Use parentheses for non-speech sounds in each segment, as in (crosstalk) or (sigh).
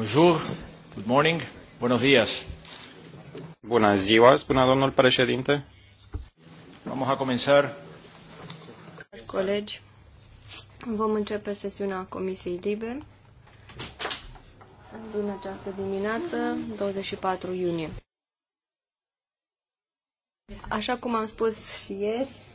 Bonjour, good morning, buenos días. Bună ziua, spune domnul președinte. Vamos a comenzar. Colegi, vom începe sesiunea Comisiei Libe în această dimineață, 24 iunie. Așa cum am spus și ieri,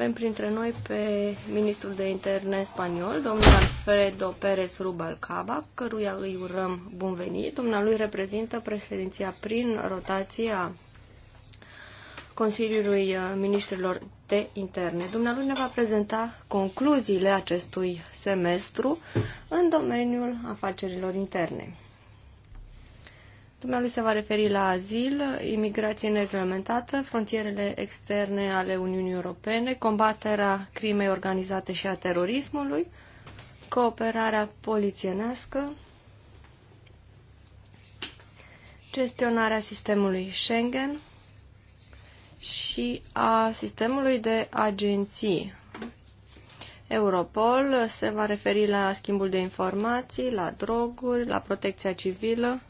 avem printre noi pe ministrul de interne spaniol, domnul Alfredo Pérez Rubalcaba, căruia îi urăm bun venit. Dumnealui reprezintă președinția prin rotația Consiliului uh, Ministrilor de Interne. Dumnealui ne va prezenta concluziile acestui semestru în domeniul afacerilor interne. Dumnealui se va referi la azil, imigrație nereglementată, frontierele externe ale Uniunii Europene, combaterea crimei organizate și a terorismului, cooperarea polițienească, gestionarea sistemului Schengen și a sistemului de agenții. Europol se va referi la schimbul de informații, la droguri, la protecția civilă,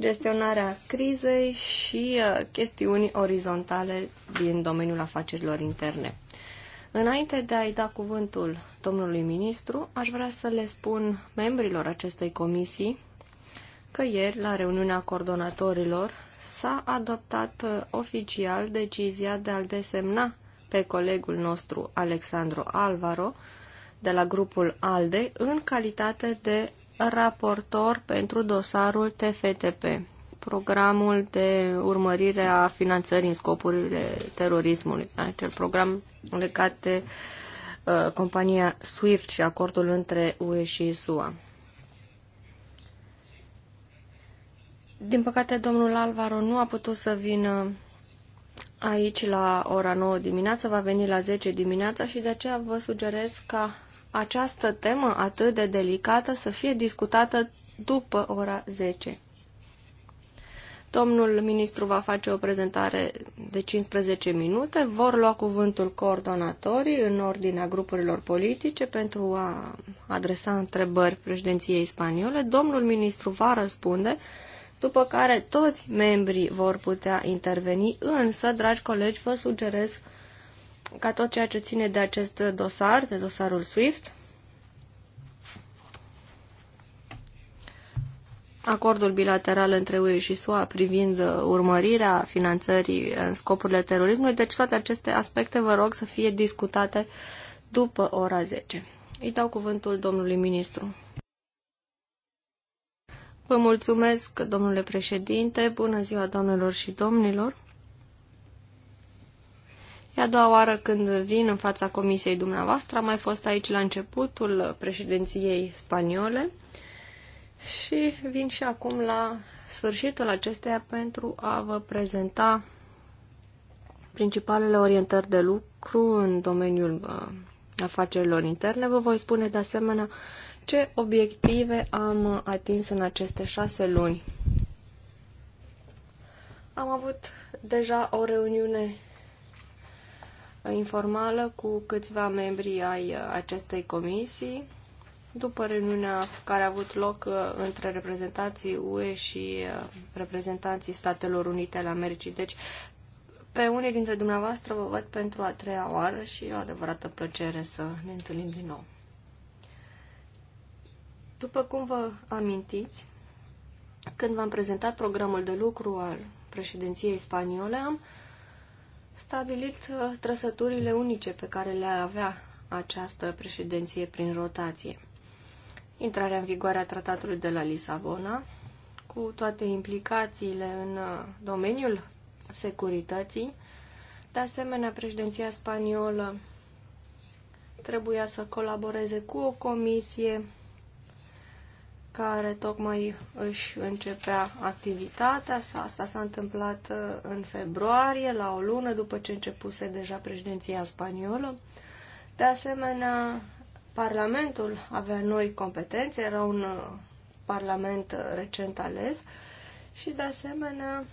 gestionarea crizei și uh, chestiuni orizontale din domeniul afacerilor interne. Înainte de a-i da cuvântul domnului ministru, aș vrea să le spun membrilor acestei comisii că ieri, la reuniunea coordonatorilor, s-a adoptat uh, oficial decizia de a-l desemna pe colegul nostru Alexandru Alvaro de la grupul ALDE în calitate de raportor pentru dosarul TFTP, programul de urmărire a finanțării în scopurile terorismului, acel program legat de uh, compania SWIFT și acordul între UE și SUA. Din păcate, domnul Alvaro nu a putut să vină aici la ora 9 dimineața, va veni la 10 dimineața și de aceea vă sugerez ca această temă atât de delicată să fie discutată după ora 10. Domnul ministru va face o prezentare de 15 minute, vor lua cuvântul coordonatorii în ordinea grupurilor politice pentru a adresa întrebări președinției spaniole. Domnul ministru va răspunde, după care toți membrii vor putea interveni, însă, dragi colegi, vă sugerez ca tot ceea ce ține de acest dosar, de dosarul SWIFT, acordul bilateral între UE și SUA privind urmărirea finanțării în scopurile terorismului. Deci toate aceste aspecte vă rog să fie discutate după ora 10. Îi dau cuvântul domnului ministru. Vă mulțumesc, domnule președinte, bună ziua doamnelor și domnilor. E a doua oară când vin în fața comisiei dumneavoastră. Am mai fost aici la începutul președinției spaniole și vin și acum la sfârșitul acesteia pentru a vă prezenta principalele orientări de lucru în domeniul uh, afacerilor interne. Vă voi spune de asemenea ce obiective am atins în aceste șase luni. Am avut deja o reuniune informală cu câțiva membri ai uh, acestei comisii după reuniunea care a avut loc uh, între reprezentanții UE și uh, reprezentanții Statelor Unite ale Americii. Deci, pe unii dintre dumneavoastră vă văd pentru a treia oară și e o adevărată plăcere să ne întâlnim din nou. După cum vă amintiți, când v-am prezentat programul de lucru al președinției spaniole, am stabilit uh, trăsăturile unice pe care le avea această președinție prin rotație. Intrarea în vigoare a tratatului de la Lisabona, cu toate implicațiile în uh, domeniul securității, de asemenea, președinția spaniolă trebuia să colaboreze cu o comisie care tocmai își începea activitatea. Asta s-a întâmplat uh, în februarie, la o lună după ce începuse deja președinția spaniolă. De asemenea, Parlamentul avea noi competențe, era un uh, parlament uh, recent ales și, de asemenea,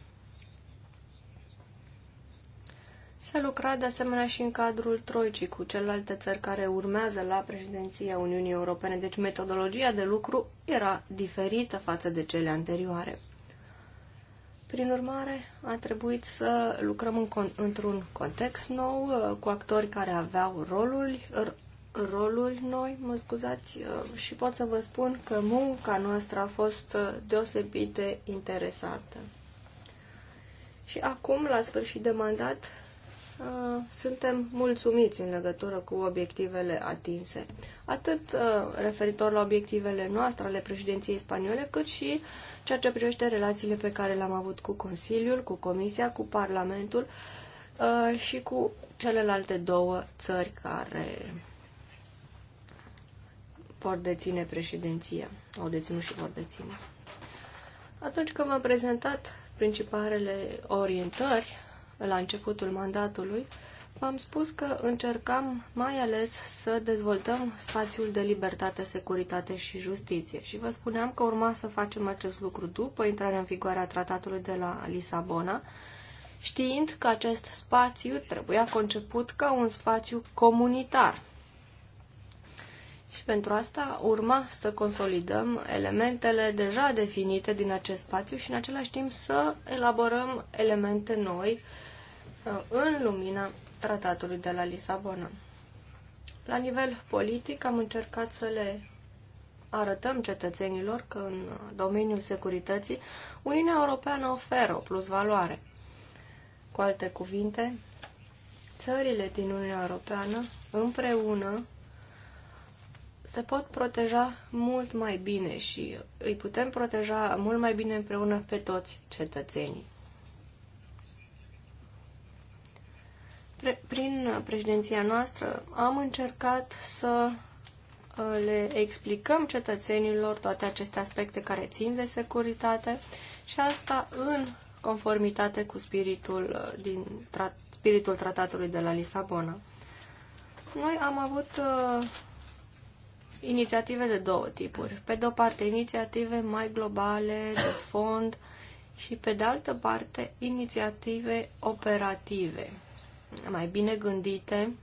S-a lucrat de asemenea și în cadrul Troicii cu celelalte țări care urmează la președinția Uniunii Europene, deci metodologia de lucru era diferită față de cele anterioare. Prin urmare, a trebuit să lucrăm în con- într-un context nou, uh, cu actori care aveau roluri, roluri noi, mă scuzați, uh, și pot să vă spun că munca noastră a fost uh, deosebit de interesată. Și acum, la sfârșit de mandat, Uh, suntem mulțumiți în legătură cu obiectivele atinse, atât uh, referitor la obiectivele noastre ale președinției spaniole, cât și ceea ce privește relațiile pe care le-am avut cu Consiliul, cu Comisia, cu Parlamentul uh, și cu celelalte două țări care vor deține președinția, au deținut și vor deține. Atunci când v-am prezentat principalele orientări la începutul mandatului, v-am spus că încercam mai ales să dezvoltăm spațiul de libertate, securitate și justiție și vă spuneam că urma să facem acest lucru după intrarea în vigoare a tratatului de la Lisabona, știind că acest spațiu trebuia conceput ca un spațiu comunitar. Și pentru asta urma să consolidăm elementele deja definite din acest spațiu și în același timp să elaborăm elemente noi în lumina tratatului de la Lisabona. La nivel politic am încercat să le arătăm cetățenilor că în domeniul securității Uniunea Europeană oferă o plusvaloare. Cu alte cuvinte, țările din Uniunea Europeană împreună se pot proteja mult mai bine și îi putem proteja mult mai bine împreună pe toți cetățenii. Pre- prin președinția noastră am încercat să uh, le explicăm cetățenilor toate aceste aspecte care țin de securitate și asta în conformitate cu spiritul, uh, din tra- spiritul tratatului de la Lisabona. Noi am avut uh, inițiative de două tipuri. Pe de o parte, inițiative mai globale, de fond, și pe de altă parte, inițiative operative, mai bine gândite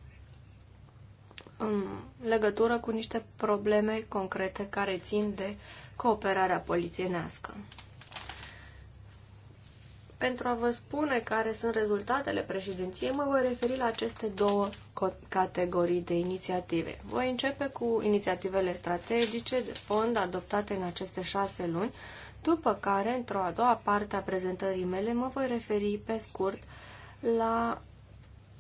în legătură cu niște probleme concrete care țin de cooperarea polițienească. Pentru a vă spune care sunt rezultatele președinției, mă voi referi la aceste două categorii de inițiative. Voi începe cu inițiativele strategice de fond adoptate în aceste șase luni, după care, într-o a doua parte a prezentării mele, mă voi referi pe scurt la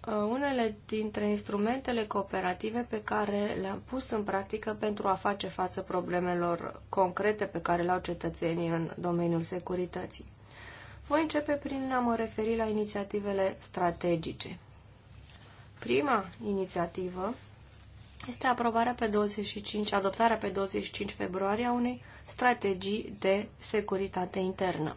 Uh, unele dintre instrumentele cooperative pe care le-am pus în practică pentru a face față problemelor concrete pe care le au cetățenii în domeniul securității. Voi începe prin a mă referi la inițiativele strategice. Prima inițiativă este aprobarea pe 25, adoptarea pe 25 februarie a unei strategii de securitate internă.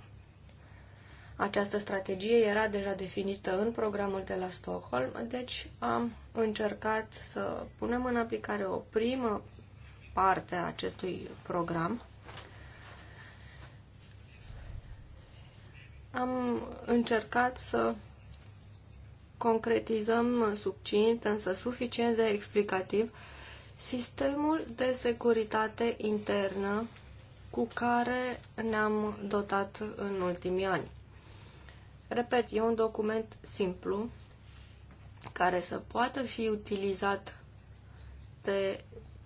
Această strategie era deja definită în programul de la Stockholm, deci am încercat să punem în aplicare o primă parte a acestui program. Am încercat să concretizăm succint, însă suficient de explicativ, sistemul de securitate internă cu care ne-am dotat în ultimii ani. Repet, e un document simplu care să poată fi utilizat de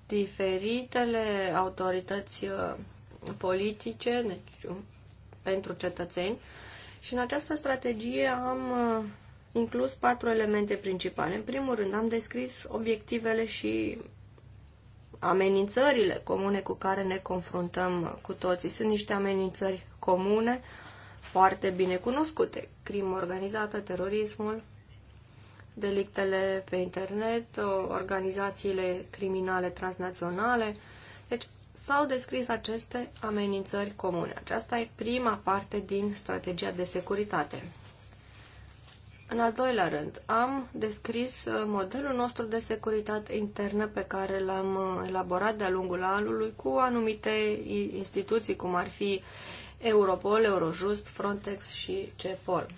diferitele autorități uh, politice deci, um, pentru cetățeni și în această strategie am uh, inclus patru elemente principale. În primul rând am descris obiectivele și amenințările comune cu care ne confruntăm cu toții. Sunt niște amenințări comune, foarte bine cunoscute. Crimă organizată, terorismul, delictele pe internet, organizațiile criminale transnaționale. Deci s-au descris aceste amenințări comune. Aceasta e prima parte din strategia de securitate. În al doilea rând, am descris uh, modelul nostru de securitate internă pe care l-am uh, elaborat de-a lungul anului cu anumite instituții, cum ar fi Europol, Eurojust, Frontex și CEPOL.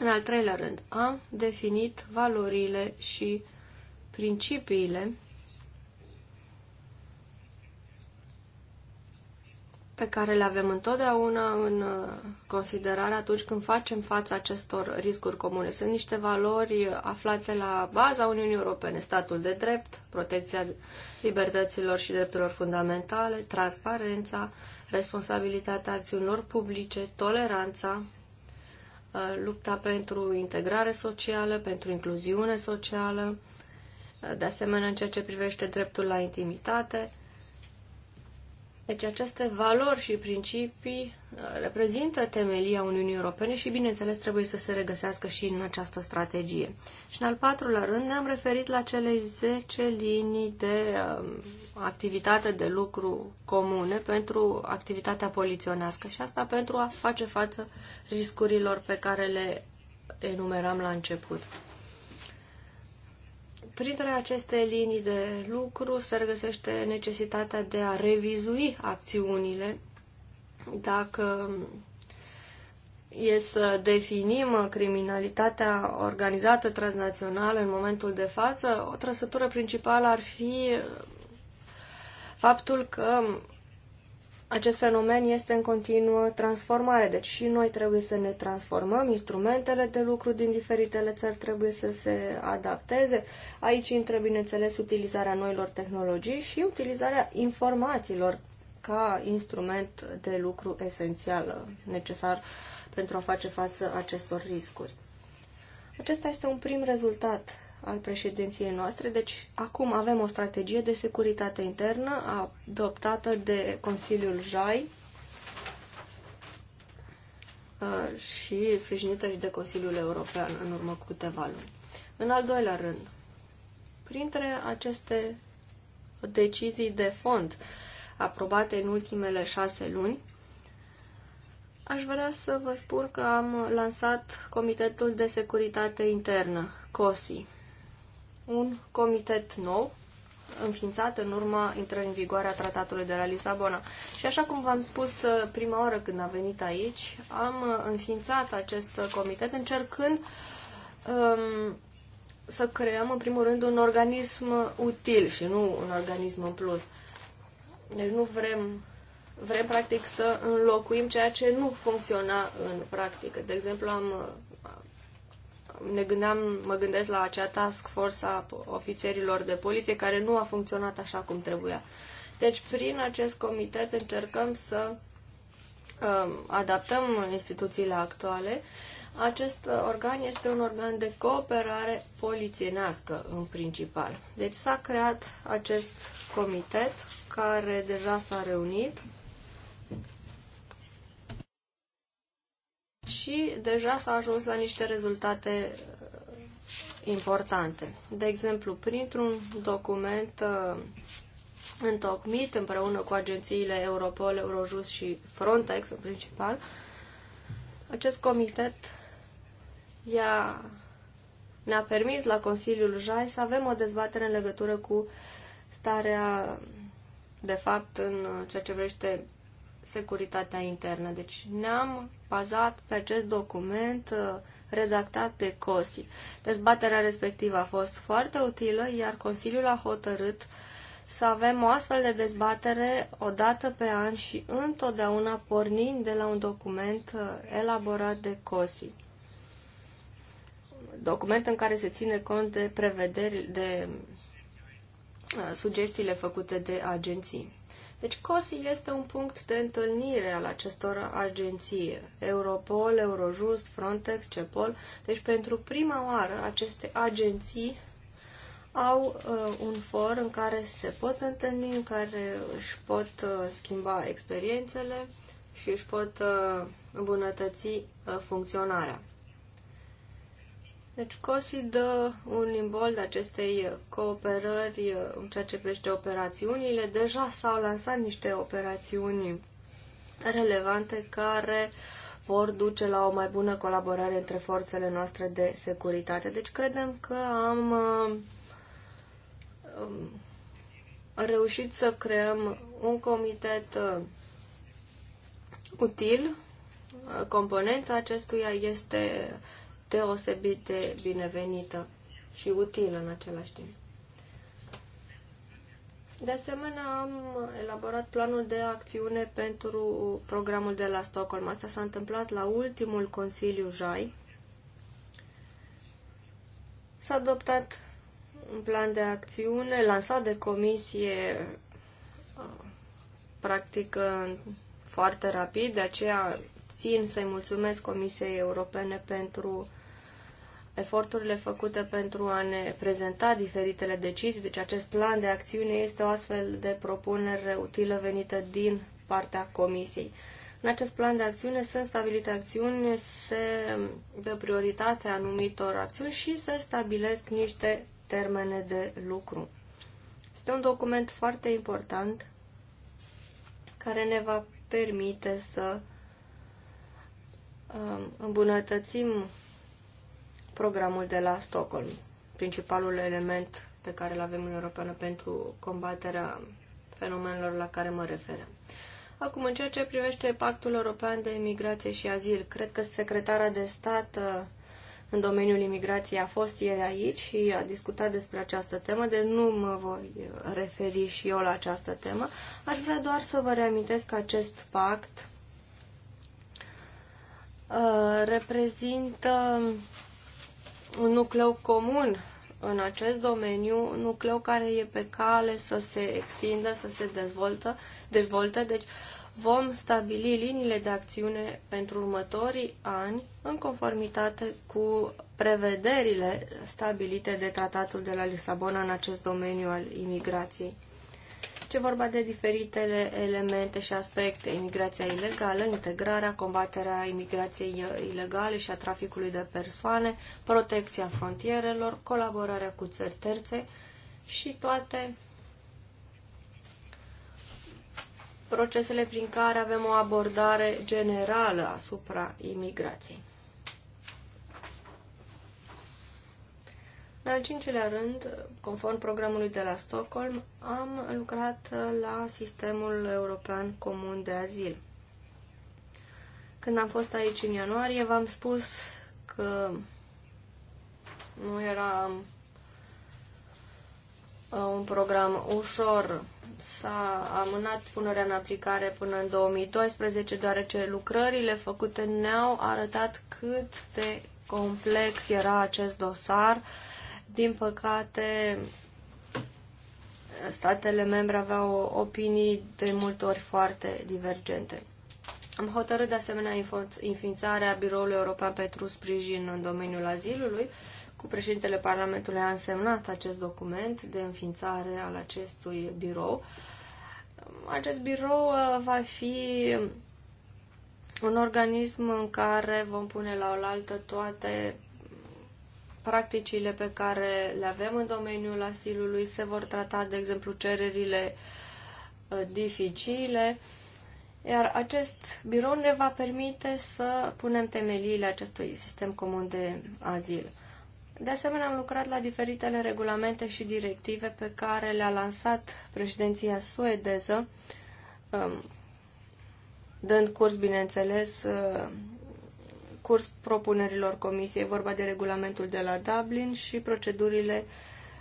În al treilea rând, am definit valorile și principiile pe care le avem întotdeauna în uh, considerare atunci când facem față acestor riscuri comune. Sunt niște valori aflate la baza Uniunii Europene, statul de drept, protecția libertăților și drepturilor fundamentale, transparența, responsabilitatea acțiunilor publice, toleranța, uh, lupta pentru integrare socială, pentru incluziune socială, uh, de asemenea în ceea ce privește dreptul la intimitate, deci aceste valori și principii uh, reprezintă temelia Uniunii Europene și, bineînțeles, trebuie să se regăsească și în această strategie. Și, în al patrulea rând, ne-am referit la cele 10 linii de um, activitate de lucru comune pentru activitatea poliționească și asta pentru a face față riscurilor pe care le enumeram la început. Printre aceste linii de lucru se regăsește necesitatea de a revizui acțiunile dacă e să definim criminalitatea organizată transnațională în momentul de față, o trăsătură principală ar fi faptul că acest fenomen este în continuă transformare, deci și noi trebuie să ne transformăm, instrumentele de lucru din diferitele țări trebuie să se adapteze. Aici intră, bineînțeles, utilizarea noilor tehnologii și utilizarea informațiilor ca instrument de lucru esențial, necesar pentru a face față acestor riscuri. Acesta este un prim rezultat al președinției noastre. Deci, acum avem o strategie de securitate internă adoptată de Consiliul JAI uh, și sprijinită și de Consiliul European în urmă cu câteva luni. În al doilea rând, printre aceste decizii de fond aprobate în ultimele șase luni, Aș vrea să vă spun că am lansat Comitetul de Securitate Internă, COSI un comitet nou înființat în urma intrării în vigoare a tratatului de la Lisabona. Și așa cum v-am spus uh, prima oară când am venit aici, am uh, înființat acest comitet încercând um, să creăm în primul rând un organism util și nu un organism în plus. Deci nu vrem, vrem practic să înlocuim ceea ce nu funcționa în practică. De exemplu, am uh, ne gândeam, mă gândesc la acea task force a ofițerilor de poliție care nu a funcționat așa cum trebuia. Deci, prin acest comitet încercăm să uh, adaptăm instituțiile actuale. Acest uh, organ este un organ de cooperare polițienească, în principal. Deci s-a creat acest comitet care deja s-a reunit și deja s-a ajuns la niște rezultate uh, importante. De exemplu, printr-un document uh, întocmit împreună cu agențiile Europol, Eurojust și Frontex în principal, acest comitet i-a, ne-a permis la Consiliul JAI să avem o dezbatere în legătură cu starea de fapt în ceea ce vrește securitatea internă. Deci ne-am bazat pe acest document uh, redactat de COSI. Dezbaterea respectivă a fost foarte utilă, iar Consiliul a hotărât să avem o astfel de dezbatere o dată pe an și întotdeauna pornind de la un document uh, elaborat de COSI. Document în care se ține cont de prevederi, de uh, sugestiile făcute de agenții. Deci COSI este un punct de întâlnire al acestor agenții, Europol, Eurojust, Frontex, CEPOL. Deci pentru prima oară aceste agenții au uh, un for în care se pot întâlni, în care își pot uh, schimba experiențele și își pot uh, îmbunătăți uh, funcționarea. Deci COSI dă un de acestei cooperări în ceea ce privește operațiunile. Deja s-au lansat niște operațiuni relevante care vor duce la o mai bună colaborare între forțele noastre de securitate. Deci credem că am um, reușit să creăm un comitet uh, util. Componența acestuia este deosebit de binevenită și utilă în același timp. De asemenea, am elaborat planul de acțiune pentru programul de la Stockholm. Asta s-a întâmplat la ultimul Consiliu JAI. S-a adoptat un plan de acțiune lansat de comisie practic foarte rapid, de aceea țin să-i mulțumesc Comisiei Europene pentru eforturile făcute pentru a ne prezenta diferitele decizii. Deci acest plan de acțiune este o astfel de propunere utilă venită din partea Comisiei. În acest plan de acțiune sunt stabilite acțiuni, se dă prioritate anumitor acțiuni și se stabilesc niște termene de lucru. Este un document foarte important care ne va permite să um, îmbunătățim programul de la Stockholm, principalul element pe care îl avem în Europeană pentru combaterea fenomenelor la care mă refer. Acum, în ceea ce privește Pactul European de Imigrație și Azil, cred că secretara de stat uh, în domeniul imigrației a fost ieri aici și a discutat despre această temă, De nu mă voi referi și eu la această temă. Aș vrea doar să vă reamintesc că acest pact uh, reprezintă un nucleu comun în acest domeniu, un nucleu care e pe cale să se extindă, să se dezvoltă, dezvolte. Deci vom stabili liniile de acțiune pentru următorii ani în conformitate cu prevederile stabilite de tratatul de la Lisabona în acest domeniu al imigrației ce vorba de diferitele elemente și aspecte, imigrația ilegală, integrarea, combaterea imigrației ilegale și a traficului de persoane, protecția frontierelor, colaborarea cu țări terțe și toate procesele prin care avem o abordare generală asupra imigrației. În al cincilea rând, conform programului de la Stockholm, am lucrat la sistemul european comun de azil. Când am fost aici în ianuarie, v-am spus că nu era uh, un program ușor. S-a amânat punerea în aplicare până în 2012, deoarece lucrările făcute ne-au arătat cât de complex era acest dosar din păcate, statele membre aveau opinii de multe ori foarte divergente. Am hotărât de asemenea înființarea Biroului European pentru Sprijin în domeniul azilului. Cu președintele Parlamentului a însemnat acest document de înființare al acestui birou. Acest birou uh, va fi un organism în care vom pune la oaltă toate practicile pe care le avem în domeniul asilului, se vor trata, de exemplu, cererile uh, dificile, iar acest birou ne va permite să punem temeliile acestui sistem comun de azil. De asemenea, am lucrat la diferitele regulamente și directive pe care le-a lansat președinția suedeză, um, dând curs, bineînțeles, uh, curs propunerilor comisiei, vorba de regulamentul de la Dublin și procedurile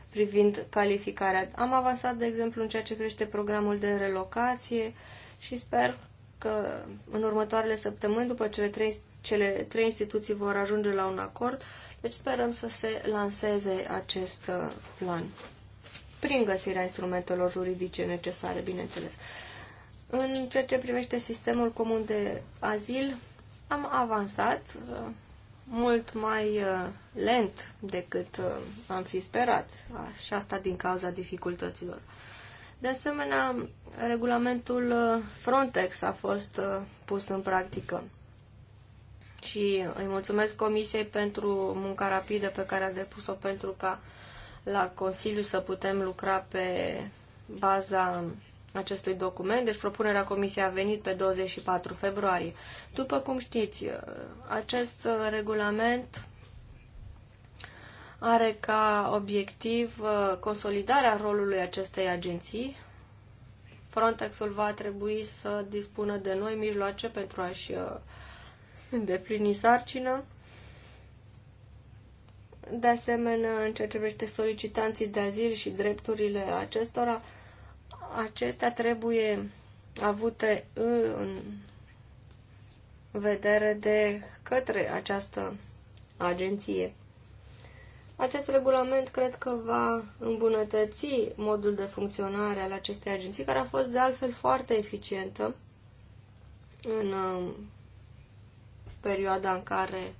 privind calificarea. Am avansat, de exemplu, în ceea ce crește programul de relocație și sper că în următoarele săptămâni, după cele trei, cele trei instituții vor ajunge la un acord, deci sperăm să se lanseze acest uh, plan prin găsirea instrumentelor juridice necesare, bineînțeles. În ceea ce privește sistemul comun de azil, am avansat uh, mult mai uh, lent decât uh, am fi sperat, și asta din cauza dificultăților. De asemenea, regulamentul Frontex a fost pus în practică și îi mulțumesc Comisiei pentru munca rapidă pe care a depus-o pentru ca la Consiliu să putem lucra pe baza acestui document, deci propunerea Comisiei a venit pe 24 februarie. După cum știți, uh, acest uh, regulament are ca obiectiv uh, consolidarea rolului acestei agenții. Frontexul va trebui să dispună de noi mijloace pentru a-și îndeplini sarcină. De asemenea, în ceea ce privește solicitanții de azil și drepturile acestora, acestea trebuie avute uh, în vedere de către această agenție. Acest regulament cred că va îmbunătăți modul de funcționare al acestei agenții, care a fost de altfel foarte eficientă în um, perioada în care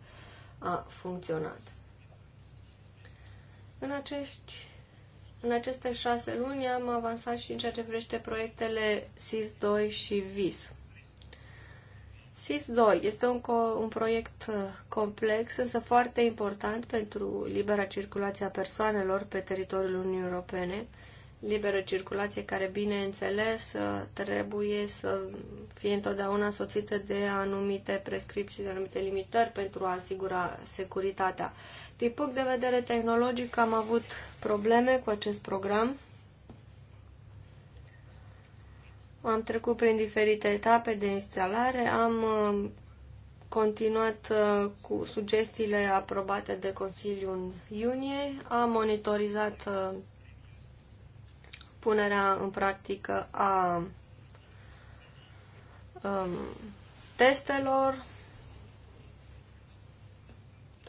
a funcționat. În acești în aceste șase luni am avansat și în ceea ce privește proiectele SIS-2 și VIS. SIS-2 este un, co- un proiect uh, complex, însă foarte important pentru libera circulație a persoanelor pe teritoriul Uniunii Europene liberă circulație care, bineînțeles, uh, trebuie să fie întotdeauna soțită de anumite prescripții, de anumite limitări pentru a asigura securitatea. Din punct de vedere tehnologic am avut probleme cu acest program. Am trecut prin diferite etape de instalare, am uh, continuat uh, cu sugestiile aprobate de Consiliul în iunie, am monitorizat punerea în practică a um, testelor.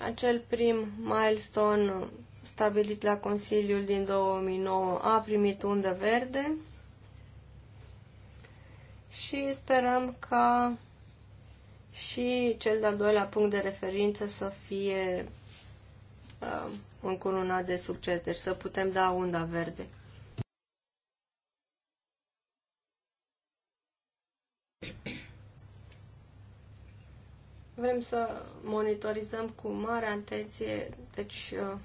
Acel prim milestone stabilit la Consiliul din 2009 a primit undă verde și sperăm ca și cel de-al doilea punct de referință să fie uh, încununat de succes, deci să putem da unda verde. Vrem să monitorizăm cu mare atenție deci, uh,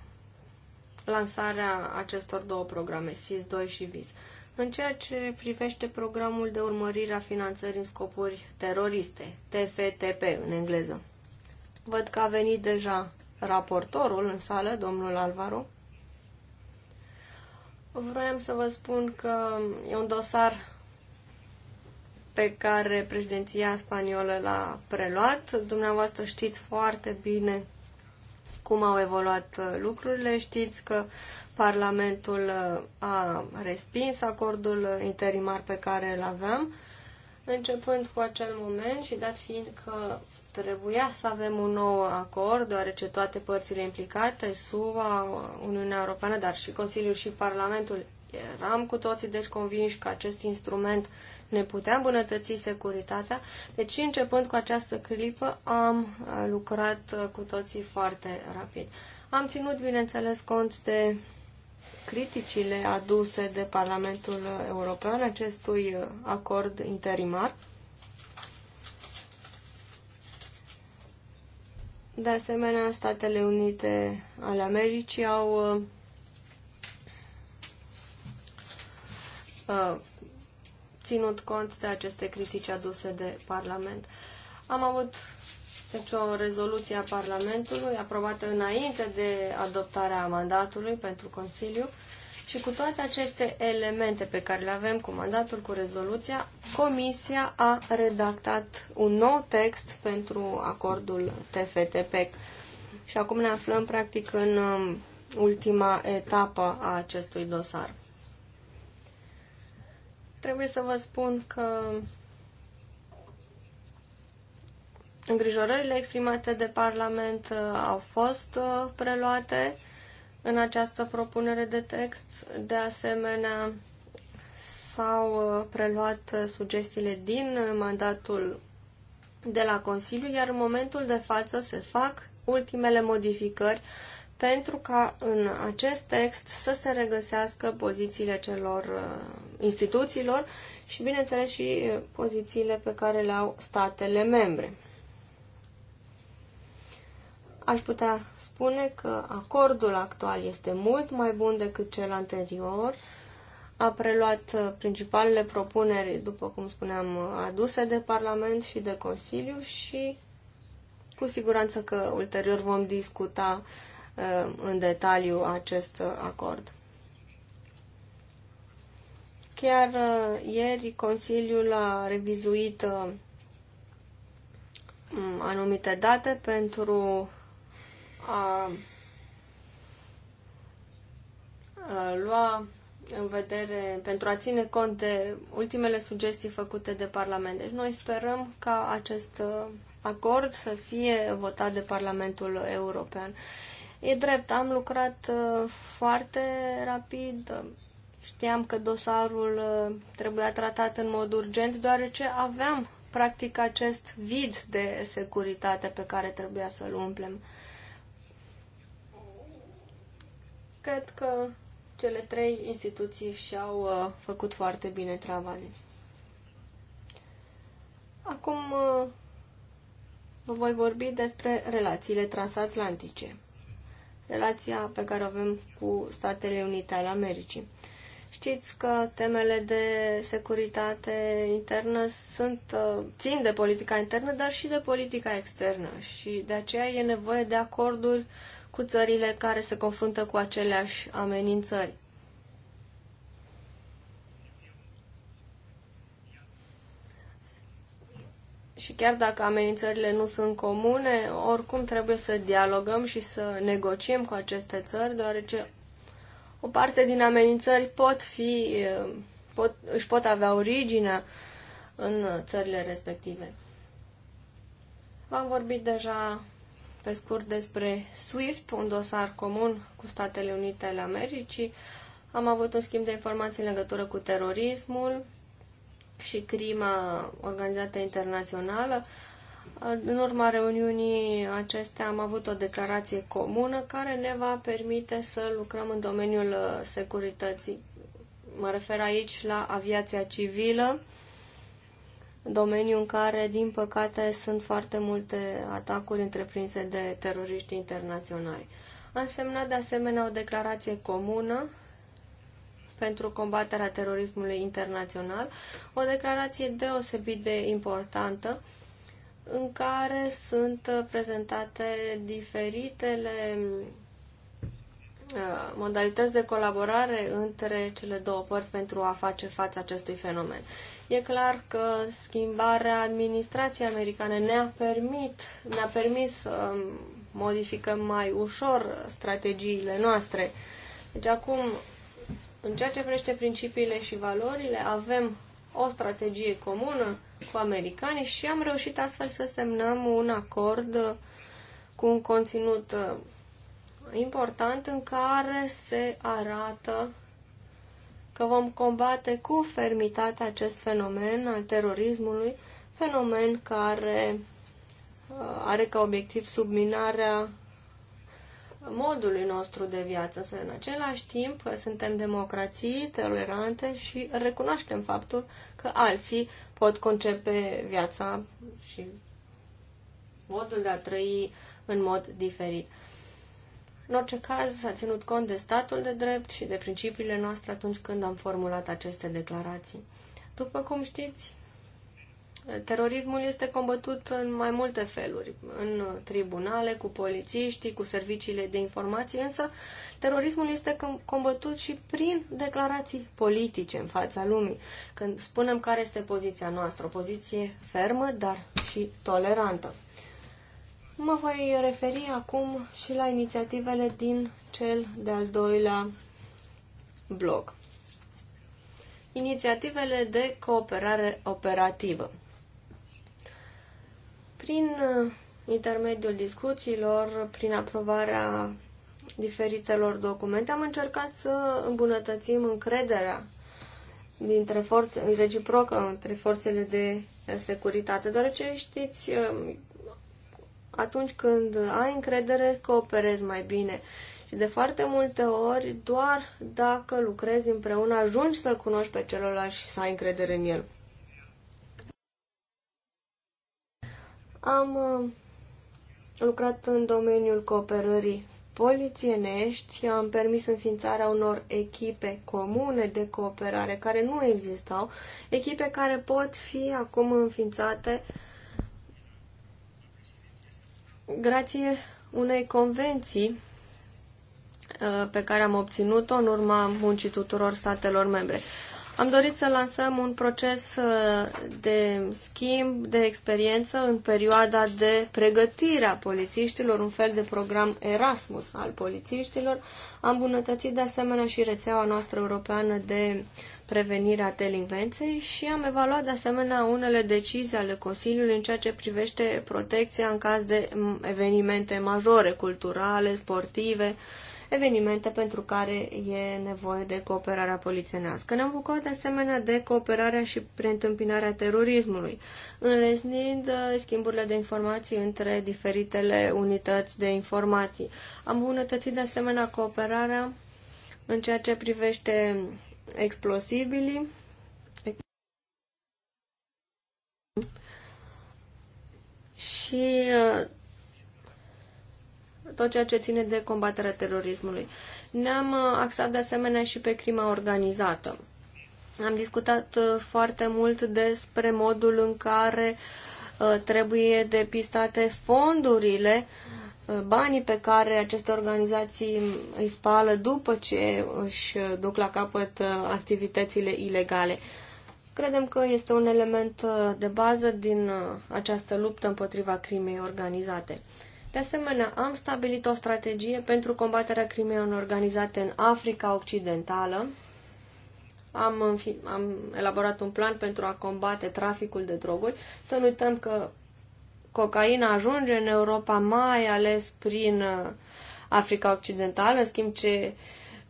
lansarea acestor două programe, SIS-2 și VIS. În ceea ce privește programul de urmărire a finanțării în scopuri teroriste, TFTP în engleză. Văd că a venit deja raportorul în sală, domnul Alvaro. Vroiam să vă spun că e un dosar pe care președinția spaniolă l-a preluat. Dumneavoastră știți foarte bine cum au evoluat uh, lucrurile. Știți că Parlamentul uh, a respins acordul uh, interimar pe care îl aveam, începând cu acel moment și dat fiind că trebuia să avem un nou acord, deoarece toate părțile implicate, SUA, Uniunea Europeană, dar și Consiliul și Parlamentul, eram cu toții deci convinși că acest instrument uh, ne putea îmbunătăți securitatea. Deci, începând cu această clipă, am uh, lucrat uh, cu toții foarte rapid. Am ținut, bineînțeles, cont de criticile aduse de Parlamentul European acestui uh, acord interimar. De asemenea, Statele Unite ale Americii au uh, ținut cont de aceste critici aduse de Parlament. Am avut deci o rezoluție a Parlamentului aprobată înainte de adoptarea mandatului pentru Consiliu și cu toate aceste elemente pe care le avem cu mandatul, cu rezoluția, Comisia a redactat un nou text pentru acordul TFTP. Și acum ne aflăm practic în um, ultima etapă a acestui dosar. Trebuie să vă spun că îngrijorările exprimate de Parlament uh, au fost uh, preluate în această propunere de text. De asemenea, s-au uh, preluat sugestiile din mandatul de la Consiliu, iar în momentul de față se fac ultimele modificări pentru ca în acest text să se regăsească pozițiile celor uh, instituțiilor și, bineînțeles, și uh, pozițiile pe care le au statele membre. Aș putea spune că acordul actual este mult mai bun decât cel anterior, a preluat uh, principalele propuneri, după cum spuneam, aduse de Parlament și de Consiliu și cu siguranță că ulterior vom discuta uh, Uh, în detaliu acest acord. Chiar uh, ieri Consiliul a revizuit uh, anumite date pentru a lua în vedere, pentru a ține cont de ultimele sugestii făcute de Parlament. Deci noi sperăm ca acest acord să fie votat de Parlamentul European. E drept, am lucrat uh, foarte rapid, știam că dosarul uh, trebuia tratat în mod urgent, deoarece aveam practic acest vid de securitate pe care trebuia să-l umplem. Cred că cele trei instituții și-au uh, făcut foarte bine treaba. Acum uh, vă voi vorbi despre relațiile transatlantice relația pe care o avem cu Statele Unite ale Americii. Știți că temele de securitate internă sunt, uh, țin de politica internă, dar și de politica externă și de aceea e nevoie de acorduri cu țările care se confruntă cu aceleași amenințări. Și chiar dacă amenințările nu sunt comune, oricum trebuie să dialogăm și să negociem cu aceste țări, deoarece o parte din amenințări pot fi, pot, își pot avea originea în țările respective. V-am vorbit deja pe scurt despre SWIFT, un dosar comun cu Statele Unite ale Americii. Am avut un schimb de informații în legătură cu terorismul, și crima organizată internațională. În urma reuniunii acestea am avut o declarație comună care ne va permite să lucrăm în domeniul securității. Mă refer aici la aviația civilă, domeniu în care, din păcate, sunt foarte multe atacuri întreprinse de teroriști internaționali. Am semnat de asemenea o declarație comună pentru combaterea terorismului internațional, o declarație deosebit de importantă în care sunt prezentate diferitele uh, modalități de colaborare între cele două părți pentru a face față acestui fenomen. E clar că schimbarea administrației americane ne-a, permit, ne-a permis să um, modificăm mai ușor strategiile noastre. Deci acum în ceea ce privește principiile și valorile, avem o strategie comună cu americanii și am reușit astfel să semnăm un acord cu un conținut uh, important în care se arată că vom combate cu fermitate acest fenomen al terorismului, fenomen care uh, are ca obiectiv subminarea modului nostru de viață, însă în același timp suntem democrații tolerante și recunoaștem faptul că alții pot concepe viața și modul de a trăi în mod diferit. În orice caz, s-a ținut cont de statul de drept și de principiile noastre atunci când am formulat aceste declarații. După cum știți, Terorismul este combătut în mai multe feluri, în tribunale, cu polițiștii, cu serviciile de informații, însă terorismul este combătut și prin declarații politice în fața lumii, când spunem care este poziția noastră, o poziție fermă, dar și tolerantă. Mă voi referi acum și la inițiativele din cel de-al doilea blog. Inițiativele de cooperare operativă. Prin uh, intermediul discuțiilor, prin aprobarea diferitelor documente, am încercat să îmbunătățim încrederea dintre forțe, reciprocă între forțele de securitate, deoarece știți, um, atunci când ai încredere, cooperezi mai bine. Și de foarte multe ori, doar dacă lucrezi împreună, ajungi să-l cunoști pe celălalt și să ai încredere în el. Am uh, lucrat în domeniul cooperării polițienești, am permis înființarea unor echipe comune de cooperare care nu existau, echipe care pot fi acum înființate grație unei convenții uh, pe care am obținut-o în urma muncii tuturor statelor membre. Am dorit să lansăm un proces uh, de schimb, de experiență în perioada de pregătire a polițiștilor, un fel de program Erasmus al polițiștilor. Am bunătățit de asemenea și rețeaua noastră europeană de prevenire a delinvenței și am evaluat de asemenea unele decizii ale Consiliului în ceea ce privește protecția în caz de mm, evenimente majore, culturale, sportive, evenimente pentru care e nevoie de cooperarea polițienească. Ne-am bucurat de asemenea de cooperarea și preîntâmpinarea terorismului, înlesnind uh, schimburile de informații între diferitele unități de informații. Am bunătățit de asemenea cooperarea în ceea ce privește explosibilii, și uh, tot ceea ce ține de combaterea terorismului. Ne-am uh, axat de asemenea și pe crima organizată. Am discutat uh, foarte mult despre modul în care uh, trebuie depistate fondurile, banii pe care aceste organizații îi spală după ce își duc la capăt activitățile ilegale. Credem că este un element de bază din această luptă împotriva crimei organizate. De asemenea, am stabilit o strategie pentru combaterea crimeilor organizate în Africa Occidentală. Am, am elaborat un plan pentru a combate traficul de droguri. Să nu uităm că cocaina ajunge în Europa, mai ales prin uh, Africa Occidentală, în schimb ce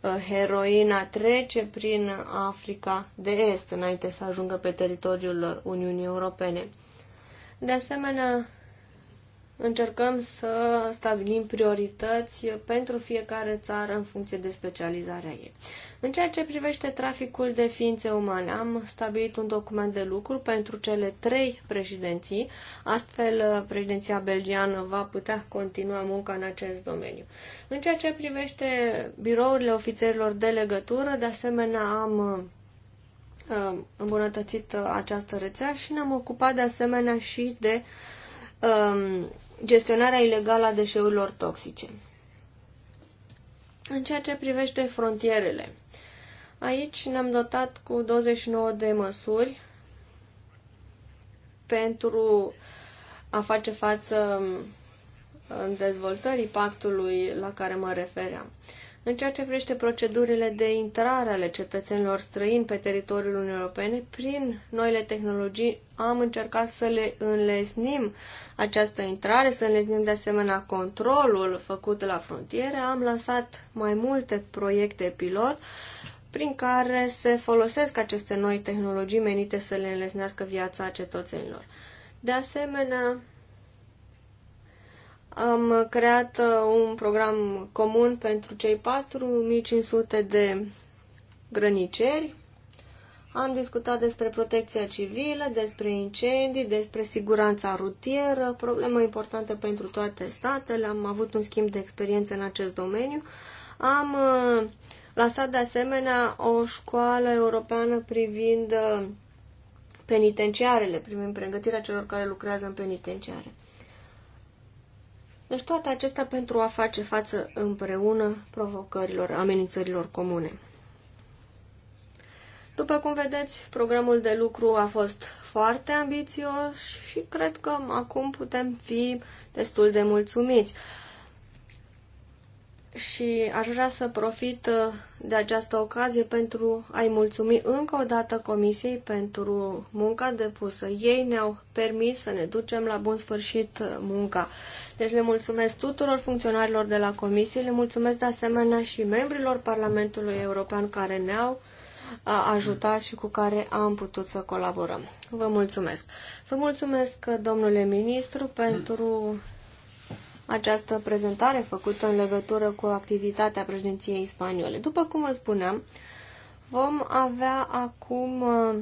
uh, heroina trece prin Africa de Est înainte să ajungă pe teritoriul uh, Uniunii Europene. De asemenea, încercăm să stabilim priorități pentru fiecare țară în funcție de specializarea ei. În ceea ce privește traficul de ființe umane, am stabilit un document de lucru pentru cele trei președinții, astfel președinția belgiană va putea continua munca în acest domeniu. În ceea ce privește birourile ofițerilor de legătură, de asemenea am uh, îmbunătățit această rețea și ne-am ocupat de asemenea și de um, gestionarea ilegală a deșeurilor toxice. În ceea ce privește frontierele, aici ne-am dotat cu 29 de măsuri pentru a face față mm, în dezvoltării pactului la care mă refeream. În ceea ce privește procedurile de intrare ale cetățenilor străini pe teritoriul Uniunii Europene, prin noile tehnologii am încercat să le înlesnim această intrare, să înlesnim de asemenea controlul făcut la frontiere. Am lansat mai multe proiecte pilot prin care se folosesc aceste noi tehnologii menite să le înlesnească viața cetățenilor. De asemenea, am creat uh, un program comun pentru cei 4500 de grăniceri. Am discutat despre protecția civilă, despre incendii, despre siguranța rutieră, probleme importante pentru toate statele. Am avut un schimb de experiențe în acest domeniu. Am uh, lansat de asemenea o școală europeană privind uh, penitenciarele, privind pregătirea celor care lucrează în penitenciare. Deci toate acestea pentru a face față împreună provocărilor, amenințărilor comune. După cum vedeți, programul de lucru a fost foarte ambițios și cred că acum putem fi destul de mulțumiți și aș vrea să profit uh, de această ocazie pentru a-i mulțumi încă o dată Comisiei pentru munca depusă. Ei ne-au permis să ne ducem la bun sfârșit uh, munca. Deci le mulțumesc tuturor funcționarilor de la Comisie, le mulțumesc de asemenea și membrilor Parlamentului European care ne-au uh, ajutat și cu care am putut să colaborăm. Vă mulțumesc. Vă mulțumesc, domnule ministru, pentru această prezentare făcută în legătură cu activitatea președinției spaniole. După cum vă spuneam, vom avea acum uh,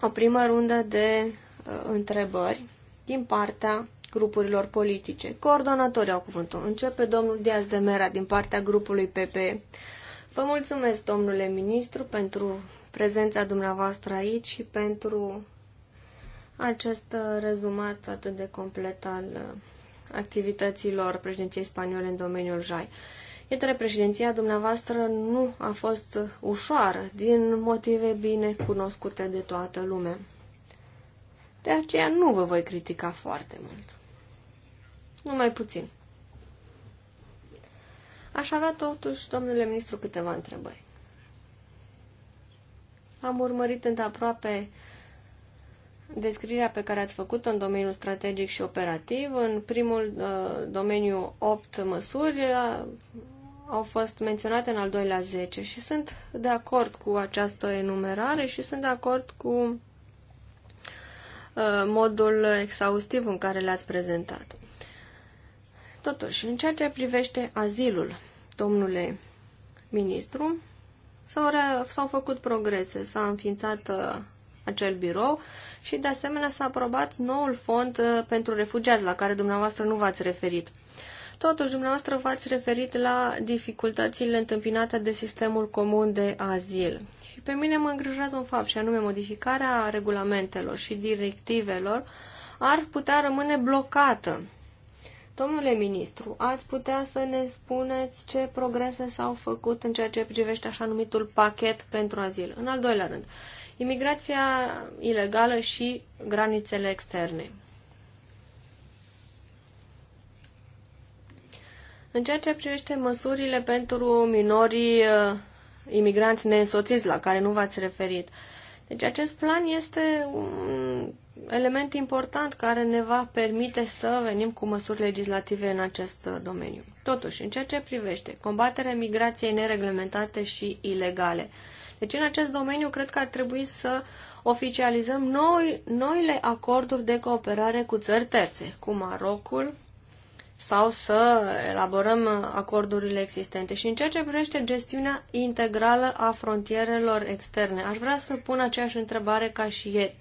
o primă rundă de uh, întrebări din partea grupurilor politice. Coordonatorii au cuvântul. Începe domnul Diaz de Mera din partea grupului PP. Vă mulțumesc, domnule ministru, pentru prezența dumneavoastră aici și pentru acest rezumat atât de complet al uh, activităților președinției spaniole în domeniul JAI. Între președinția dumneavoastră nu a fost ușoară, din motive bine cunoscute de toată lumea. De aceea nu vă voi critica foarte mult. Numai puțin. Aș avea totuși, domnule ministru, câteva întrebări. Am urmărit îndeaproape aproape descrierea pe care ați făcut-o în domeniul strategic și operativ. În primul uh, domeniu, 8 măsuri uh, au fost menționate în al doilea 10 și sunt de acord cu această enumerare și sunt de acord cu uh, modul exhaustiv în care le-ați prezentat. Totuși, în ceea ce privește azilul, domnule ministru, s-au, făcut progrese, s-a înființat uh, acel birou și de asemenea s-a aprobat noul fond uh, pentru refugiați la care dumneavoastră nu v-ați referit. Totuși, dumneavoastră v-ați referit la dificultățile întâmpinate de sistemul comun de azil. Și pe mine mă îngrijorează un fapt, și anume modificarea regulamentelor și directivelor ar putea rămâne blocată. Domnule ministru, ați putea să ne spuneți ce progrese s-au făcut în ceea ce privește așa numitul pachet pentru azil. În al doilea rând, imigrația ilegală și granițele externe. În ceea ce privește măsurile pentru minorii uh, imigranți neînsoțiți la care nu v-ați referit. Deci acest plan este un element important care ne va permite să venim cu măsuri legislative în acest uh, domeniu. Totuși, în ceea ce privește combaterea migrației nereglementate și ilegale, deci în acest domeniu cred că ar trebui să oficializăm noi, noile acorduri de cooperare cu țări terțe, cu Marocul sau să elaborăm acordurile existente. Și în ceea ce privește gestiunea integrală a frontierelor externe, aș vrea să pun aceeași întrebare ca și ieri.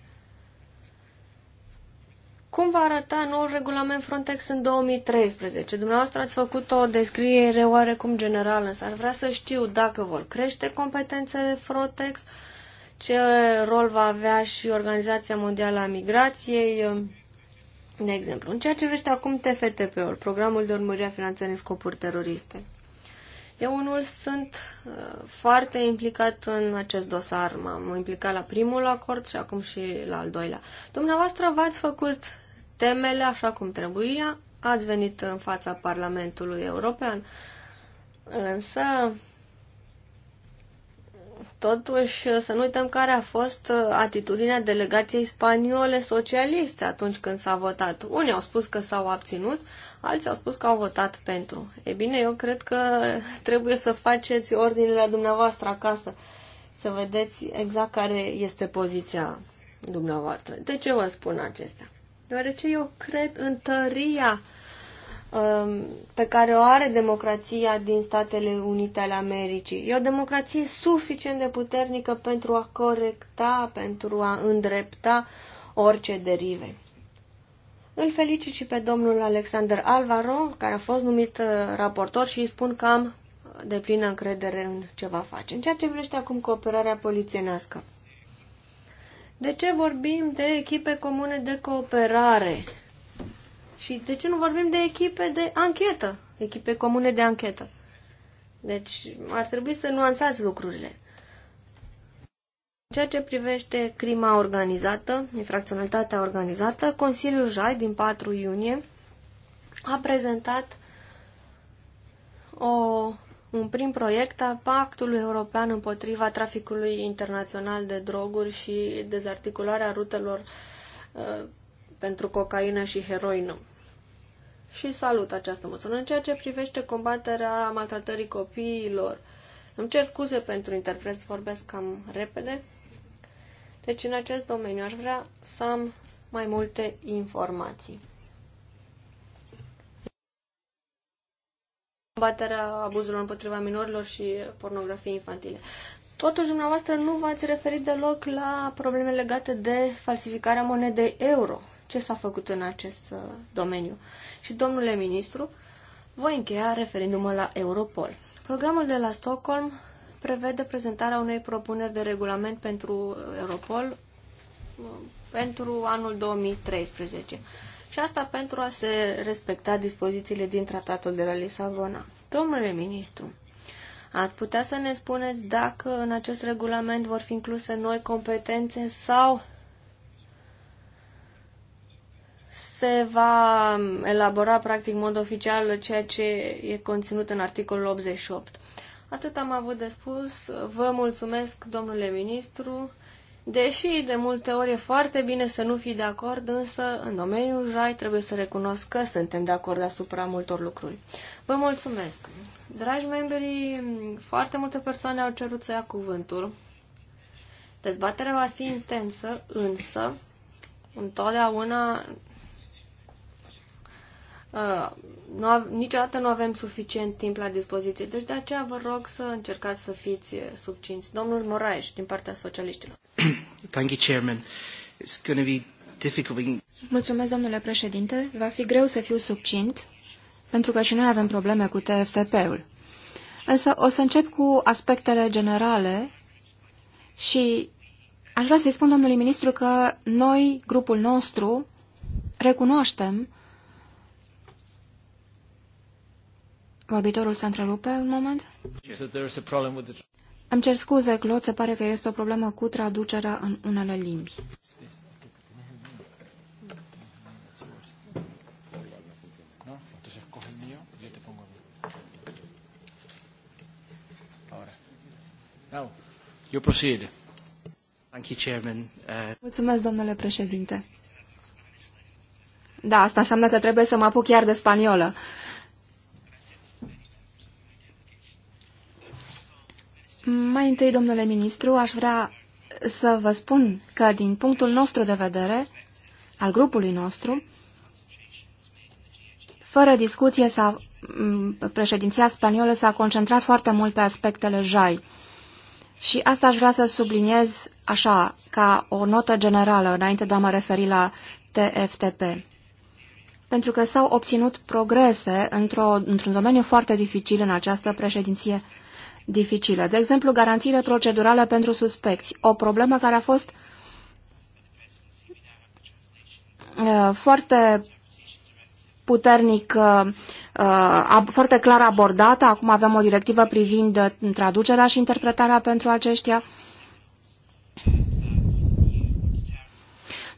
Cum va arăta noul regulament Frontex în 2013? Dumneavoastră ați făcut o descriere oarecum generală, însă ar vrea să știu dacă vor crește competențele Frontex, ce rol va avea și Organizația Mondială a Migrației, de exemplu. În ceea ce privește acum TFTP-ul, Programul de Urmărire a Finanțării în Scopuri Teroriste. Eu unul sunt uh, foarte implicat în acest dosar. M-am implicat la primul acord și acum și la al doilea. Dumneavoastră v-ați făcut temele așa cum trebuia, ați venit în fața Parlamentului European, însă totuși să nu uităm care a fost atitudinea delegației spaniole socialiste atunci când s-a votat. Unii au spus că s-au abținut, alții au spus că au votat pentru. E bine, eu cred că (laughs) trebuie să faceți ordinele dumneavoastră acasă, să vedeți exact care este poziția dumneavoastră. De ce vă spun acestea? deoarece eu cred în tăria um, pe care o are democrația din Statele Unite ale Americii. E o democrație suficient de puternică pentru a corecta, pentru a îndrepta orice derive. Îl felicit și pe domnul Alexander Alvaro, care a fost numit uh, raportor și îi spun că am de plină încredere în ce va face. În ceea ce privește acum cooperarea polițienească. De ce vorbim de echipe comune de cooperare? Și de ce nu vorbim de echipe de anchetă? Echipe comune de anchetă. Deci ar trebui să nuanțați lucrurile. În ceea ce privește crima organizată, infracționalitatea organizată, Consiliul JAI din 4 iunie a prezentat o un prim proiect a Pactului European împotriva traficului internațional de droguri și dezarticularea rutelor uh, pentru cocaină și heroină. Și salut această măsură. În ceea ce privește combaterea maltratării copiilor, îmi cer scuze pentru interpret, vorbesc cam repede. Deci în acest domeniu aș vrea să am mai multe informații. combaterea abuzurilor împotriva minorilor și pornografiei infantile. Totuși, dumneavoastră nu v-ați referit deloc la probleme legate de falsificarea monedei euro. Ce s-a făcut în acest uh, domeniu? Și, domnule ministru, voi încheia referindu-mă la Europol. Programul de la Stockholm prevede prezentarea unei propuneri de regulament pentru Europol uh, pentru anul 2013 și asta pentru a se respecta dispozițiile din tratatul de la Lisabona. Domnule ministru, ați putea să ne spuneți dacă în acest regulament vor fi incluse noi competențe sau se va elabora practic în mod oficial ceea ce e conținut în articolul 88. Atât am avut de spus. Vă mulțumesc, domnule ministru. Deși de multe ori e foarte bine să nu fii de acord, însă în domeniul JAI trebuie să recunosc că suntem de acord asupra multor lucruri. Vă mulțumesc! Dragi membri, foarte multe persoane au cerut să ia cuvântul. Dezbaterea va fi intensă, însă întotdeauna Uh, nu av- niciodată nu avem suficient timp la dispoziție, deci de aceea vă rog să încercați să fiți subcinți. Domnul Moraes, din partea socialiștilor. (clears throat) Thank you, Chairman. It's going to be difficult. Mulțumesc, domnule președinte. Va fi greu să fiu succint, pentru că și noi avem probleme cu TFTP-ul. Însă o să încep cu aspectele generale și aș vrea să-i spun domnului ministru că noi, grupul nostru, recunoaștem Vorbitorul se întrerupe un moment? Îmi cer scuze, Claude, se pare că este o problemă cu traducerea în unele limbi. Eu procede. Uh, Mulțumesc, domnule președinte. Da, asta înseamnă că trebuie să mă apuc chiar de spaniolă. Mai întâi, domnule ministru, aș vrea să vă spun că, din punctul nostru de vedere, al grupului nostru, fără discuție, s-a, președinția spaniolă s-a concentrat foarte mult pe aspectele JAI. Și asta aș vrea să subliniez așa, ca o notă generală, înainte de a mă referi la TFTP. Pentru că s-au obținut progrese într-un într domeniu foarte dificil în această președinție dificile. De exemplu, garanțiile procedurale pentru suspecți. O problemă care a fost uh, foarte puternic, uh, uh, foarte clar abordată. Acum avem o directivă privind traducerea și interpretarea pentru aceștia.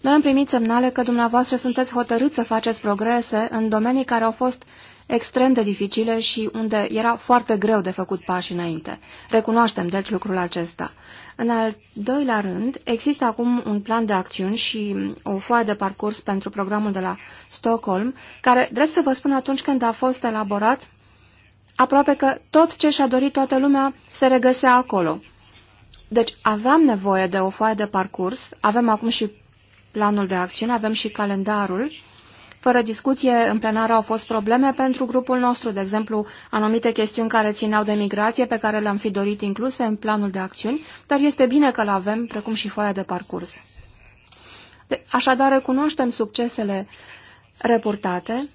Noi am primit semnale că dumneavoastră sunteți hotărâți să faceți progrese în domenii care au fost uh, extrem de dificile și unde era foarte greu de făcut pași înainte. Recunoaștem, deci, lucrul acesta. În al doilea rând, există acum un plan de acțiuni și o foaie de parcurs pentru programul de la Stockholm, care, drept să vă spun, atunci când a fost elaborat, aproape că tot ce și-a dorit toată lumea se regăsea acolo. Deci aveam nevoie de o foaie de parcurs, avem acum și planul de acțiune, avem și calendarul, fără discuție, în plenară au fost probleme pentru grupul nostru, de exemplu, anumite chestiuni care țineau de migrație, pe care le-am fi dorit incluse în planul de acțiuni, dar este bine că le avem, precum și foaia de parcurs. De Așadar, recunoaștem succesele reportate,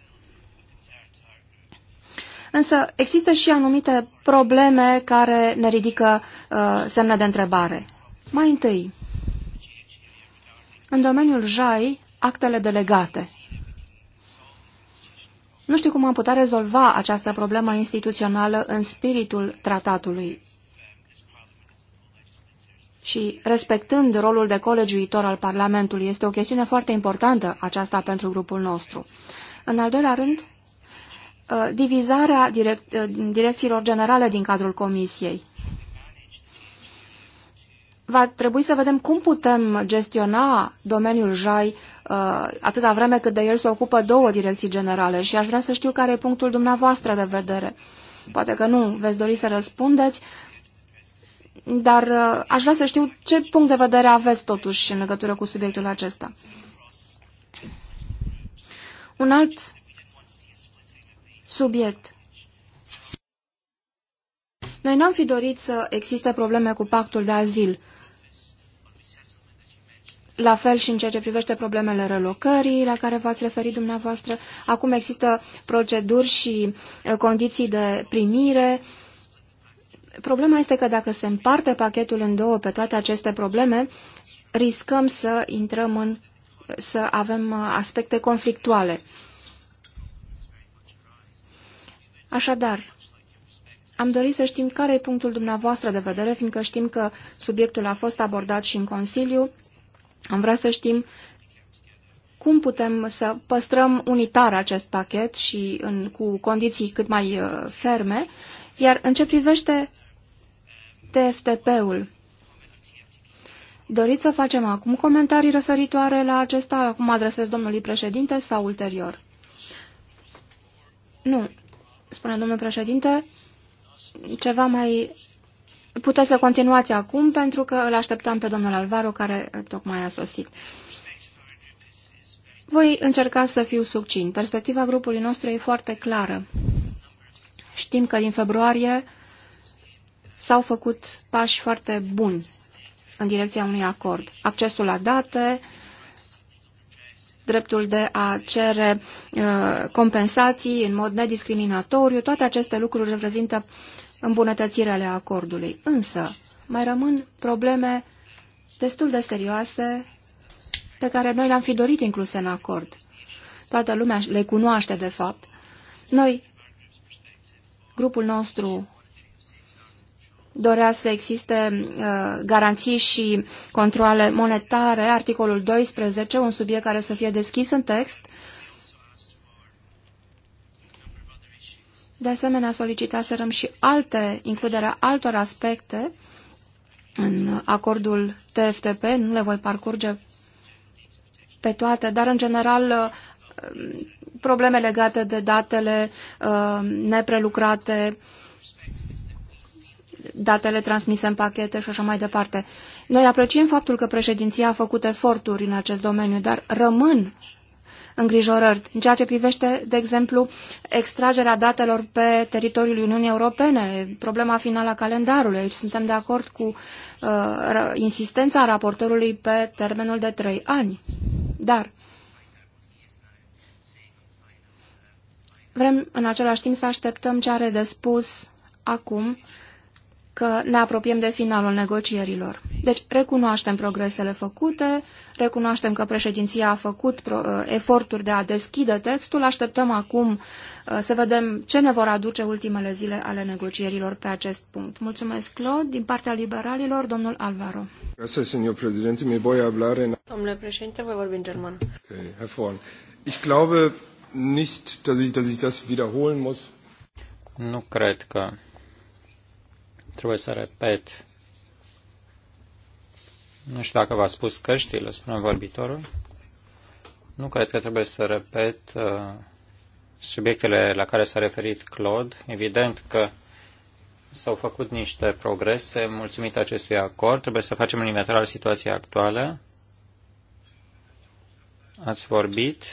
însă există și anumite probleme care ne ridică uh, semne de întrebare. Mai întâi, în domeniul JAI, actele delegate. Nu știu cum am putea rezolva această problemă instituțională în spiritul tratatului și respectând rolul de colegiuitor al Parlamentului. Este o chestiune foarte importantă aceasta pentru grupul nostru. În al doilea rând, uh, divizarea direc uh, direcțiilor generale din cadrul Comisiei va trebui să vedem cum putem gestiona domeniul JAI uh, atâta vreme cât de el se ocupă două direcții generale și aș vrea să știu care e punctul dumneavoastră de vedere. Poate că nu veți dori să răspundeți, dar uh, aș vrea să știu ce punct de vedere aveți totuși în legătură cu subiectul acesta. Un alt subiect. Noi n-am fi dorit să existe probleme cu pactul de azil, la fel și în ceea ce privește problemele relocării la care v-ați referit dumneavoastră. Acum există proceduri și uh, condiții de primire. Problema este că dacă se împarte pachetul în două pe toate aceste probleme, riscăm să intrăm în, să avem uh, aspecte conflictuale. Așadar, am dorit să știm care e punctul dumneavoastră de vedere, fiindcă știm că subiectul a fost abordat și în Consiliu am vrea să știm cum putem să păstrăm unitar acest pachet și în, cu condiții cât mai uh, ferme, iar în ce privește TFTP-ul, doriți să facem acum comentarii referitoare la acesta, acum adresez domnului președinte sau ulterior? Nu, spune domnul președinte, ceva mai puteți să continuați acum pentru că îl așteptam pe domnul Alvaro care tocmai a sosit. Voi încerca să fiu succin. Perspectiva grupului nostru e foarte clară. Știm că din februarie s-au făcut pași foarte buni în direcția unui acord. Accesul la date, dreptul de a cere uh, compensații în mod nediscriminatoriu, toate aceste lucruri reprezintă îmbunătățiri ale acordului. Însă, mai rămân probleme destul de serioase pe care noi le-am fi dorit incluse în acord. Toată lumea le cunoaște, de fapt. Noi, grupul nostru, dorea să existe uh, garanții și controle monetare, articolul 12, un subiect care să fie deschis în text, uh, De asemenea, solicitaserăm și alte, includerea altor aspecte în acordul TFTP, nu le voi parcurge pe toate, dar în general probleme legate de datele uh, neprelucrate, datele transmise în pachete și așa mai departe. Noi apreciem faptul că președinția a făcut eforturi în acest domeniu, dar rămân îngrijorări. În ceea ce privește, de exemplu, extragerea datelor pe teritoriul Uniunii Europene, problema finală a calendarului, aici suntem de acord cu uh, insistența raportorului pe termenul de trei ani. Dar vrem în același timp să așteptăm ce are de spus acum că ne apropiem de finalul negocierilor. Deci recunoaștem progresele făcute, recunoaștem că președinția a făcut uh, eforturi de a deschide textul, așteptăm acum uh, să vedem ce ne vor aduce ultimele zile ale negocierilor pe acest punct. Mulțumesc, Claude. Din partea liberalilor, domnul Alvaro. Domnule președinte, voi vorbi în germană. Herr Ich glaube nicht, dass ich, dass ich das wiederholen muss. Nu cred că trebuie să repet. Nu știu dacă v-a spus căștile, spune vorbitorul. Nu cred că trebuie să repet uh, subiectele la care s-a referit Claude. Evident că s-au făcut niște progrese mulțumit acestui acord. Trebuie să facem un inventar al situației actuale. Ați vorbit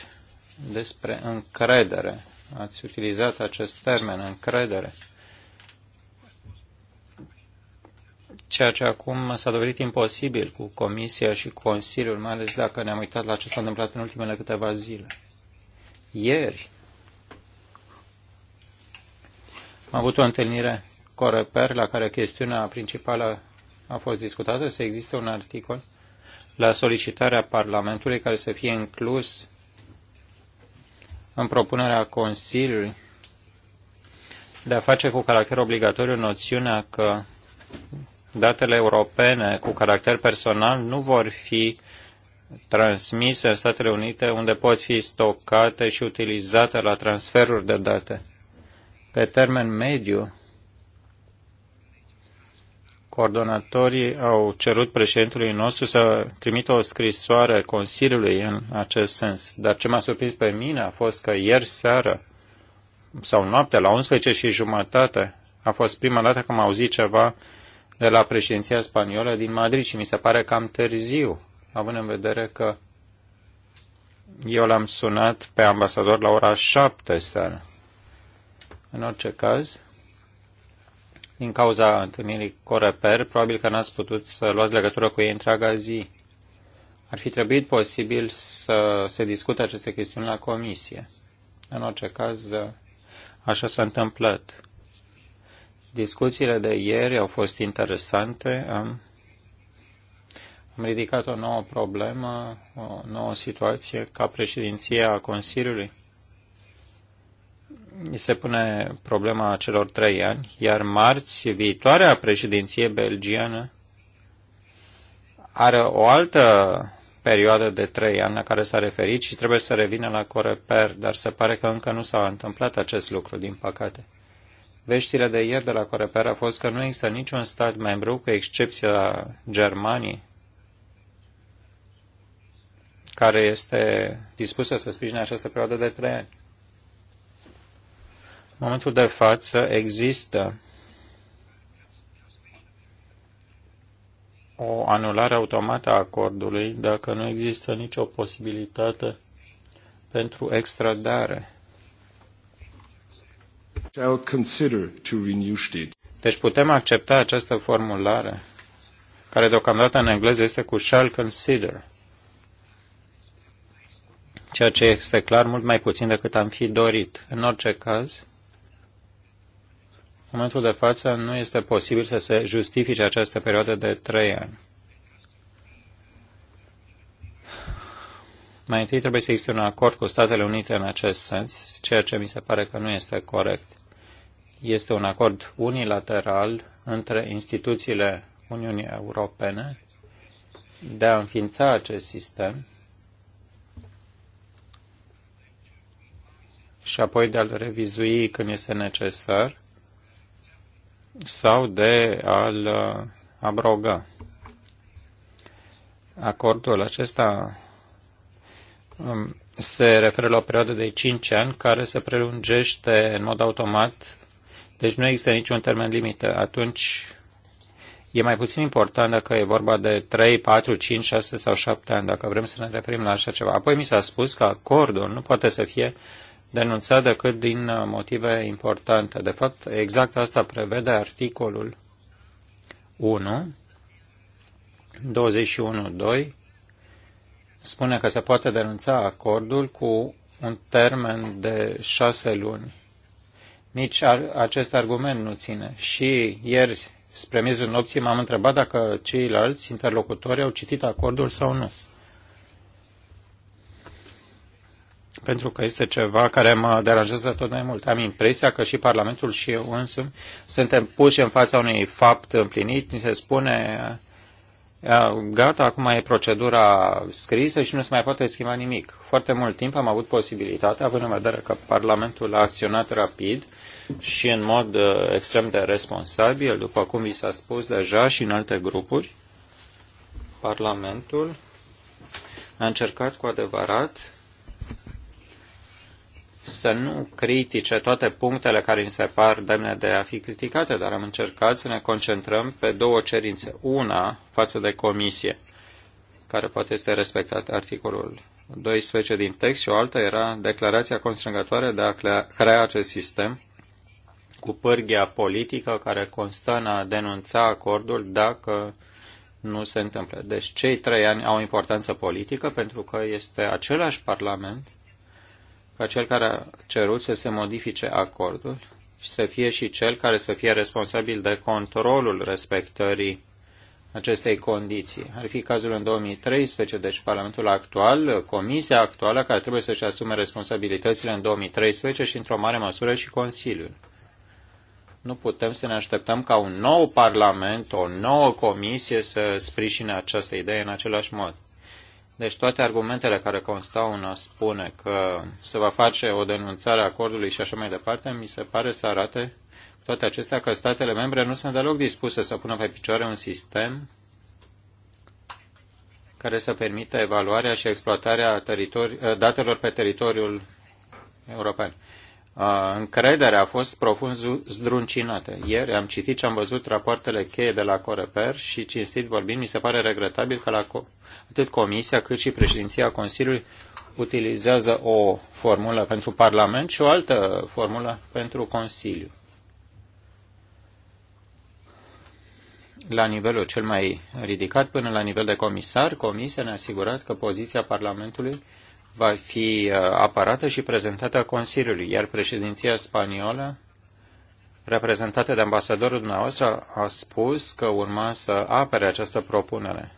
despre încredere. Ați utilizat acest termen, încredere. ceea ce acum s-a dovedit imposibil cu Comisia și Consiliul, mai ales dacă ne-am uitat la ce s-a întâmplat în ultimele câteva zile. Ieri am avut o întâlnire Coreper, la care chestiunea principală a fost discutată, să existe un articol la solicitarea Parlamentului care să fie inclus în propunerea Consiliului de a face cu caracter obligatoriu noțiunea că datele europene cu caracter personal nu vor fi transmise în Statele Unite, unde pot fi stocate și utilizate la transferuri de date. Pe termen mediu, coordonatorii au cerut președintelui nostru să trimită o scrisoare Consiliului în acest sens. Dar ce m-a surprins pe mine a fost că ieri seară sau noapte la 11 și jumătate a fost prima dată când am auzit ceva de la președinția spaniolă din Madrid și mi se pare cam târziu, având în vedere că eu l-am sunat pe ambasador la ora 7 seara. În orice caz, din cauza întâlnirii Coreper, probabil că n-ați putut să luați legătură cu ei întreaga zi. Ar fi trebuit posibil să se discute aceste chestiuni la comisie. În orice caz, așa s-a întâmplat. Discuțiile de ieri au fost interesante. Am, am ridicat o nouă problemă, o nouă situație ca președinție a Consiliului. Se pune problema celor trei ani, iar marți viitoarea președinție belgiană are o altă perioadă de trei ani la care s-a referit și trebuie să revină la Coreper, dar se pare că încă nu s-a întâmplat acest lucru, din păcate. Veștile de ieri de la Coreper a fost că nu există niciun stat membru, cu excepția Germaniei, care este dispusă să sprijine această perioadă de trei ani. În momentul de față există o anulare automată a acordului dacă nu există nicio posibilitate pentru extradare shall consider to renew state. Deci putem accepta această formulare, care deocamdată în engleză este cu shall consider, ceea ce este clar mult mai puțin decât am fi dorit. În orice caz, în momentul de față nu este posibil să se justifice această perioadă de trei ani. Mai întâi trebuie să existe un acord cu Statele Unite în acest sens, ceea ce mi se pare că nu este corect este un acord unilateral între instituțiile Uniunii Europene de a înființa acest sistem și apoi de a-l revizui când este necesar sau de a-l uh, abroga. Acordul acesta um, se referă la o perioadă de 5 ani care se prelungește în mod automat deci nu există niciun termen limită. Atunci e mai puțin important dacă e vorba de 3, 4, 5, 6 sau 7 ani, dacă vrem să ne referim la așa ceva. Apoi mi s-a spus că acordul nu poate să fie denunțat decât din uh, motive importante. De fapt, exact asta prevede articolul 1, 21, 2, spune că se poate denunța acordul cu un termen de șase luni nici ar, acest argument nu ține. Și ieri, spre miezul nopții, m-am întrebat dacă ceilalți interlocutori au citit acordul sau nu. Pentru că este ceva care mă deranjează tot mai mult. Am impresia că și Parlamentul și eu însumi suntem puși în fața unui fapt împlinit, ni se spune gata, acum e procedura scrisă și nu se mai poate schimba nimic. Foarte mult timp am avut posibilitatea, având în vedere că Parlamentul a acționat rapid și în mod uh, extrem de responsabil, după cum vi s-a spus deja și în alte grupuri, Parlamentul a încercat cu adevărat să nu critique toate punctele care îmi se par demne de a fi criticate, dar am încercat să ne concentrăm pe două cerințe. Una față de comisie, care poate este respectat articolul 12 din text și o altă era declarația constrângătoare de a crea acest sistem cu pârghia politică care constă în a denunța acordul dacă nu se întâmplă. Deci cei trei ani au importanță politică pentru că este același Parlament ca cel care a cerut să se modifice acordul și să fie și cel care să fie responsabil de controlul respectării acestei condiții. Ar fi cazul în 2013, deci Parlamentul actual, Comisia actuală, care trebuie să-și asume responsabilitățile în 2013 și, într-o mare măsură, și Consiliul. Nu putem să ne așteptăm ca un nou Parlament, o nouă Comisie să sprijine această idee în același mod. Deci toate argumentele care constau în a spune că se va face o denunțare a acordului și așa mai departe, mi se pare să arate toate acestea că statele membre nu sunt deloc dispuse să pună pe picioare un sistem care să permită evaluarea și exploatarea datelor pe teritoriul european încrederea a fost profund zdruncinată. Ieri am citit și am văzut rapoartele cheie de la Coreper și, cinstit vorbind, mi se pare regretabil că la co- atât Comisia cât și președinția Consiliului utilizează o formulă pentru Parlament și o altă formulă pentru Consiliu. La nivelul cel mai ridicat, până la nivel de comisar, Comisia ne-a asigurat că poziția Parlamentului uh, va fi uh, apărată și prezentată Consiliului, iar președinția spaniolă, reprezentată de ambasadorul dumneavoastră, a spus că urma să apere această propunere.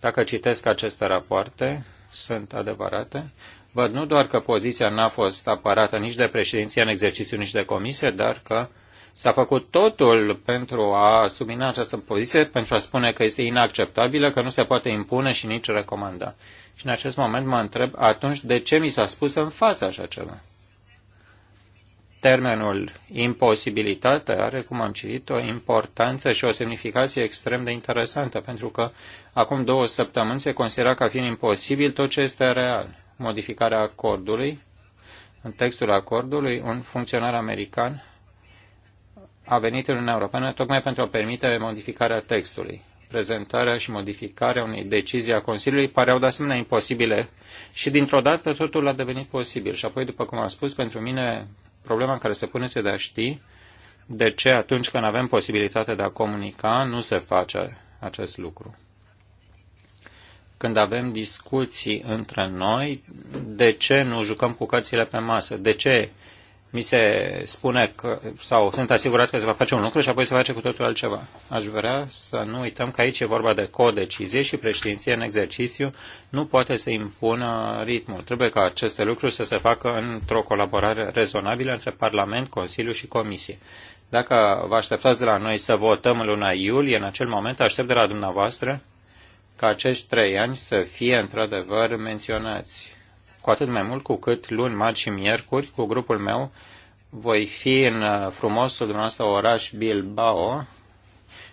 Dacă citesc aceste rapoarte, sunt adevărate, văd nu doar că poziția n-a fost apărată nici de președinția în exercițiu, nici de comisie, dar că s-a făcut totul pentru a submina această poziție, pentru a spune că este inacceptabilă, că nu se poate impune și nici recomanda. Și în acest moment mă întreb, atunci de ce mi s-a spus în față așa ceva? Termenul imposibilitate are, cum am citit, o importanță și o semnificație extrem de interesantă, pentru că acum două săptămâni se considera ca fiind imposibil tot ce este real. Modificarea acordului, în textul acordului, un funcționar american a venit în Uniunea Europeană tocmai pentru a permite modificarea textului prezentarea și modificarea unei decizii a Consiliului păreau de asemenea imposibile și dintr-o dată totul a devenit posibil. Și apoi, după cum am spus, pentru mine problema care se pune este de a ști de ce atunci când avem posibilitatea de a comunica nu se face acest lucru. Când avem discuții între noi, de ce nu jucăm cu cărțile pe masă? De ce mi se spune că, sau sunt asigurat că se va face un lucru și apoi se face cu totul altceva. Aș vrea să nu uităm că aici e vorba de codecizie și președinția în exercițiu nu poate să impună ritmul. Trebuie ca aceste lucruri să se facă într-o colaborare rezonabilă între Parlament, Consiliu și Comisie. Dacă vă așteptați de la noi să votăm în luna iulie, în acel moment aștept de la dumneavoastră ca acești trei ani să fie într-adevăr menționați cu atât mai mult cu cât luni, marți și miercuri, cu grupul meu, voi fi în uh, frumosul dumneavoastră oraș Bilbao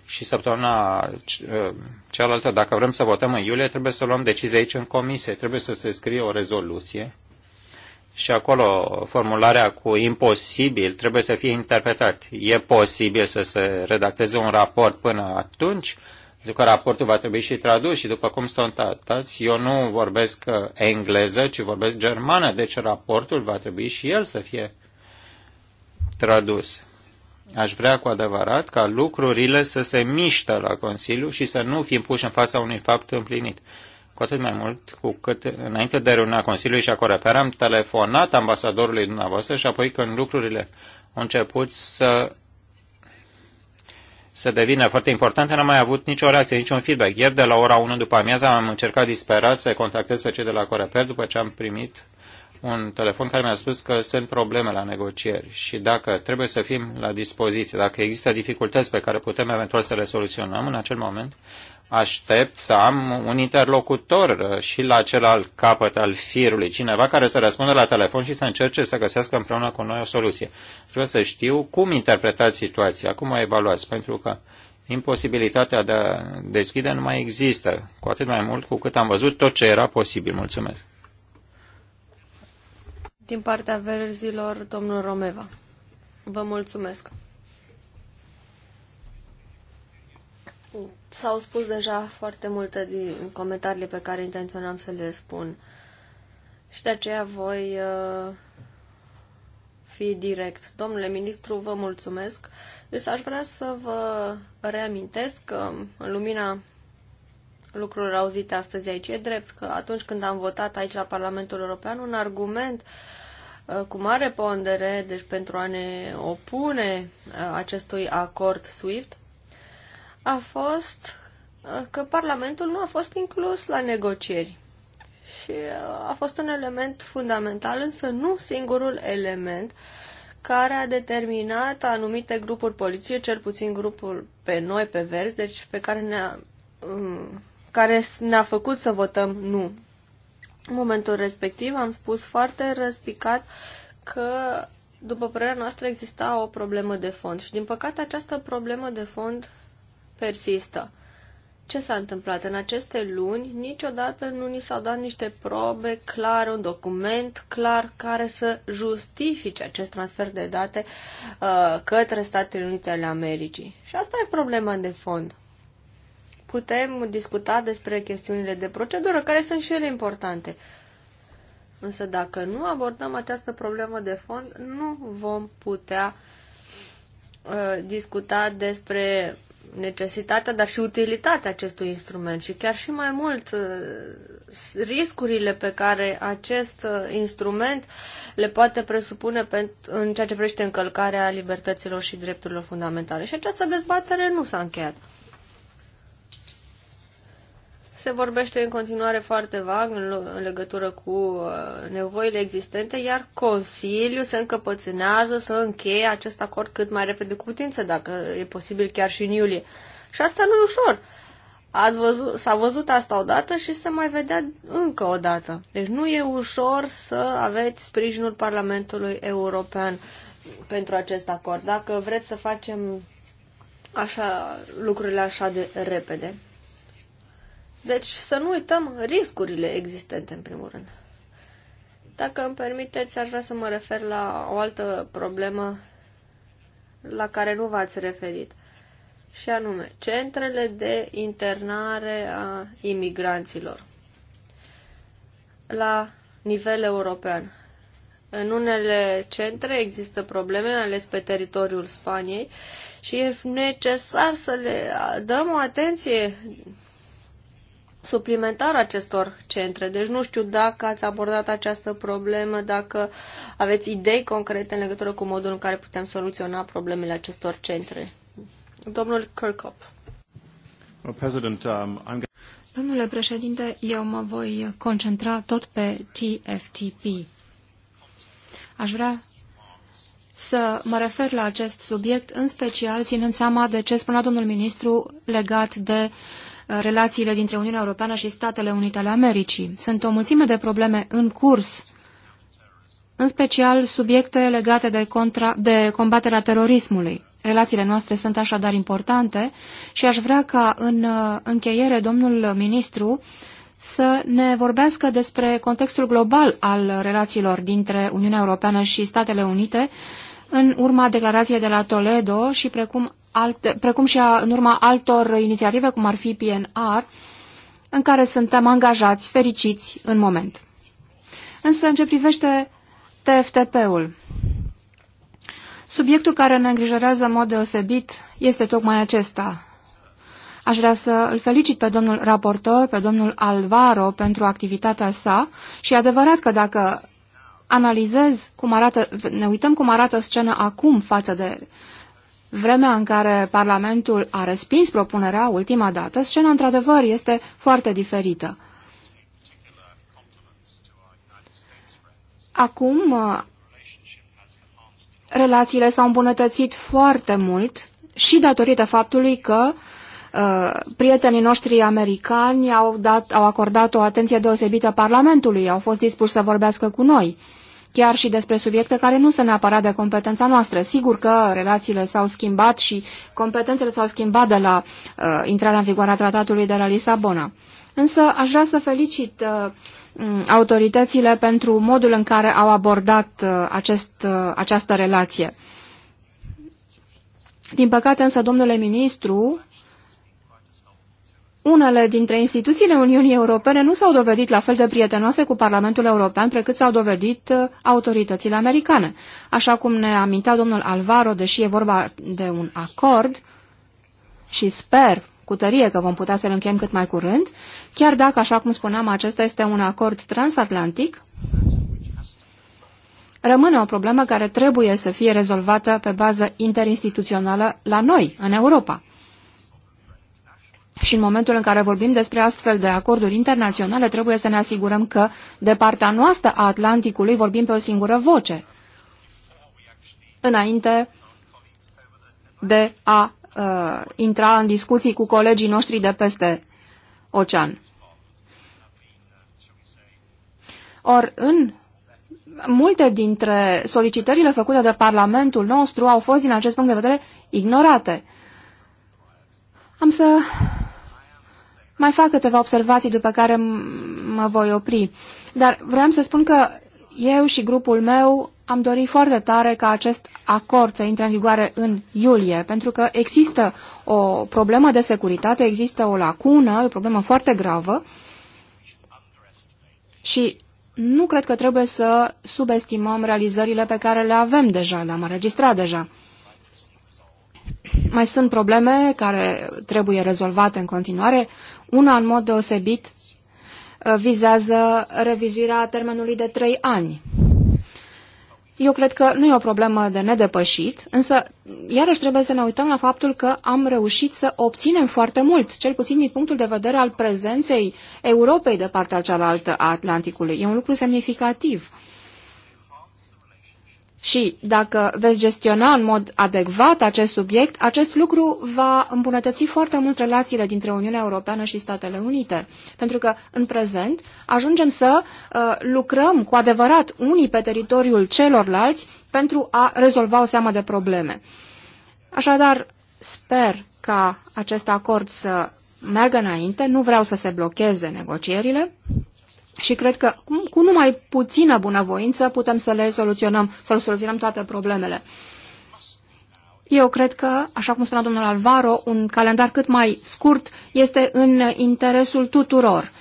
și săptămâna uh, cealaltă, dacă vrem să votăm în iulie, trebuie să luăm decizie aici în comisie, trebuie să se scrie o rezoluție și acolo formularea cu imposibil trebuie să fie interpretat. E posibil să se redacteze un raport până atunci, că raportul va trebui și tradus și după cum sunt statați, eu nu vorbesc uh, engleză, ci vorbesc germană, deci raportul va trebui și el să fie tradus. Aș vrea cu adevărat ca lucrurile să se miște la Consiliu și să nu fim puși în fața unui fapt împlinit. Cu atât mai mult cu cât înainte de reuniunea Consiliului și a Coreper am telefonat ambasadorului dumneavoastră și apoi când lucrurile au început să să devină foarte importante, n-am mai avut nicio reacție, niciun feedback. Ieri de la ora 1 după amiază am încercat disperat să contactez pe cei de la Coreper după ce am primit un telefon care mi-a spus că sunt probleme la negocieri și dacă trebuie să fim la dispoziție, dacă există dificultăți pe care putem eventual să le soluționăm în acel moment, aștept să am un interlocutor și la celălalt capăt al firului, cineva care să răspundă la telefon și să încerce să găsească împreună cu noi o soluție. Vreau să știu cum interpretați situația, cum o evaluați, pentru că imposibilitatea de a deschide nu mai există, cu atât mai mult cu cât am văzut tot ce era posibil. Mulțumesc. Din partea verzilor, domnul Romeva. Vă mulțumesc. S-au spus deja foarte multe din comentariile pe care intenționam să le spun și de aceea voi uh, fi direct. Domnule ministru, vă mulțumesc. Deci aș vrea să vă reamintesc că în lumina lucrurilor auzite astăzi aici e drept că atunci când am votat aici la Parlamentul European un argument uh, cu mare pondere, deci pentru a ne opune uh, acestui acord SWIFT, a fost uh, că Parlamentul nu a fost inclus la negocieri. Și uh, a fost un element fundamental, însă nu singurul element care a determinat anumite grupuri politice, cel puțin grupul pe noi, pe verzi, deci pe care ne-a, um, care ne-a făcut să votăm nu. În momentul respectiv am spus foarte răspicat că, după părerea noastră, exista o problemă de fond și, din păcate, această problemă de fond persistă. Ce s-a întâmplat? În aceste luni niciodată nu ni s-au dat niște probe clare, un document clar care să justifice acest transfer de date uh, către Statele Unite ale Americii. Și asta e problema de fond. Putem discuta despre chestiunile de procedură, care sunt și ele importante. Însă dacă nu abordăm această problemă de fond, nu vom putea uh, discuta despre necesitatea, dar și utilitatea acestui instrument și chiar și mai mult uh, riscurile pe care acest uh, instrument le poate presupune în ceea ce privește încălcarea libertăților și drepturilor fundamentale. Și această dezbatere nu s-a încheiat se vorbește în continuare foarte vag în, legătură cu uh, nevoile existente, iar Consiliul se încăpățânează să încheie acest acord cât mai repede cu putință, dacă e posibil chiar și în iulie. Și asta nu e ușor. Ați văzut, s-a văzut asta odată și se mai vedea încă o dată. Deci nu e ușor să aveți sprijinul Parlamentului European pentru acest acord, dacă vreți să facem așa lucrurile așa de repede. Deci să nu uităm riscurile existente, în primul rând. Dacă îmi permiteți, aș vrea să mă refer la o altă problemă la care nu v-ați referit, și anume centrele de internare a imigranților la nivel european. În unele centre există probleme, ales pe teritoriul Spaniei, și e necesar să le dăm o atenție suplimentar acestor centre. Deci nu știu dacă ați abordat această problemă, dacă aveți idei concrete în legătură cu modul în care putem soluționa problemele acestor centre. Domnul Kirkop. Um, Domnule președinte, eu mă voi concentra tot pe TFTP. Aș vrea să mă refer la acest subiect, în special ținând seama de ce spunea domnul ministru legat de uh, relațiile dintre Uniunea Europeană și Statele Unite ale Americii. Sunt o mulțime de probleme în curs, în special subiecte legate de, contra, de combaterea terorismului. Relațiile noastre sunt așadar importante și aș vrea ca în uh, încheiere domnul ministru să ne vorbească despre contextul global al relațiilor dintre Uniunea Europeană și Statele Unite în urma declarației de la Toledo și precum precum și a, în urma altor inițiative, cum ar fi PNR, în care suntem angajați, fericiți în moment. Însă, în ce privește TFTP-ul, subiectul care ne îngrijorează în mod deosebit este tocmai acesta. Aș vrea să îl felicit pe domnul raportor, pe domnul Alvaro, pentru activitatea sa și e adevărat că dacă analizez cum arată, ne uităm cum arată scena acum față de vremea în care Parlamentul a respins propunerea ultima dată, scena într-adevăr este foarte diferită. Acum, uh, relațiile s-au îmbunătățit foarte mult și datorită faptului că uh, prietenii noștri americani au, dat, au acordat o atenție deosebită Parlamentului, au fost dispuși să vorbească cu noi chiar și despre subiecte care nu sunt neapărat de competența noastră. Sigur că relațiile s-au schimbat și competențele s-au schimbat de la uh, intrarea în vigoare a tratatului de la Lisabona. Însă aș vrea să felicit uh, mm, autoritățile pentru modul în care au abordat uh, acest, uh, această relație. Din păcate însă, domnule ministru, unele dintre instituțiile Uniunii Europene nu s-au dovedit la fel de prietenoase cu Parlamentul European precât s-au dovedit uh, autoritățile americane. Așa cum ne amintea domnul Alvaro, deși e vorba de un acord, și sper cu tărie că vom putea să-l încheiem cât mai curând, chiar dacă, așa cum spuneam, acesta este un acord transatlantic, rămâne o problemă care trebuie să fie rezolvată pe bază interinstituțională la noi, în Europa. Și în momentul în care vorbim despre astfel de acorduri internaționale, trebuie să ne asigurăm că de partea noastră a Atlanticului vorbim pe o singură voce. Înainte de a uh, intra în discuții cu colegii noștri de peste ocean. Or, în multe dintre solicitările făcute de Parlamentul nostru au fost, din acest punct de vedere, ignorate. Am să mai fac câteva observații după care mă voi opri. Dar vreau să spun că eu și grupul meu am dorit foarte tare ca acest acord să intre în vigoare în iulie, pentru că există o problemă de securitate, există o lacună, o problemă foarte gravă și nu cred că trebuie să subestimăm realizările pe care le avem deja, le-am înregistrat deja. Mai sunt probleme care trebuie rezolvate în continuare. Una, în mod deosebit, uh, vizează revizuirea termenului de trei ani. Eu cred că nu e o problemă de nedepășit, însă iarăși trebuie să ne uităm la faptul că am reușit să obținem foarte mult, cel puțin din punctul de vedere al prezenței Europei de partea cealaltă a Atlanticului. E un lucru semnificativ. Și dacă veți gestiona în mod adecvat acest subiect, acest lucru va îmbunătăți foarte mult relațiile dintre Uniunea Europeană și Statele Unite. Pentru că, în prezent, ajungem să uh, lucrăm cu adevărat unii pe teritoriul celorlalți pentru a rezolva o seamă de probleme. Așadar, sper ca acest acord să meargă înainte, nu vreau să se blocheze negocierile, și cred că cu numai puțină bunăvoință putem să le soluționăm, să le soluționăm toate problemele. Eu cred că, așa cum spunea domnul Alvaro, un calendar cât mai scurt este în interesul tuturor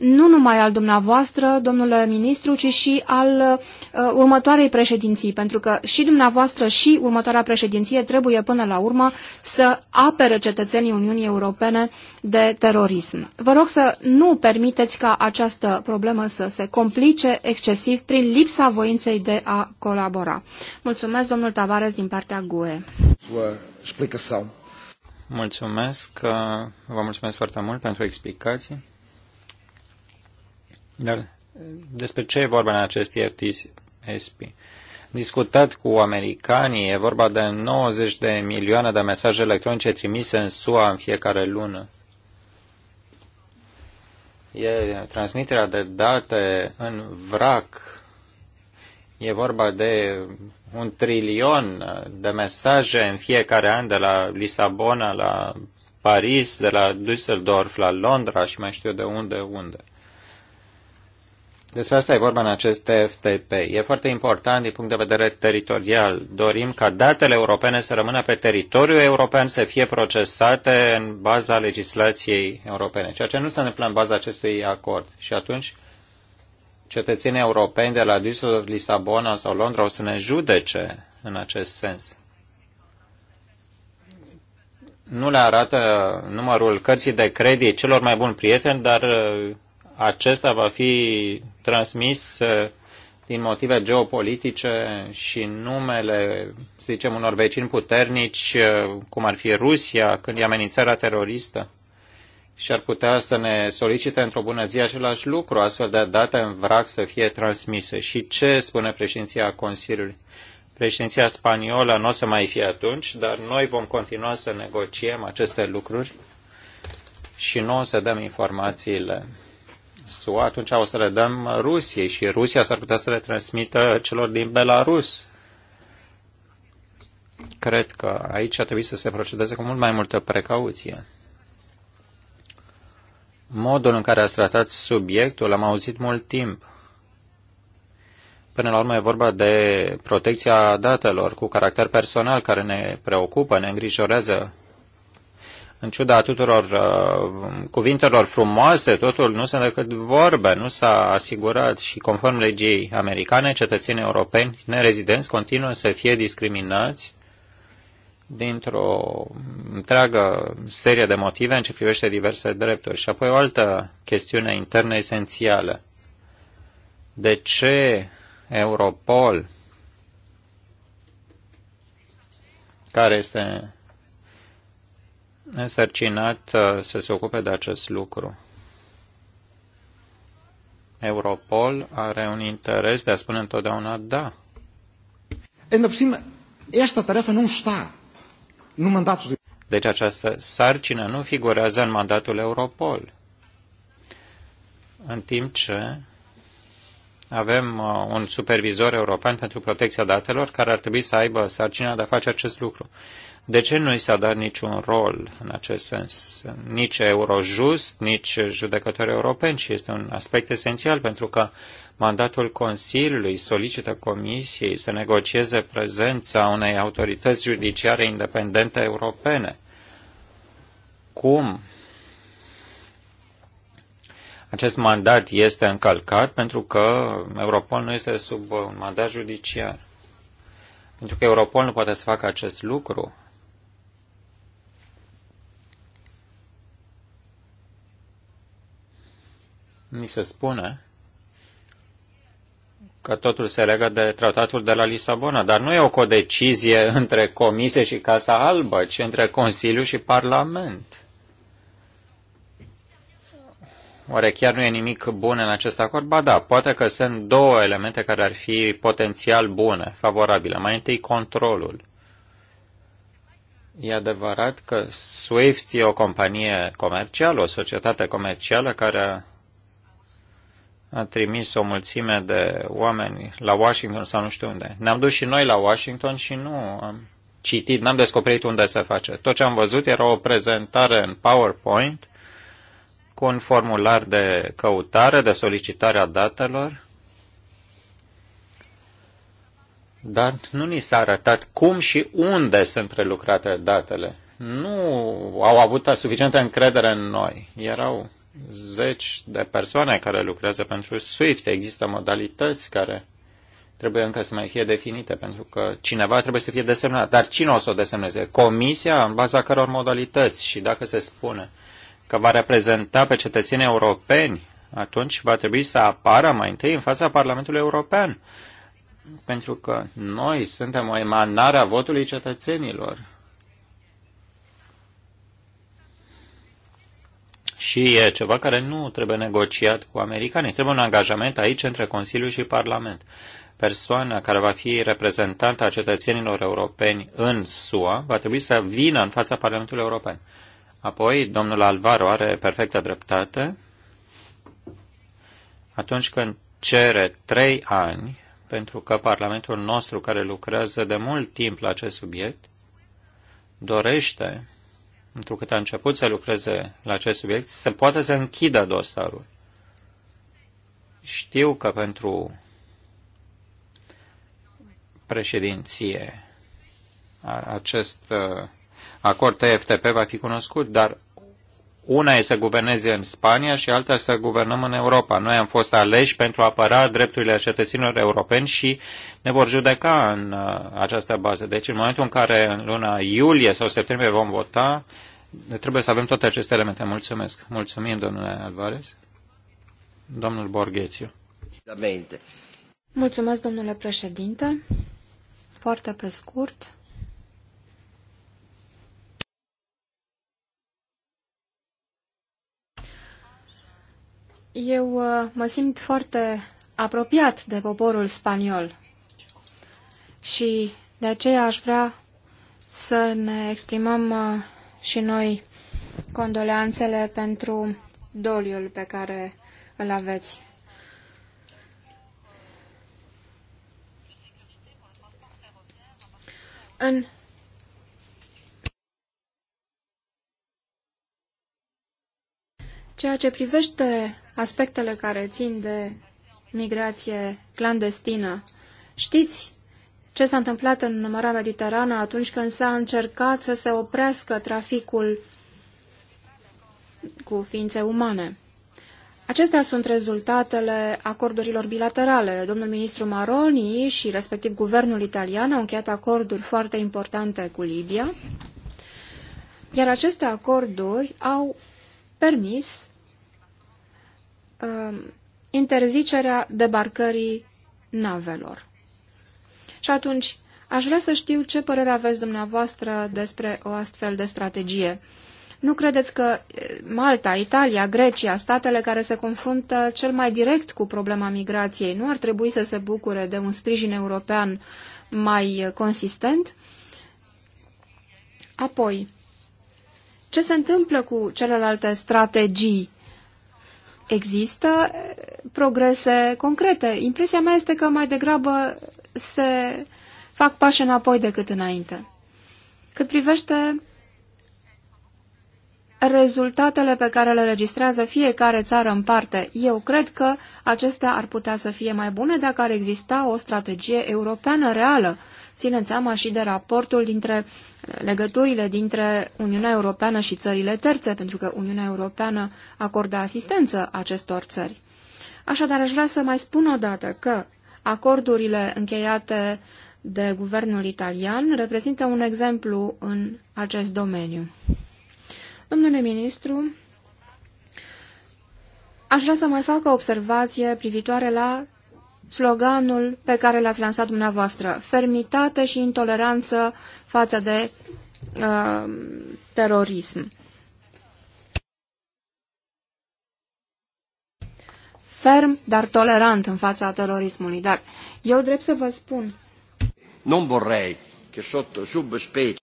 nu numai al dumneavoastră, domnule ministru, ci și al uh, următoarei președinții, pentru că și dumneavoastră și următoarea președinție trebuie până la urmă să apere cetățenii Uniunii Europene de terorism. Vă rog să nu permiteți ca această problemă să se complice excesiv prin lipsa voinței de a colabora. Mulțumesc, domnul Tavares, din partea GUE. Mulțumesc, uh, vă mulțumesc foarte mult pentru explicații. Dar eh, despre ce e vorba în acest IRTSP? Discutat cu americanii, e vorba de 90 de milioane de mesaje electronice trimise în SUA în fiecare lună. E transmiterea de date în vrac. E vorba de un trilion de mesaje în fiecare an de la Lisabona la Paris, de la Düsseldorf la Londra și mai știu de unde, unde. Despre asta e vorba în acest TFTP. E foarte important din punct de vedere teritorial. Dorim ca datele europene să rămână pe teritoriul european, să fie procesate în baza legislației europene, ceea ce nu se întâmplă în baza acestui acord. Și atunci cetățenii europeni de la Düsseldorf, Lisabona sau Londra o să ne judece în acest sens. Nu le arată numărul cărții de credit celor mai buni prieteni, dar acesta va fi transmis uh, din motive geopolitice și numele, să zicem, unor vecini puternici, uh, cum ar fi Rusia, când e amenințarea teroristă și ar putea să ne solicite într-o bună zi același lucru, astfel de date în vrac să fie transmise. Și ce spune președinția Consiliului? Președinția spaniolă nu o să mai fie atunci, dar noi vom continua să negociem aceste lucruri și nu o să dăm informațiile SUA, atunci o să le dăm Rusiei și Rusia s-ar putea să le transmită celor din Belarus. Cred că aici ar trebui să se procedeze cu mult mai multă precauție. Modul în care ați tratat subiectul l-am auzit mult timp. Până la urmă e vorba de protecția datelor cu caracter personal care ne preocupă, ne îngrijorează în ciuda tuturor uh, cuvintelor frumoase, totul nu sunt decât vorbe, nu s-a asigurat și conform legii americane, cetățenii europeni nerezidenți continuă să fie discriminați dintr-o întreagă serie de motive în ce privește diverse drepturi. Și apoi o altă chestiune internă esențială. De ce Europol, care este însărcinat uh, să se ocupe de acest lucru. Europol are un interes de a spune întotdeauna da. În por esta tarefa de... Deci această sarcină nu figurează în mandatul Europol. În timp ce avem uh, un supervizor european pentru protecția datelor care ar trebui să aibă sarcina de a face acest lucru. De ce nu i s-a dat niciun rol în acest sens? Nici Eurojust, nici judecători europeni și este un aspect esențial pentru că mandatul Consiliului solicită Comisiei să negocieze prezența unei autorități judiciare independente europene. Cum acest mandat este încălcat pentru că Europol nu este sub un mandat judiciar. Pentru că Europol nu poate să facă acest lucru, mi se spune că totul se legă de tratatul de la Lisabona, dar nu e o codecizie între Comisie și Casa Albă, ci între Consiliu și Parlament. Oare chiar nu e nimic bun în acest acord? Ba da, poate că sunt două elemente care ar fi potențial bune, favorabile. Mai întâi, controlul. E adevărat că SWIFT e o companie comercială, o societate comercială care a trimis o mulțime de oameni la Washington sau nu știu unde. Ne-am dus și noi la Washington și nu am citit, n-am descoperit unde se face. Tot ce am văzut era o prezentare în PowerPoint cu un formular de căutare, de solicitare a datelor, dar nu ni s-a arătat cum și unde sunt prelucrate datele. Nu au avut suficientă încredere în noi. Erau zeci de persoane care lucrează pentru SWIFT. Există modalități care trebuie încă să mai fie definite, pentru că cineva trebuie să fie desemnat. Dar cine o să o desemneze? Comisia, în baza căror modalități și dacă se spune că va reprezenta pe cetățenii europeni, atunci va trebui să apară mai întâi în fața Parlamentului European. Pentru că noi suntem o emanare a votului cetățenilor Și e ceva care nu trebuie negociat cu americanii. Trebuie un angajament aici între Consiliu și Parlament. Persoana care va fi reprezentantă a cetățenilor europeni în SUA va trebui să vină în fața Parlamentului European. Apoi, domnul Alvaro are perfectă dreptate atunci când cere trei ani, pentru că Parlamentul nostru, care lucrează de mult timp la acest subiect, dorește întrucât a început să lucreze la acest subiect, să poată să închidă dosarul. Știu că pentru președinție acest uh, acord TFTP va fi cunoscut, dar una e să guverneze în Spania și alta să guvernăm în Europa. Noi am fost aleși pentru a apăra drepturile cetățenilor europeni și ne vor judeca în uh, această bază. Deci în momentul în care în luna iulie sau septembrie vom vota, trebuie să avem toate aceste elemente. Mulțumesc. Mulțumim, domnule Alvarez. Domnul Borghețiu. Mulțumesc, domnule președinte. Foarte pe scurt, Eu uh, mă simt foarte apropiat de poporul spaniol și de aceea aș vrea să ne exprimăm uh, și noi condoleanțele pentru doliul pe care îl aveți. În Ceea ce privește aspectele care țin de migrație clandestină, știți ce s-a întâmplat în Marea Mediterană atunci când s-a încercat să se oprească traficul cu ființe umane. Acestea sunt rezultatele acordurilor bilaterale. Domnul ministru Maroni și respectiv guvernul italian au încheiat acorduri foarte importante cu Libia, iar aceste acorduri au permis uh, interzicerea debarcării navelor. Și atunci, aș vrea să știu ce părere aveți dumneavoastră despre o astfel de strategie. Nu credeți că eh, Malta, Italia, Grecia, statele care se confruntă cel mai direct cu problema migrației, nu ar trebui să se bucure de un sprijin european mai consistent? Apoi, ce se întâmplă cu celelalte strategii? Există eh, progrese concrete. Impresia mea este că mai degrabă se fac pași înapoi decât înainte. Cât privește rezultatele pe care le registrează fiecare țară în parte, eu cred că acestea ar putea să fie mai bune dacă ar exista o strategie europeană reală, ținând seama și de raportul dintre legăturile dintre Uniunea Europeană și țările terțe, pentru că Uniunea Europeană acordă asistență acestor țări. Așadar, aș vrea să mai spun o dată că acordurile încheiate de guvernul italian reprezintă un exemplu în acest domeniu. Domnule ministru, aș vrea să mai fac o observație privitoare la sloganul pe care l-ați lansat dumneavoastră, fermitate și intoleranță față de uh, terorism. Ferm, dar tolerant în fața terorismului. Dar eu drept să vă spun... nu vorrei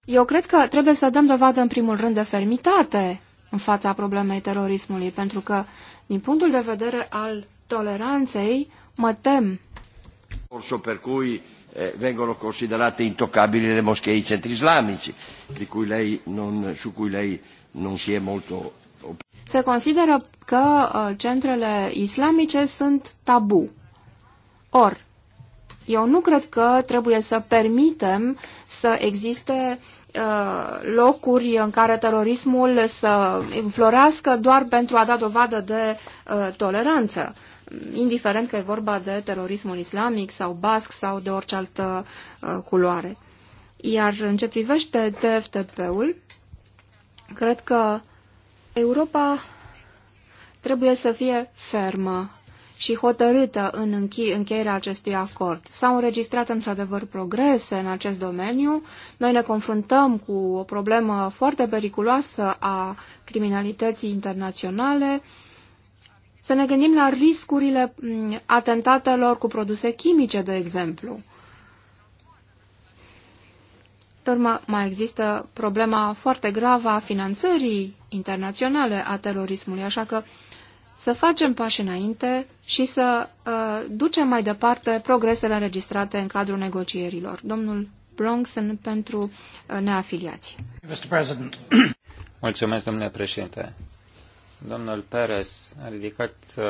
Eu cred că trebuie să dăm dovadă în primul rând de fermitate în fața problemei terorismului, pentru că, din punctul de vedere al toleranței, Mă tem. Orso per cui eh, vengono considerate intoccabili le moschee i centri islamici, di cui lei non, su cui lei non si è molto... Se consideră că eh, centrele islamice sunt tabu. Or, eu nu cred că trebuie să permitem să existe eh, locuri în care terorismul să înflorească doar pentru a da dovadă de toleranță indiferent că e vorba de terorismul islamic sau basc sau de orice altă uh, culoare. Iar în ce privește TFTP-ul, cred că Europa trebuie să fie fermă și hotărâtă în închi încheierea acestui acord. S-au înregistrat într-adevăr progrese în acest domeniu. Noi ne confruntăm cu o problemă foarte periculoasă a criminalității internaționale. Să ne gândim la riscurile mm, atentatelor cu produse chimice, de exemplu. Pe urmă, mai există problema foarte gravă a finanțării internaționale a terorismului, așa că să facem pași înainte și să uh, ducem mai departe progresele înregistrate în cadrul negocierilor. Domnul Bronson pentru uh, neafiliați. Mulțumesc, domnule președinte. Domnul Perez a ridicat uh,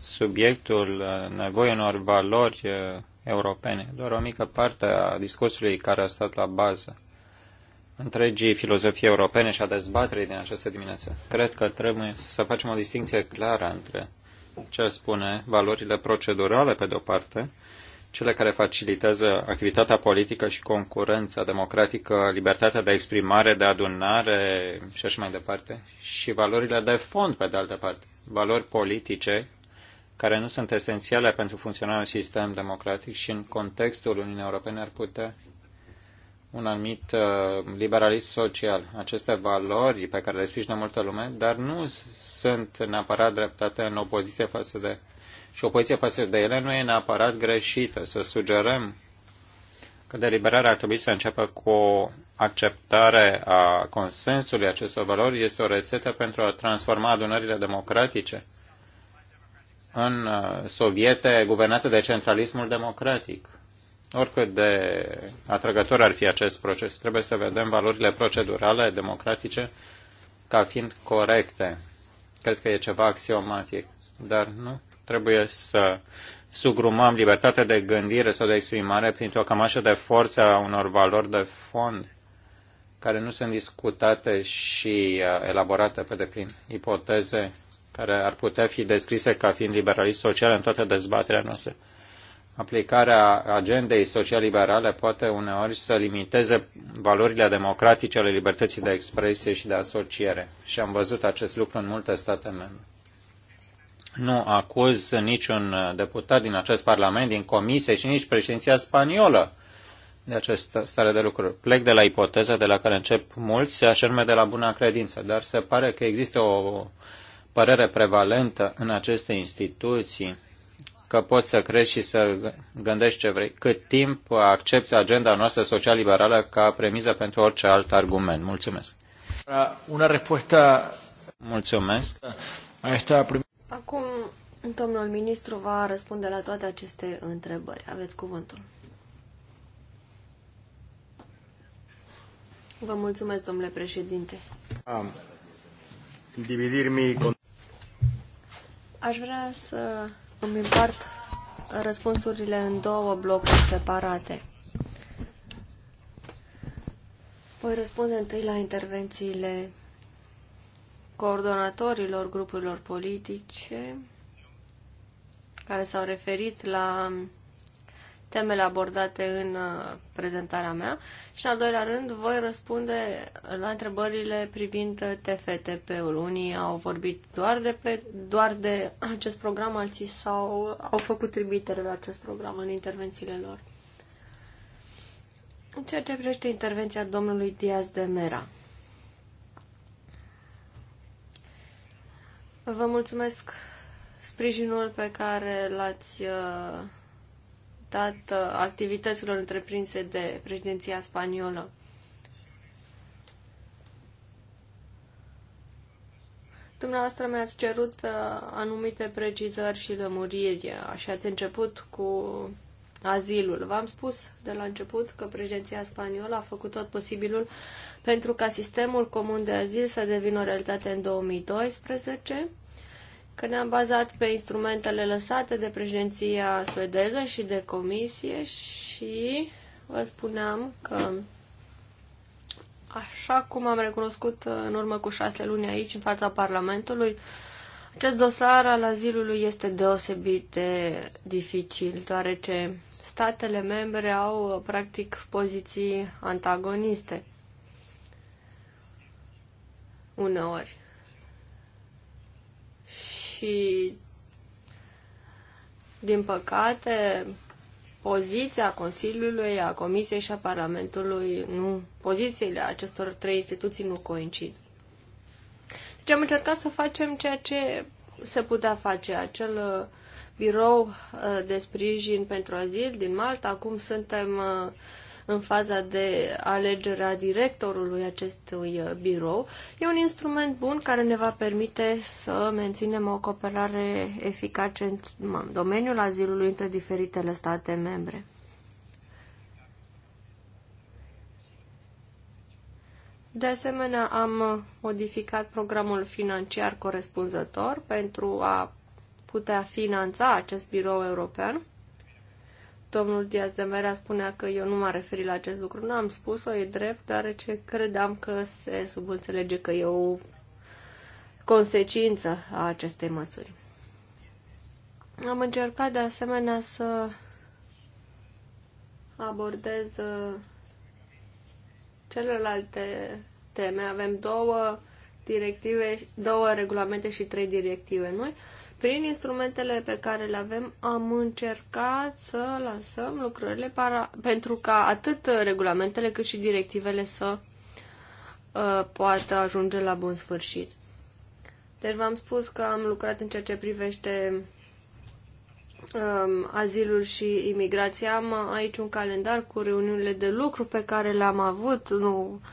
subiectul uh, nevoii unor valori uh, europene, doar o mică parte a discursului care a stat la bază întregii filozofii europene și a dezbaterii din această dimineață. Cred că trebuie să facem o distinție clară între ce spune valorile procedurale, pe de-o parte, cele care facilitează activitatea politică și concurența democratică, libertatea de exprimare, de adunare și așa mai departe, și valorile de fond, pe de altă parte, valori politice care nu sunt esențiale pentru funcționarea unui sistem democratic și în contextul Uniunii Europene ar putea un anumit uh, liberalism social. Aceste valori pe care le sprijină multă lume, dar nu sunt neapărat dreptate în opoziție față de și o poziție față de ele nu e neapărat greșită. Să sugerăm că deliberarea ar trebui să înceapă cu o acceptare a consensului acestor valori este o rețetă pentru a transforma adunările democratice în uh, soviete guvernate de centralismul democratic. Oricât de atrăgător ar fi acest proces, trebuie să vedem valorile procedurale democratice ca fiind corecte. Cred că e ceva axiomatic, dar nu trebuie să sugrumăm libertatea de gândire sau de exprimare printr-o cămașă de forță a unor valori de fond care nu sunt discutate și uh, elaborate pe deplin. Ipoteze care ar putea fi descrise ca fiind liberalist social în toată dezbaterea noastră. Aplicarea agendei social-liberale poate uneori să limiteze valorile democratice ale libertății de expresie și de asociere. Și am văzut acest lucru în multe state membre. Nu acuz niciun deputat din acest Parlament, din Comisie și nici președinția spaniolă de această stare de lucruri. Plec de la ipoteza de la care încep mulți, așa nume de la buna credință, dar se pare că există o părere prevalentă în aceste instituții că poți să crezi și să gândești ce vrei, cât timp accepti agenda noastră social-liberală ca premiză pentru orice alt argument. Mulțumesc. Una răspunsă. Mulțumesc. A esta prim- Acum, domnul ministru va răspunde la toate aceste întrebări. Aveți cuvântul. Vă mulțumesc, domnule președinte. Am Aș vrea să îmi împart răspunsurile în două blocuri separate. Voi răspunde întâi la intervențiile coordonatorilor grupurilor politice care s-au referit la temele abordate în uh, prezentarea mea și, în al doilea rând, voi răspunde la întrebările privind uh, TFTP-ul. Unii au vorbit doar de, pe, doar de acest program, alții sau au făcut trimitere la acest program în intervențiile lor. În ceea ce privește intervenția domnului Diaz de Mera, Vă mulțumesc sprijinul pe care l-ați uh, dat uh, activităților întreprinse de președinția spaniolă. Dumneavoastră mi-ați cerut uh, anumite precizări și lămuriri și ați început cu azilul. V-am spus de la început că președinția spaniolă a făcut tot posibilul pentru ca sistemul comun de azil să devină o realitate în 2012 că ne-am bazat pe instrumentele lăsate de președinția suedeză și de comisie și vă spuneam că așa cum am recunoscut în urmă cu șase luni aici în fața Parlamentului, acest dosar al azilului este deosebit de dificil, deoarece statele membre au practic poziții antagoniste uneori și, din păcate, poziția Consiliului, a Comisiei și a Parlamentului, nu, pozițiile acestor trei instituții nu coincid. Deci am încercat să facem ceea ce se putea face. Acel uh, birou uh, de sprijin pentru azil din Malta, acum suntem uh, în faza de alegere a directorului acestui uh, birou. E un instrument bun care ne va permite să menținem o cooperare eficace în domeniul azilului între diferitele state membre. De asemenea, am modificat programul financiar corespunzător pentru a putea finanța acest birou european. Domnul Diaz de Merea spunea că eu nu m-am referit la acest lucru. Nu am spus-o, e drept, deoarece credeam că se subînțelege că e o consecință a acestei măsuri. Am încercat de asemenea să abordez uh, celelalte teme. Avem două directive, două regulamente și trei directive noi prin instrumentele pe care le avem, am încercat să lansăm lucrările para, pentru ca atât regulamentele cât și directivele să uh, poată ajunge la bun sfârșit. Deci v-am spus că am lucrat în ceea ce privește uh, azilul și imigrația. Am aici un calendar cu reuniunile de lucru pe care le-am avut. Nu, uh,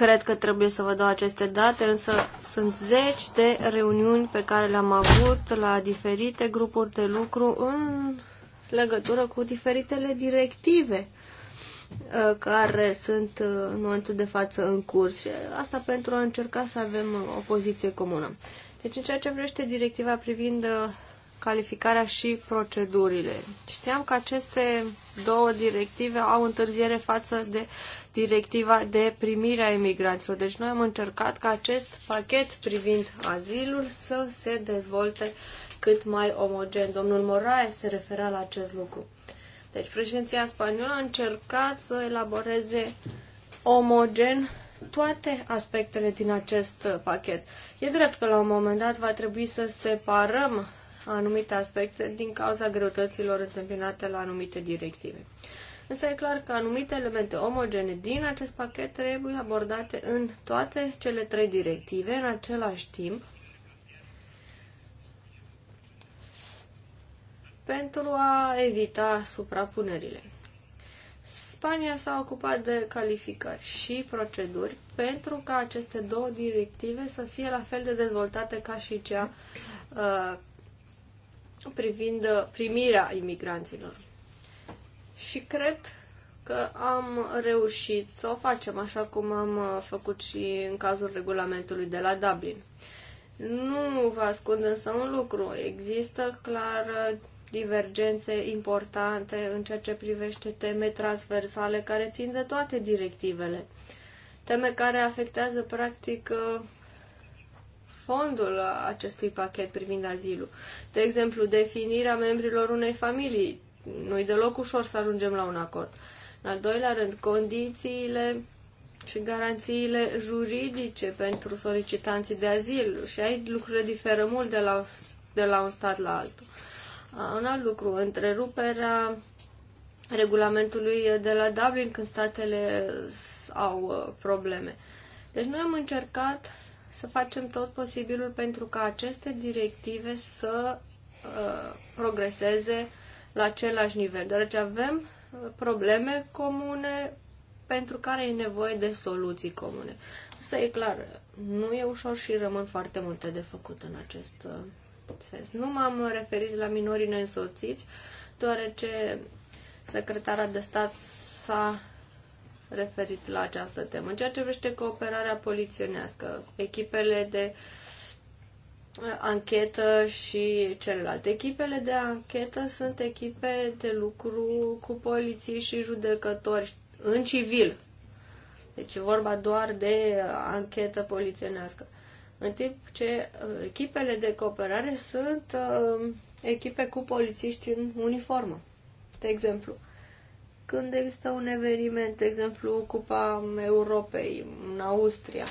cred că trebuie să vă dau aceste date, însă sunt zeci de reuniuni pe care le-am avut la diferite grupuri de lucru în legătură cu diferitele directive uh, care sunt uh, în momentul de față în curs și asta pentru a încerca să avem uh, o poziție comună. Deci în ceea ce vrește directiva privind calificarea și procedurile. Știam că aceste două directive au întârziere față de directiva de primire a emigranților. Deci noi am încercat ca acest pachet privind azilul să se dezvolte cât mai omogen. Domnul Moraes se referea la acest lucru. Deci președinția spaniolă a încercat să elaboreze omogen toate aspectele din acest pachet. E drept că la un moment dat va trebui să separăm anumite aspecte din cauza greutăților întâmpinate la anumite directive. Însă e clar că anumite elemente omogene din acest pachet trebuie abordate în toate cele trei directive în același timp pentru a evita suprapunerile. Spania s-a ocupat de calificări și proceduri pentru ca aceste două directive să fie la fel de dezvoltate ca și cea uh, privind uh, primirea imigranților și cred că am reușit să o facem așa cum am uh, făcut și în cazul regulamentului de la Dublin. Nu vă ascund însă un lucru. Există clar uh, divergențe importante în ceea ce privește teme transversale care țin de toate directivele. Teme care afectează practic uh, fondul acestui pachet privind azilul. De exemplu, definirea membrilor unei familii, nu e deloc ușor să ajungem la un acord. În al doilea rând, condițiile și garanțiile juridice pentru solicitanții de azil. Și aici lucrurile diferă mult de la, de la un stat la altul. Un alt lucru, întreruperea regulamentului de la Dublin când statele au uh, probleme. Deci noi am încercat să facem tot posibilul pentru ca aceste directive să uh, progreseze la același nivel, deoarece avem uh, probleme comune pentru care e nevoie de soluții comune. Să e clar, nu e ușor și rămân foarte multe de făcut în acest uh, sens. Nu m-am referit la minorii neînsoțiți, deoarece secretara de stat s-a referit la această temă. În ceea ce vrește cooperarea poliționească, echipele de uh, anchetă și celelalte. Echipele de anchetă sunt echipe de lucru cu poliții și judecători în civil. Deci e vorba doar de anchetă polițienească. În timp ce uh, echipele de cooperare sunt uh, echipe cu polițiști în uniformă. De exemplu, când există un eveniment, de exemplu Cupa Europei în Austria,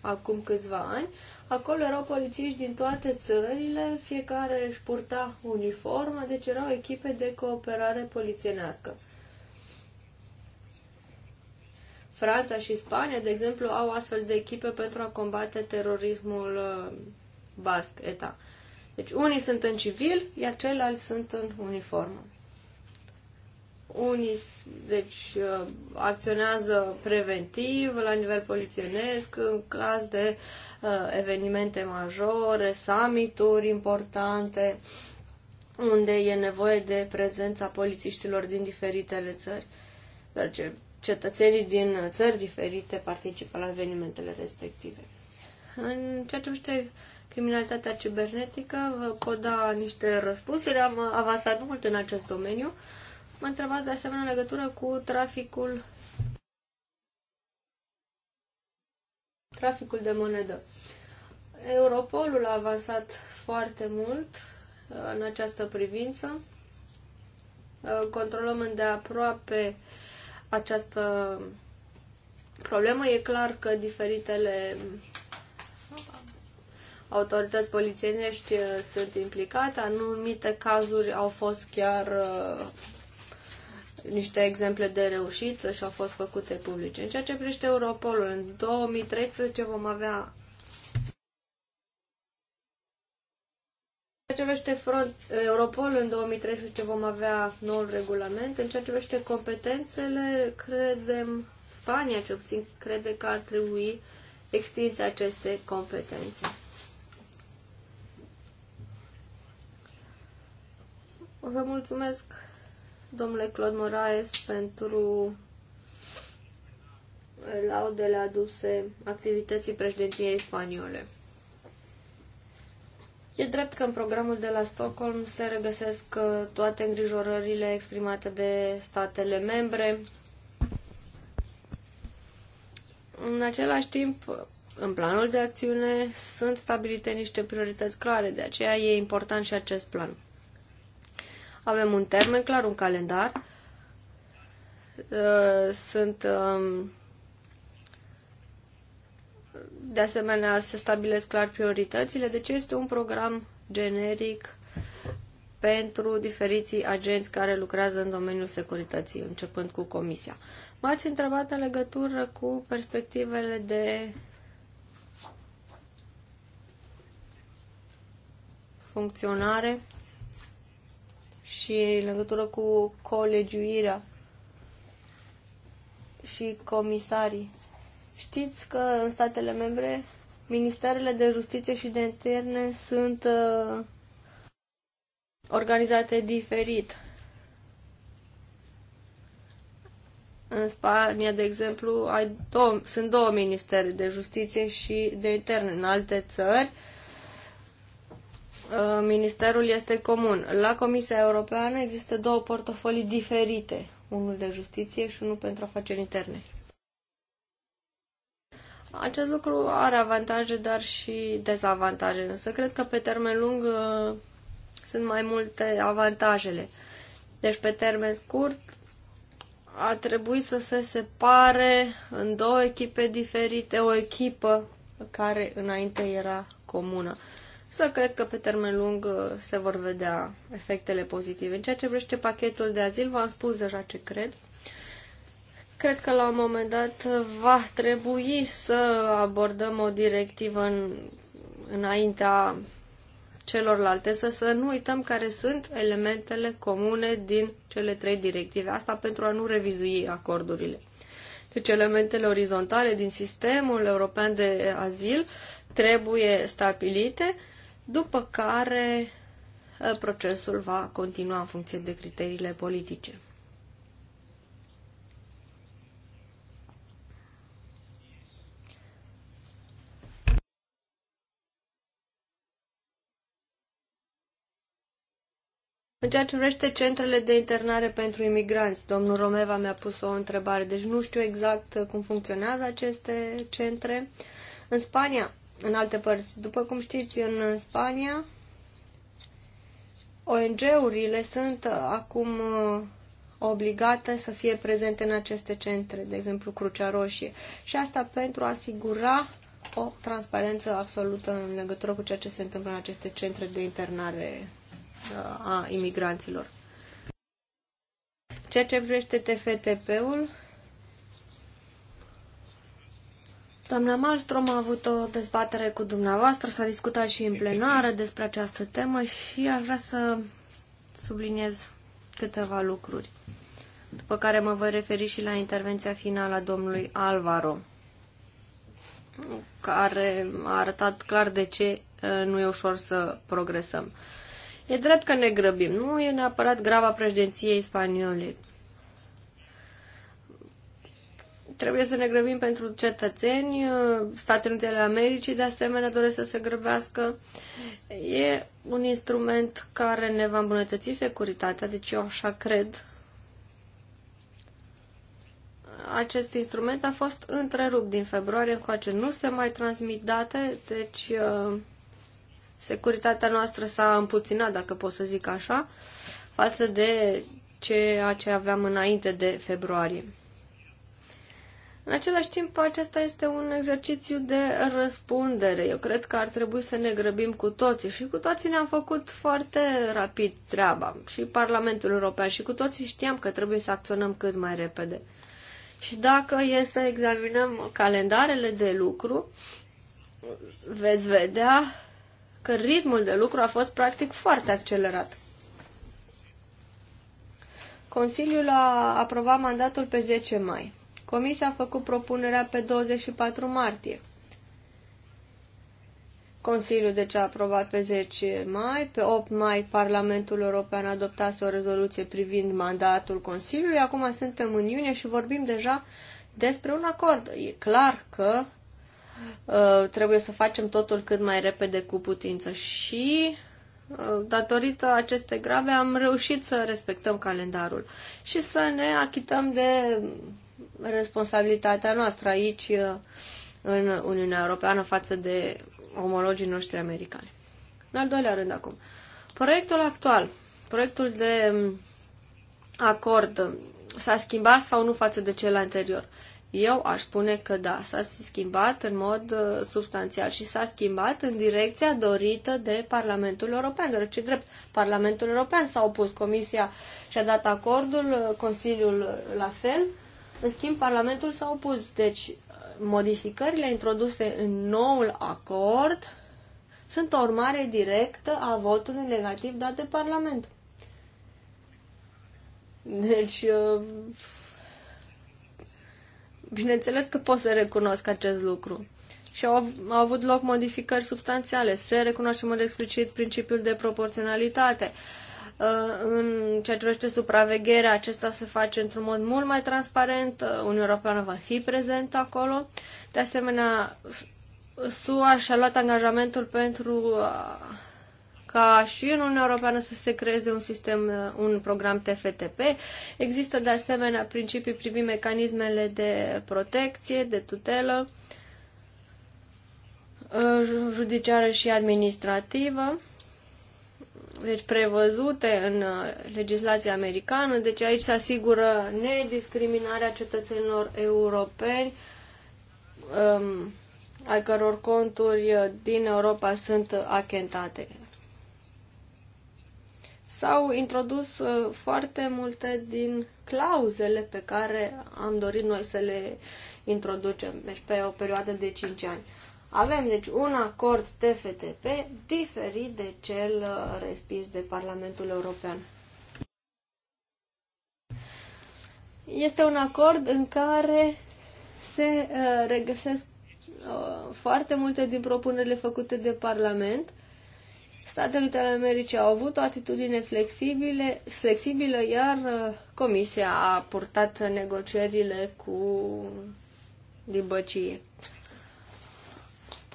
acum câțiva ani, Acolo erau polițiști din toate țările, fiecare își purta uniformă, deci erau echipe de cooperare polițienească. Franța și Spania, de exemplu, au astfel de echipe pentru a combate terorismul uh, basc, ETA. Deci unii sunt în civil, iar ceilalți sunt în uniformă. Unii deci, uh, acționează preventiv la nivel polițienesc în caz de uh, Uh, evenimente majore, summituri importante, unde e nevoie de prezența polițiștilor din diferitele țări. Dar ce cetățenii din țări diferite participă la evenimentele respective. În ceea ce privește criminalitatea cibernetică, vă pot da niște răspunsuri. Am avansat mult în acest domeniu. Mă întrebați de asemenea în legătură cu traficul traficul de monedă. Europolul a avansat foarte mult uh, în această privință. Uh, controlăm îndeaproape această problemă. E clar că diferitele autorități polițienești uh, sunt implicate. Anumite cazuri au fost chiar niște exemple de reușită și au fost făcute publice. În ceea ce privește Europolul, în 2013 vom avea În ceea ce privește front, Europol, în 2013 vom avea noul regulament. În ceea ce privește competențele, credem, Spania cel puțin crede că ar trebui extinse aceste competențe. Vă mulțumesc domnule Claude Moraes, pentru laudele aduse activității președinției spaniole. E drept că în programul de la Stockholm se regăsesc uh, toate îngrijorările exprimate de statele membre. În același timp, în planul de acțiune sunt stabilite niște priorități clare, de aceea e important și acest plan. Avem un termen clar, un calendar. Uh, sunt um, de asemenea se stabilesc clar prioritățile, deci este un program generic pentru diferiții agenți care lucrează în domeniul securității, începând cu Comisia. M-ați întrebat în legătură cu perspectivele de funcționare și în legătură cu colegiuirea și comisarii. Știți că în statele membre ministerele de justiție și de interne sunt uh, organizate diferit. În Spania, de exemplu, ai două, sunt două ministere de justiție și de interne. În alte țări, uh, Uh, ministerul este comun. La Comisia Europeană există două portofolii diferite, unul de justiție și unul pentru afaceri interne. Acest lucru are avantaje, dar și dezavantaje, însă cred că pe termen lung uh, sunt mai multe avantajele. Deci pe termen scurt a trebuit să se separe în două echipe diferite, o echipă care înainte era comună să cred că pe termen lung uh, se vor vedea efectele pozitive. În ceea ce vrește pachetul de azil, v-am spus deja ce cred. Cred că la un moment dat uh, va trebui să abordăm o directivă în, înaintea celorlalte, să, să nu uităm care sunt elementele comune din cele trei directive. Asta pentru a nu revizui acordurile. Deci elementele orizontale din sistemul european de azil trebuie stabilite după care ă, procesul va continua în funcție de criteriile politice. În ceea ce vrește centrele de internare pentru imigranți, domnul Romeva mi-a pus o întrebare, deci nu știu exact ă, cum funcționează aceste centre. În Spania în alte părți. După cum știți, în Spania, ONG-urile sunt uh, acum uh, obligate să fie prezente în aceste centre, de exemplu Crucea Roșie. Și asta pentru a asigura o transparență absolută în legătură cu ceea ce se întâmplă în aceste centre de internare uh, a imigranților. Ceea ce privește TFTP-ul, Doamna Malstrom a avut o dezbatere cu dumneavoastră, s-a discutat și în plenară despre această temă și aș vrea să subliniez câteva lucruri, după care mă voi referi și la intervenția finală a domnului Alvaro, care a arătat clar de ce nu e ușor să progresăm. E drept că ne grăbim, nu e neapărat grava președinției spaniole, Trebuie să ne grăbim pentru cetățeni. Uh, Statele Unite ale Americii, de asemenea, doresc să se grăbească. E un instrument care ne va îmbunătăți securitatea, deci eu așa cred. Acest instrument a fost întrerupt din februarie încoace. Nu se mai transmit date, deci uh, securitatea noastră s-a împuținat, dacă pot să zic așa, față de ceea ce aveam înainte de februarie. În același timp, acesta este un exercițiu de răspundere. Eu cred că ar trebui să ne grăbim cu toții și cu toții ne-am făcut foarte rapid treaba. Și Parlamentul European și cu toții știam că trebuie să acționăm cât mai repede. Și dacă e să examinăm calendarele de lucru, veți vedea că ritmul de lucru a fost practic foarte accelerat. Consiliul a aprobat mandatul pe 10 mai. Comisia a făcut propunerea pe 24 martie. Consiliul deci a aprobat pe 10 mai, pe 8 mai Parlamentul European a adoptat o rezoluție privind mandatul Consiliului, acum suntem în iunie și vorbim deja despre un acord. E clar că uh, trebuie să facem totul cât mai repede cu putință și uh, datorită acestei grave am reușit să respectăm calendarul și să ne achităm de responsabilitatea noastră aici uh, în Uniunea Europeană față de omologii noștri americani. În al doilea rând acum, proiectul actual, proiectul de um, acord, um, s-a schimbat sau nu față de cel anterior? Eu aș spune că da, s-a schimbat în mod uh, substanțial și s-a schimbat în direcția dorită de Parlamentul European, deoarece drept Parlamentul European s-a opus, Comisia și-a dat acordul, uh, Consiliul la fel în schimb, Parlamentul s-a opus. Deci, uh, modificările introduse în noul acord sunt o urmare directă a votului negativ dat de Parlament. Deci, uh, bineînțeles că pot să recunosc acest lucru. Și au, au avut loc modificări substanțiale. Se recunoaște în mod explicit principiul de proporționalitate. Uh, Uh, în ceea ce privește supravegherea, acesta se face într-un mod mult mai transparent. Uh, Uniunea Europeană va fi prezentă acolo. De asemenea, SUA și-a luat angajamentul pentru uh, ca și în Uniunea Europeană să se creeze un sistem, un program TFTP. Există de asemenea principii privind mecanismele de protecție, de tutelă, judiciară și administrativă deci prevăzute în uh, legislația americană, deci aici se asigură nediscriminarea cetățenilor europeni um, ai căror conturi uh, din Europa sunt uh, achentate. S-au introdus foarte multe din clauzele pe care am dorit noi să le introducem, deci pe o perioadă de 5 ani. Avem, deci, un acord TFTP diferit de cel uh, respins de Parlamentul European. Este un acord în care se uh, regăsesc uh, foarte multe din propunerile făcute de Parlament. Statele Unite ale Americii au avut o atitudine flexibile, flexibilă, iar uh, Comisia a purtat negocierile cu dibăcie.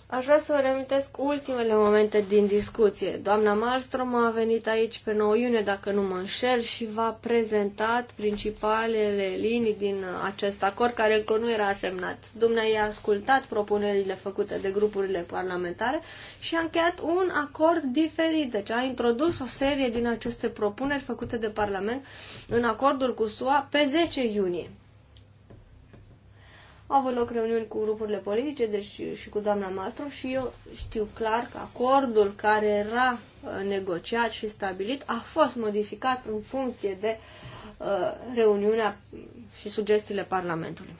Aș vrea să vă reamintesc ultimele momente din discuție. Doamna Marstrom a venit aici pe 9 iunie, dacă nu mă înșel, și v-a prezentat principalele linii din acest acord, care încă nu era semnat. Dumnezeu i-a ascultat propunerile făcute de grupurile parlamentare și a încheiat un acord diferit. Deci a introdus o serie din aceste propuneri făcute de Parlament în acordul cu SUA pe 10 iunie. Au avut loc reuniuni cu grupurile politice, deci și cu doamna Mastro și eu știu clar că acordul care era uh, negociat și stabilit a fost modificat în funcție de uh, reuniunea și sugestiile Parlamentului.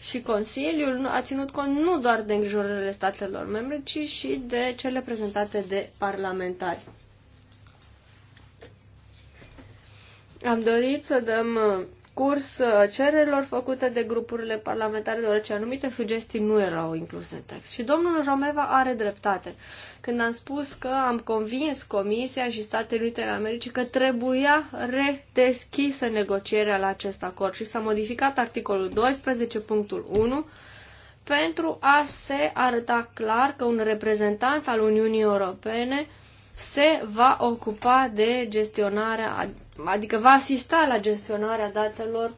Și Consiliul a ținut cont nu doar de îngrijorările statelor membre, ci și de cele prezentate de parlamentari. Am dorit să dăm uh, curs uh, cererilor făcute de grupurile parlamentare, deoarece anumite sugestii nu erau incluse în text. Și domnul Romeva are dreptate. Când am spus că am convins Comisia și Statele Unite ale Americii că trebuia redeschisă negocierea la acest acord și s-a modificat articolul 12.1 pentru a se arăta clar că un reprezentant al Uniunii Europene se va ocupa de gestionarea, adică va asista la gestionarea datelor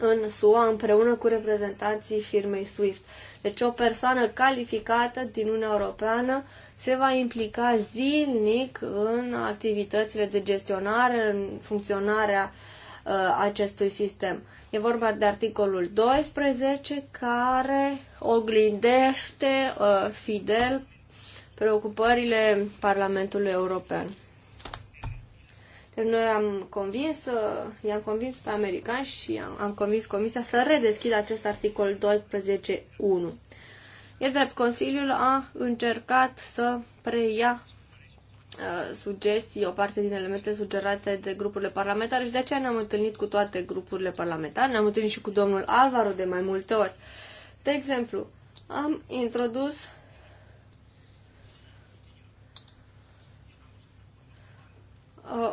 în SUA împreună cu reprezentanții firmei SWIFT. Deci o persoană calificată din Uniunea Europeană se va implica zilnic în activitățile de gestionare, în funcționarea uh, acestui sistem. E vorba de articolul 12 care oglindește uh, fidel preocupările Parlamentului European. Deci noi am convins, uh, i-am convins pe americani și am, am convins Comisia să redeschidă acest articol 12.1. E drept, Consiliul a încercat să preia uh, sugestii, o parte din elemente sugerate de grupurile parlamentare și de aceea ne-am întâlnit cu toate grupurile parlamentare, ne-am întâlnit și cu domnul Alvaro de mai multe ori. De exemplu, am introdus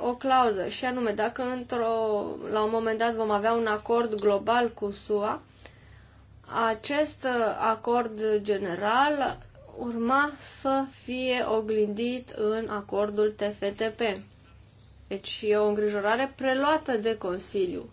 o clauză și anume dacă într-o, la un moment dat vom avea un acord global cu SUA, acest acord general urma să fie oglindit în acordul TFTP. Deci e o îngrijorare preluată de Consiliu.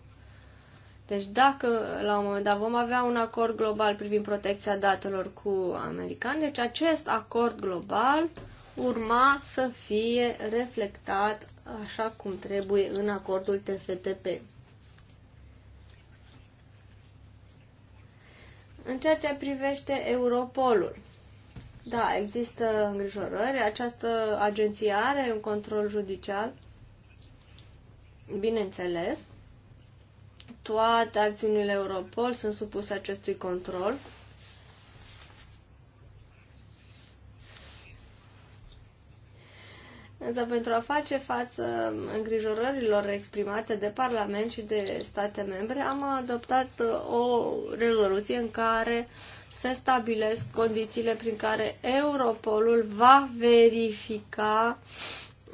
Deci dacă la un moment dat vom avea un acord global privind protecția datelor cu americani, deci acest acord global uh, urma să fie reflectat așa cum trebuie în acordul TFTP. În ceea ce privește Europolul, da, există îngrijorări. Această agenție are un control judicial, bineînțeles. Toate acțiunile Europol sunt supuse acestui control. Însă pentru a face față îngrijorărilor exprimate de Parlament și de state membre, am adoptat o rezoluție în care se stabilesc condițiile prin care Europolul va verifica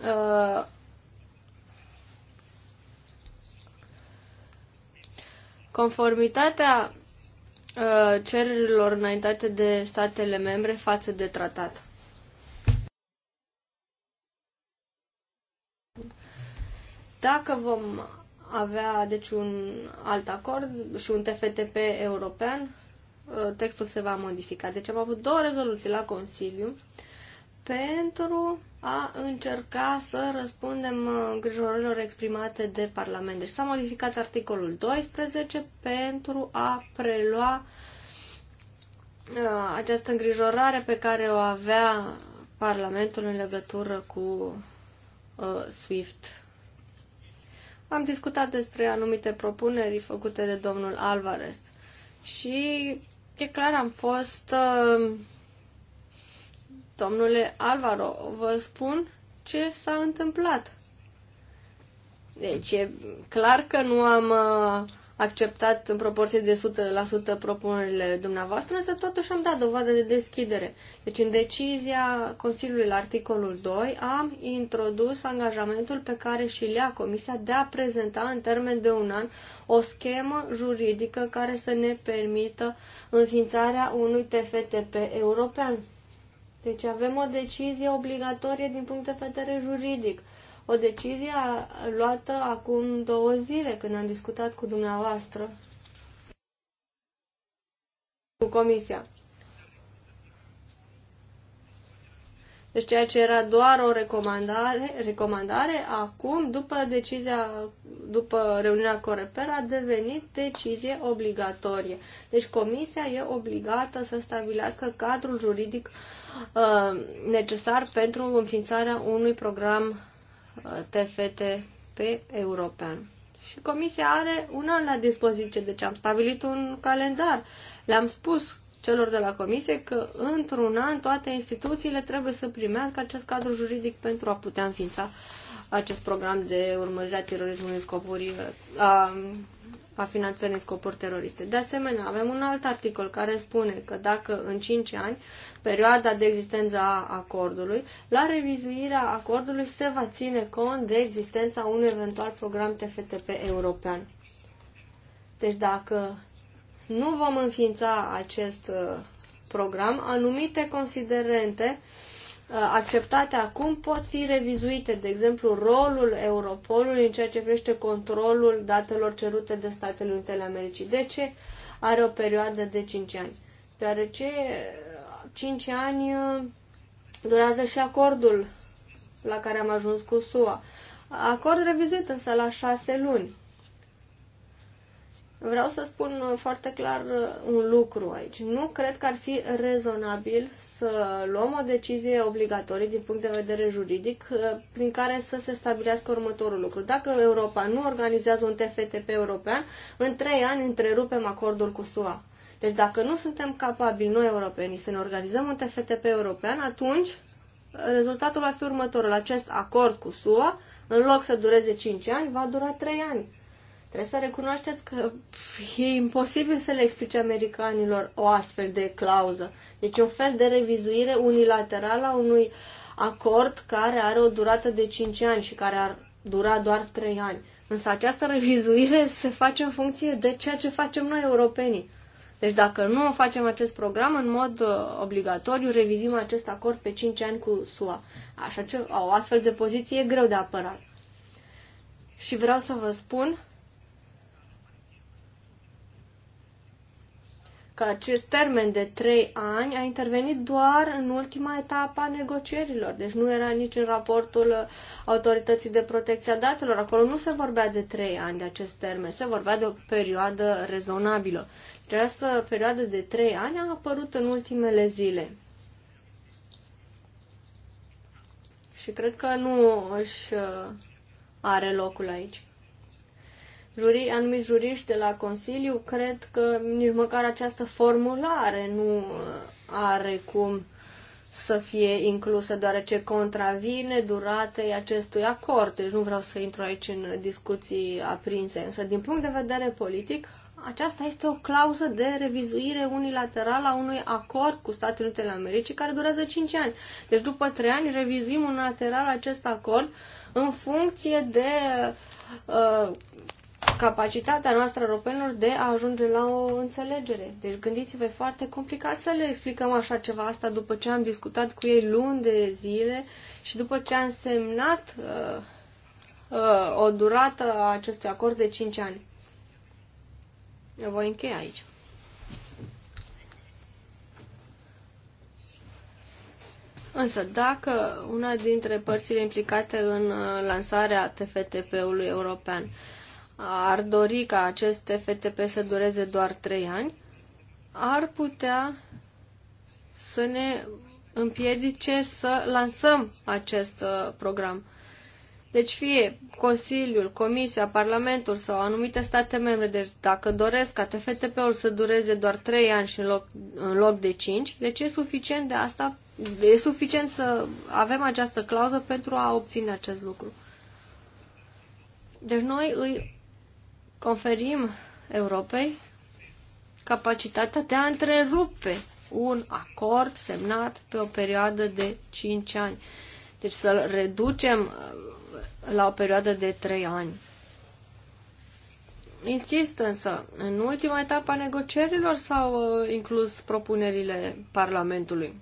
uh, conformitatea uh, cererilor înaintate de statele membre față de tratat. Dacă vom avea deci un alt acord și un TFTP european, ă, textul se va modifica. Deci am avut două rezoluții la Consiliu pentru a încerca să răspundem ă, îngrijorărilor exprimate de Parlament. Deci s-a modificat articolul 12 pentru a prelua ă, această îngrijorare pe care o avea Parlamentul în legătură cu uh, SWIFT am discutat despre anumite propuneri făcute de domnul Alvarez și e clar am fost uh, Domnule Alvaro, vă spun ce s-a întâmplat. Deci e clar că nu am uh, acceptat în proporție de 100% propunerile dumneavoastră, însă totuși am dat dovadă de deschidere. Deci în decizia Consiliului la articolul 2 am introdus angajamentul pe care și lea Comisia de a prezenta în termen de un an o schemă juridică care să ne permită înființarea unui TFTP european. Deci avem o decizie obligatorie din punct de vedere juridic o decizie luată acum două zile când am discutat cu dumneavoastră, cu comisia. Deci ceea ce era doar o recomandare, recomandare acum, după decizia, după reuniunea Coreper, a devenit decizie obligatorie. Deci comisia e obligată să stabilească cadrul juridic uh, necesar pentru înființarea unui program TFT pe european. Și comisia are un an la dispoziție, deci am stabilit un calendar. Le-am spus celor de la comisie că într-un an toate instituțiile trebuie să primească acest cadru juridic pentru a putea înființa acest program de urmărire a terorismului în scopuri, a, a finanțării în scopuri teroriste. De asemenea, avem un alt articol care spune că dacă în 5 ani perioada de existență a acordului, la revizuirea acordului se va ține cont de existența unui eventual program TFTP european. Deci dacă nu vom înființa acest uh, program, anumite considerente uh, acceptate acum pot fi revizuite, de exemplu, rolul Europolului în ceea ce privește controlul datelor cerute de Statele Unite ale Americii. De ce are o perioadă de 5 ani? Deoarece 5 ani uh, durează și acordul la care am ajuns cu SUA. Acord revizuit însă la 6 luni. Vreau să spun uh, foarte clar uh, un lucru aici. Nu cred că ar fi rezonabil să luăm o decizie obligatorie din punct de vedere juridic prin care să se stabilească următorul lucru. Dacă Europa nu organizează un TFTP european, în trei ani întrerupem acordul cu SUA. Deci dacă nu suntem capabili noi europenii să ne organizăm un TFTP european, atunci rezultatul va fi următorul. Acest acord cu SUA, în loc să dureze 5 ani, va dura 3 ani. Trebuie să recunoașteți că e imposibil să le explice americanilor o astfel de clauză. Deci un fel de revizuire unilaterală a unui acord care are o durată de 5 ani și care ar dura doar 3 ani. Însă această revizuire se face în funcție de ceea ce facem noi europenii. Deci dacă nu facem acest program în mod uh, obligatoriu, revizim acest acord pe 5 ani cu SUA. Așa ce, o astfel de poziție e greu de apărat. Și vreau să vă spun că acest termen de 3 ani a intervenit doar în ultima etapă a negocierilor. Deci nu era nici în raportul uh, Autorității de Protecție a Datelor. Acolo nu se vorbea de 3 ani de acest termen, se vorbea de o perioadă rezonabilă. Această perioadă de trei ani a apărut în ultimele zile. Și cred că nu își uh, are locul aici. Juri anumiți juriști de la Consiliu cred că nici măcar această formulare nu uh, are cum să fie inclusă, deoarece contravine duratei acestui acord. Deci nu vreau să intru aici în discuții aprinse, însă din punct de vedere politic, aceasta este o clauză de revizuire unilaterală a unui acord cu Statele Unite ale Americii care durează 5 ani. Deci după 3 ani revizuim unilateral acest acord în funcție de uh, capacitatea noastră europenilor de a ajunge la o înțelegere. Deci gândiți-vă, foarte complicat să le explicăm așa ceva asta după ce am discutat cu ei luni de zile și după ce am semnat uh, uh, o durată a acestui acord de 5 ani. Eu voi încheia aici. Însă, dacă una dintre părțile implicate în uh, lansarea TFTP-ului european ar dori ca acest TFTP să dureze doar 3 ani, ar putea să ne împiedice să lansăm acest uh, program. Deci fie Consiliul, Comisia, Parlamentul sau anumite state membre, deci dacă doresc ca TFTP-ul să dureze doar 3 ani și în loc, în loc de 5, deci e suficient de asta, e suficient să avem această clauză pentru a obține acest lucru. Deci noi îi conferim Europei capacitatea de a întrerupe un acord semnat pe o perioadă de 5 ani. Deci să reducem la o perioadă de trei ani. Insist însă, în ultima etapă a negocierilor s-au uh, inclus propunerile Parlamentului.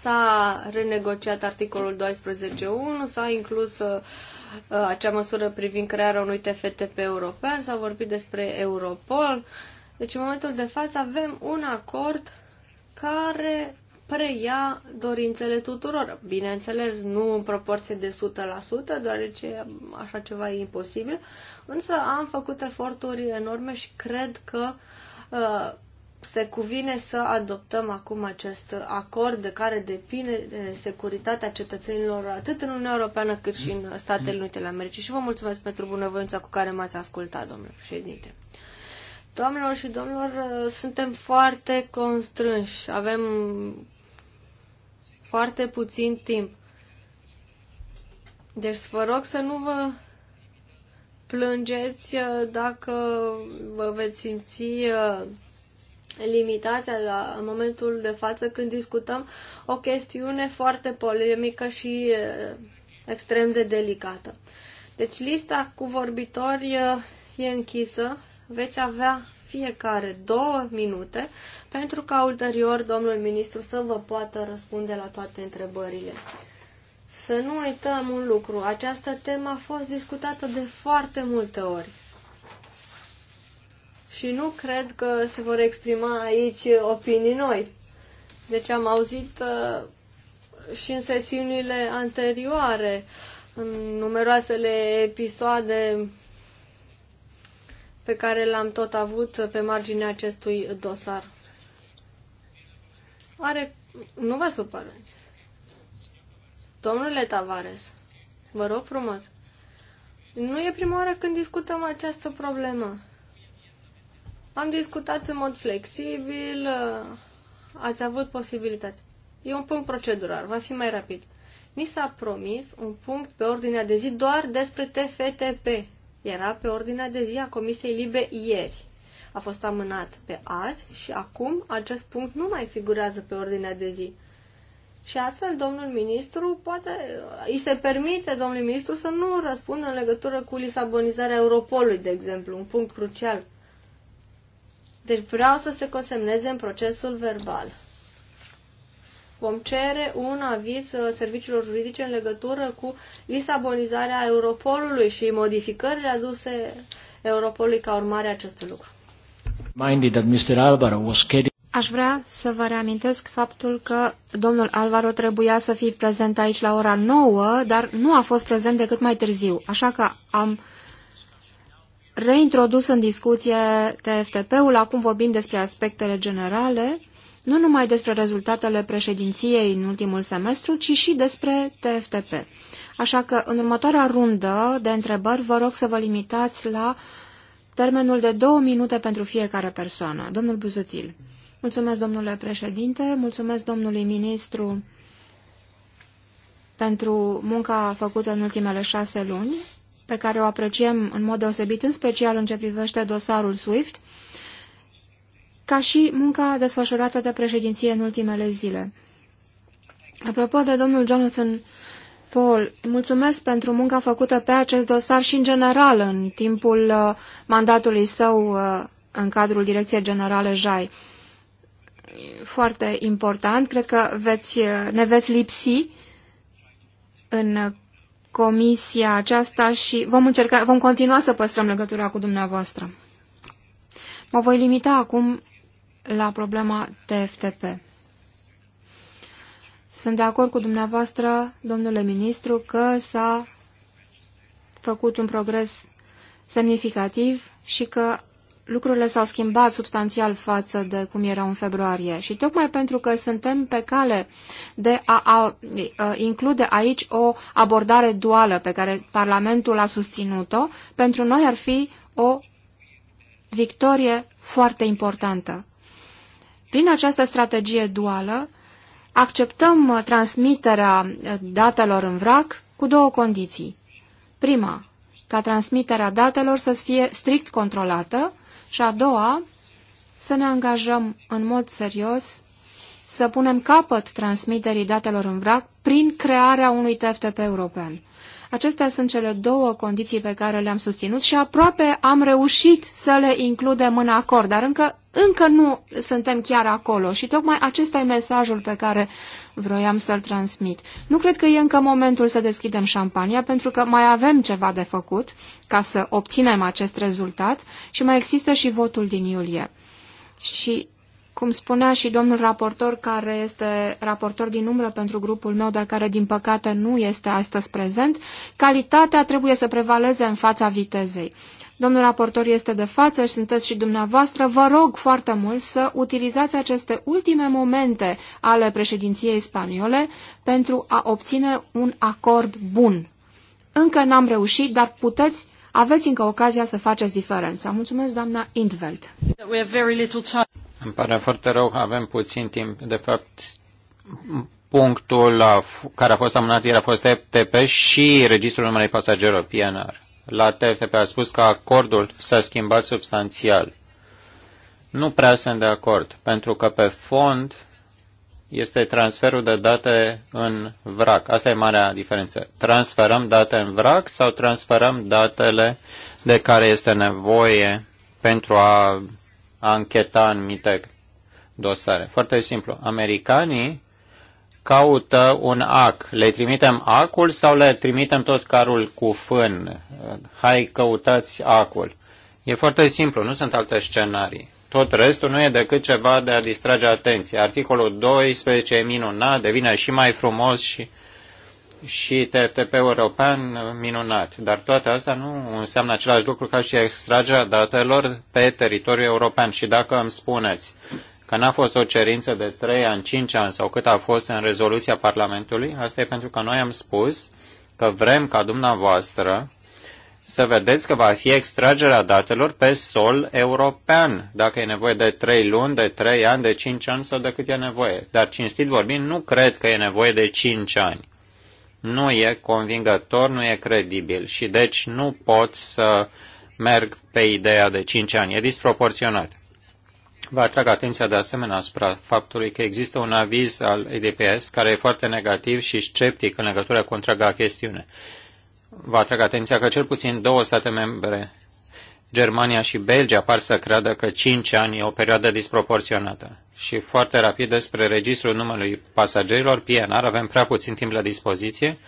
S-a renegociat articolul 12.1, s-a inclus uh, uh, acea măsură privind crearea unui TFTP european, s-a vorbit despre Europol. Deci în momentul de față avem un acord care preia dorințele tuturor. Bineînțeles, nu în proporție de 100%, deoarece așa ceva e imposibil, însă am făcut eforturi enorme și cred că uh, se cuvine să adoptăm acum acest acord de care depinde de uh, securitatea cetățenilor atât în Uniunea Europeană cât și în Statele Unite ale Americii. Și vă mulțumesc pentru bunăvoința cu care m-ați ascultat, domnule președinte. Doamnelor și domnilor, uh, suntem foarte constrânși. Avem foarte puțin timp. Deci vă rog să nu vă plângeți uh, dacă vă veți simți uh, limitați la, în momentul de față când discutăm o chestiune foarte polemică și uh, extrem de delicată. Deci lista cu vorbitori e închisă. Veți avea fiecare două minute pentru ca ulterior domnul ministru să vă poată răspunde la toate întrebările. Să nu uităm un lucru, această temă a fost discutată de foarte multe ori. Și nu cred că se vor exprima aici opinii noi. Deci am auzit uh, și în sesiunile anterioare, în numeroasele episoade pe care l-am tot avut pe marginea acestui dosar. Are... Nu vă supărați. Domnule Tavares, vă rog frumos, nu e prima oară când discutăm această problemă. Am discutat în mod flexibil, ați avut posibilitate. E un punct procedural, va fi mai rapid. Ni s-a promis un punct pe ordinea de zi doar despre TFTP. Era pe ordinea de zi a Comisiei Libe ieri. A fost amânat pe azi și acum acest punct nu mai figurează pe ordinea de zi. Și astfel, domnul ministru poate, îi se permite, domnul ministru, să nu răspundă în legătură cu lisabonizarea Europolului, de exemplu, un punct crucial. Deci vreau să se consemneze în procesul verbal. Vom cere un aviz uh, serviciilor juridice în legătură cu lisabonizarea Europolului și modificările aduse Europolului ca urmare a acestui lucru. Aș vrea să vă reamintesc faptul că domnul Alvaro trebuia să fie prezent aici la ora 9, dar nu a fost prezent decât mai târziu, așa că am reintrodus în discuție TFTP-ul, acum vorbim despre aspectele generale nu numai despre rezultatele președinției în ultimul semestru, ci și despre TFTP. Așa că, în următoarea rundă de întrebări, vă rog să vă limitați la termenul de două minute pentru fiecare persoană. Domnul Buzutil. Mulțumesc, domnule președinte, mulțumesc domnului ministru pentru munca făcută în ultimele șase luni, pe care o apreciem în mod deosebit, în special în ce privește dosarul SWIFT, ca și munca desfășurată de președinție în ultimele zile. Apropo de domnul Jonathan Paul, mulțumesc pentru munca făcută pe acest dosar și în general în timpul uh, mandatului său uh, în cadrul Direcției Generale JAI. Foarte important, cred că veți, uh, ne veți lipsi în comisia aceasta și vom, încerca, vom continua să păstrăm legătura cu dumneavoastră. Mă voi limita acum la problema TFTP. Sunt de acord cu dumneavoastră, domnule ministru, că s-a făcut un progres semnificativ și că lucrurile s-au schimbat substanțial față de cum erau în februarie. Și tocmai pentru că suntem pe cale de a, a, a include aici o abordare duală pe care Parlamentul a susținut-o, pentru noi ar fi o victorie foarte importantă. Prin această strategie duală, acceptăm uh, transmiterea uh, datelor în vrac cu două condiții. Prima, ca transmiterea datelor să fie strict controlată și a doua, să ne angajăm în mod serios să punem capăt transmiterii datelor în vrac prin crearea unui TFTP european. Acestea sunt cele două condiții pe care le-am susținut și aproape am reușit să le includem în acord, dar încă încă nu suntem chiar acolo și tocmai acesta e mesajul pe care vroiam să-l transmit. Nu cred că e încă momentul să deschidem șampania, pentru că mai avem ceva de făcut ca să obținem acest rezultat și mai există și votul din iulie. Și cum spunea și domnul raportor, care este raportor din umbră pentru grupul meu, dar care din păcate nu este astăzi prezent, calitatea trebuie să prevaleze în fața vitezei. Domnul raportor este de față și sunteți și dumneavoastră. Vă rog foarte mult să utilizați aceste ultime momente ale președinției spaniole pentru a obține un acord bun. Încă n-am reușit, dar puteți, aveți încă ocazia să faceți diferența. Mulțumesc, doamna Intveld. Îmi pare foarte rău, avem puțin timp. De fapt, punctul care a fost amânat ieri a fost FTP și registrul numărului pasagerilor, PNR la TFP. A spus că acordul s-a schimbat substanțial. Nu prea sunt de acord, pentru că pe fond este transferul de date în vrac. Asta e marea diferență. Transferăm date în vrac sau transferăm datele de care este nevoie pentru a ancheta anumite dosare. Foarte simplu. Americanii caută un ac. Le trimitem acul sau le trimitem tot carul cu fân? Hai, căutați acul. E foarte simplu, nu sunt alte scenarii. Tot restul nu e decât ceva de a distrage atenția. Articolul 12 e minunat, devine și mai frumos și, și TFTP european minunat. Dar toate astea nu înseamnă același lucru ca și extragerea datelor pe teritoriul european. Și dacă îmi spuneți, că n-a fost o cerință de 3 ani, 5 ani sau cât a fost în rezoluția Parlamentului, asta e pentru că noi am spus că vrem ca dumneavoastră să vedeți că va fi extragerea datelor pe sol european, dacă e nevoie de 3 luni, de 3 ani, de 5 ani sau de cât e nevoie. Dar cinstit vorbind, nu cred că e nevoie de 5 ani. Nu e convingător, nu e credibil și deci nu pot să merg pe ideea de 5 ani. E disproporționat. Vă atrag atenția de asemenea asupra faptului că există un aviz al EDPS care e foarte negativ și sceptic în legătură cu întreaga chestiune. Vă atrag atenția că cel puțin două state membre, Germania și Belgia, par să creadă că 5 ani e o perioadă disproporționată. Și foarte rapid despre registrul numelui pasagerilor, PNR, avem prea puțin timp la dispoziție.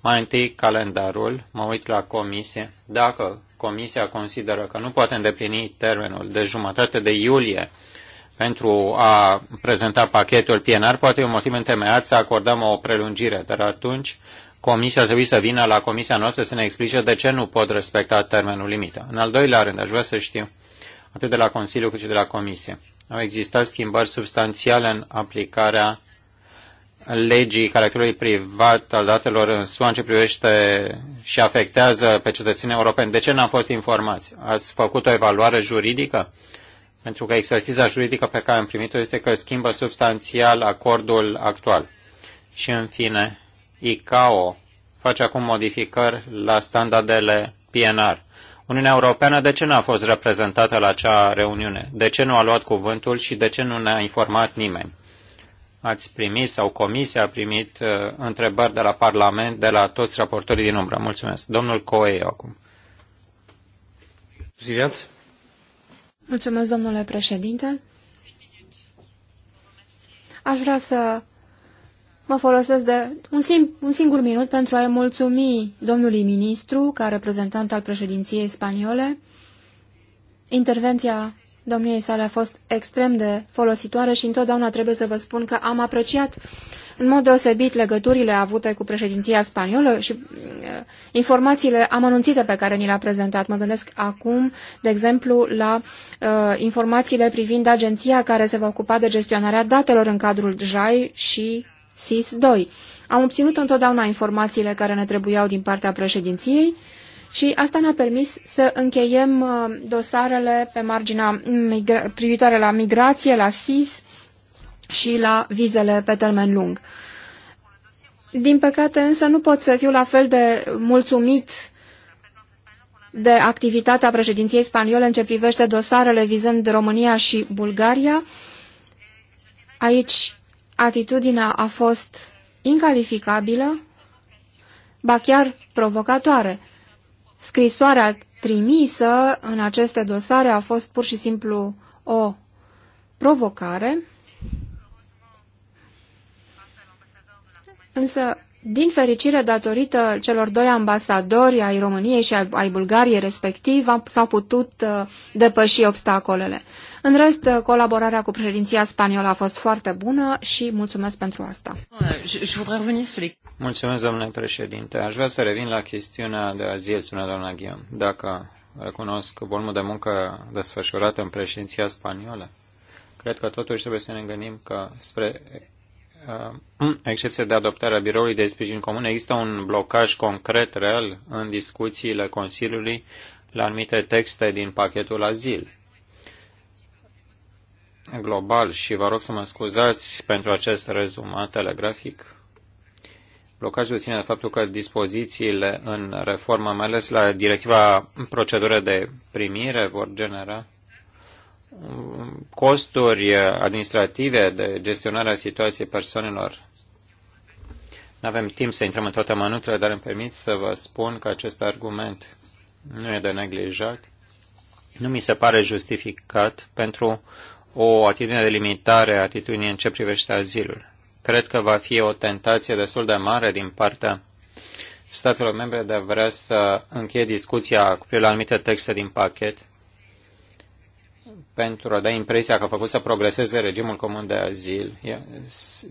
Mai întâi calendarul, mă uit la comisie. Dacă Comisia consideră că nu poate îndeplini termenul de jumătate de iulie pentru a prezenta pachetul PNR, poate e un motiv întemeiat să acordăm o prelungire, dar atunci Comisia ar trebui să vină la Comisia noastră să ne explice de ce nu pot respecta termenul limită. În al doilea rând, aș vrea să știu, atât de la Consiliu cât și de la Comisie, au existat schimbări substanțiale în aplicarea legii caracterului privat al datelor în SUA în ce privește și afectează pe cetățenii europeni. De ce n-am fost informați? Ați făcut o evaluare juridică? Pentru că expertiza juridică pe care am primit-o este că schimbă substanțial acordul actual. Și în fine, ICAO face acum modificări la standardele PNR. Uniunea Europeană de ce nu a fost reprezentată la acea reuniune? De ce nu a luat cuvântul și de ce nu ne-a informat nimeni? ați primit sau comisia a primit uh, întrebări de la Parlament, de la toți raportorii din umbră. Mulțumesc. Domnul Coe acum. Prezident. Mulțumesc, domnule președinte. Aș vrea să mă folosesc de un, sim un singur minut pentru a-i mulțumi domnului ministru, ca reprezentant al președinției spaniole. Intervenția domniei sale a fost extrem de folositoare și întotdeauna trebuie să vă spun că am apreciat în mod deosebit legăturile avute cu președinția spaniolă și uh, informațiile amănunțite pe care ni le-a prezentat. Mă gândesc acum, de exemplu, la uh, informațiile privind agenția care se va ocupa de gestionarea datelor în cadrul JAI și SIS-2. Am obținut întotdeauna informațiile care ne trebuiau din partea președinției, și asta ne-a permis să încheiem uh, dosarele pe marginea privitoare la migrație, la SIS și la vizele pe termen lung. Din păcate însă nu pot să fiu la fel de mulțumit de activitatea președinției spaniole în ce privește dosarele vizând România și Bulgaria. Aici atitudinea a fost incalificabilă, ba chiar provocatoare scrisoarea trimisă în aceste dosare a fost pur și simplu o provocare, însă, din fericire, datorită celor doi ambasadori ai României și ai Bulgariei respectiv, s-au putut uh, depăși obstacolele. În rest, colaborarea cu președinția spaniolă a fost foarte bună și mulțumesc pentru asta. Mulțumesc, domnule președinte. Aș vrea să revin la chestiunea de azil, spunea doamna Ghiam. Dacă recunosc volumul de muncă desfășurat în președinția spaniolă, cred că totuși trebuie să ne gândim că spre uh, excepție de adoptarea biroului de sprijin comun, există un blocaj concret, real, în discuțiile Consiliului la anumite texte din pachetul azil global și vă rog să mă scuzați pentru acest rezumat telegrafic. Blocajul ține de faptul că dispozițiile în reformă, mai ales la directiva procedură de primire, vor genera costuri administrative de gestionare a situației persoanelor. Nu avem timp să intrăm în toate amănuntele, dar îmi permit să vă spun că acest argument nu e de neglijat. Nu mi se pare justificat pentru o atitudine de limitare a atitudinii în ce privește azilul. Cred că va fi o tentație destul de mare din partea statelor membre de a vrea să încheie discuția cu privire la anumite texte din pachet pentru a da impresia că a făcut să progreseze regimul comun de azil,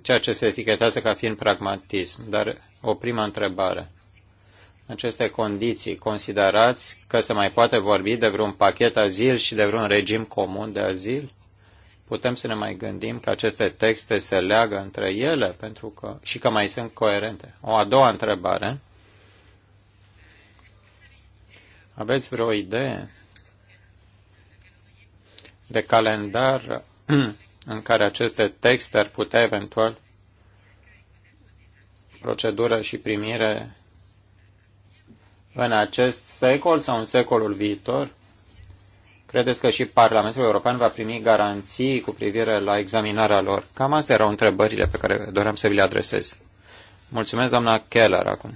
ceea ce se etichetează ca fiind pragmatism. Dar o primă întrebare. În aceste condiții, considerați că se mai poate vorbi de vreun pachet azil și de vreun regim comun de azil? putem să ne mai gândim că aceste texte se leagă între ele pentru că, și că mai sunt coerente. O a doua întrebare. Aveți vreo idee de calendar (clears throat) în care aceste texte ar putea eventual procedură și primire în acest secol sau în secolul viitor? Credeți că și Parlamentul European va primi garanții cu privire la examinarea lor? Cam astea erau întrebările pe care doream să vi le adresez. Mulțumesc, doamna Keller, acum.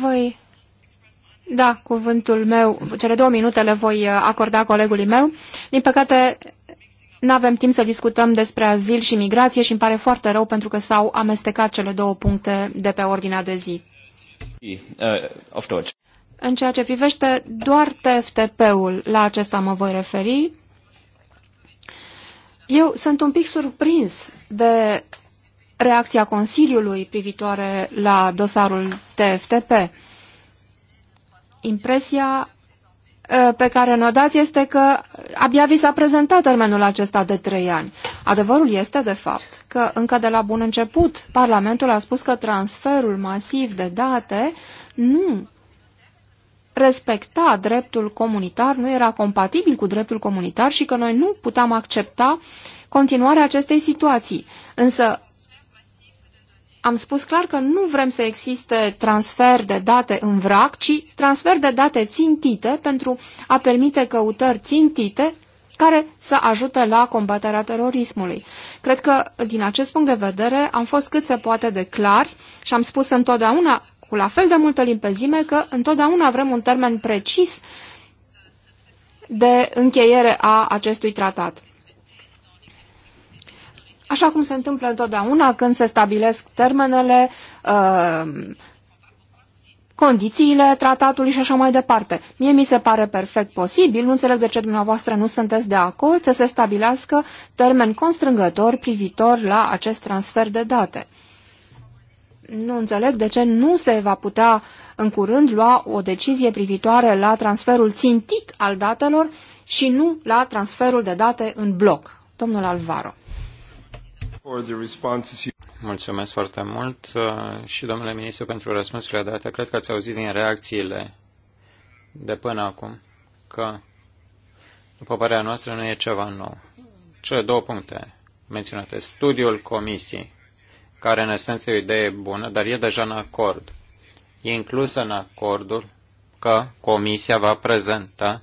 Voi da cuvântul meu, cele două minute le voi uh, acorda colegului meu. Din păcate, nu avem timp să discutăm despre azil și migrație și îmi pare foarte rău pentru că s-au amestecat cele două puncte de pe ordinea de zi. Uh, of Deutsch. În ceea ce privește doar TFTP-ul, la acesta mă voi referi, eu sunt un pic surprins de reacția Consiliului privitoare la dosarul TFTP. Impresia pe care ne-o dați este că abia vi s-a prezentat termenul acesta de trei ani. Adevărul este, de fapt, că încă de la bun început Parlamentul a spus că transferul masiv de date nu respecta dreptul comunitar, nu era compatibil cu dreptul comunitar și că noi nu puteam accepta continuarea acestei situații. Însă am spus clar că nu vrem să existe transfer de date în vrac, ci transfer de date țintite pentru a permite căutări țintite care să ajute la combaterea terorismului. Cred că, din acest punct de vedere, am fost cât se poate de clari și am spus întotdeauna cu la fel de multă limpezime că întotdeauna vrem un termen precis de încheiere a acestui tratat. Așa cum se întâmplă întotdeauna când se stabilesc termenele, uh, condițiile tratatului și așa mai departe. Mie mi se pare perfect posibil, nu înțeleg de ce dumneavoastră nu sunteți de acord, să se stabilească termen constrângător privitor la acest transfer de date nu înțeleg de ce nu se va putea în curând lua o decizie privitoare la transferul țintit al datelor și nu la transferul de date în bloc. Domnul Alvaro. Mulțumesc foarte mult uh, și domnule ministru pentru răspunsurile date. Cred că ați auzit din reacțiile de până acum că, după părerea noastră, nu e ceva nou. Cele două puncte menționate. Studiul comisiei care în esență e o idee bună, dar e deja în acord. E inclusă în acordul că Comisia va prezenta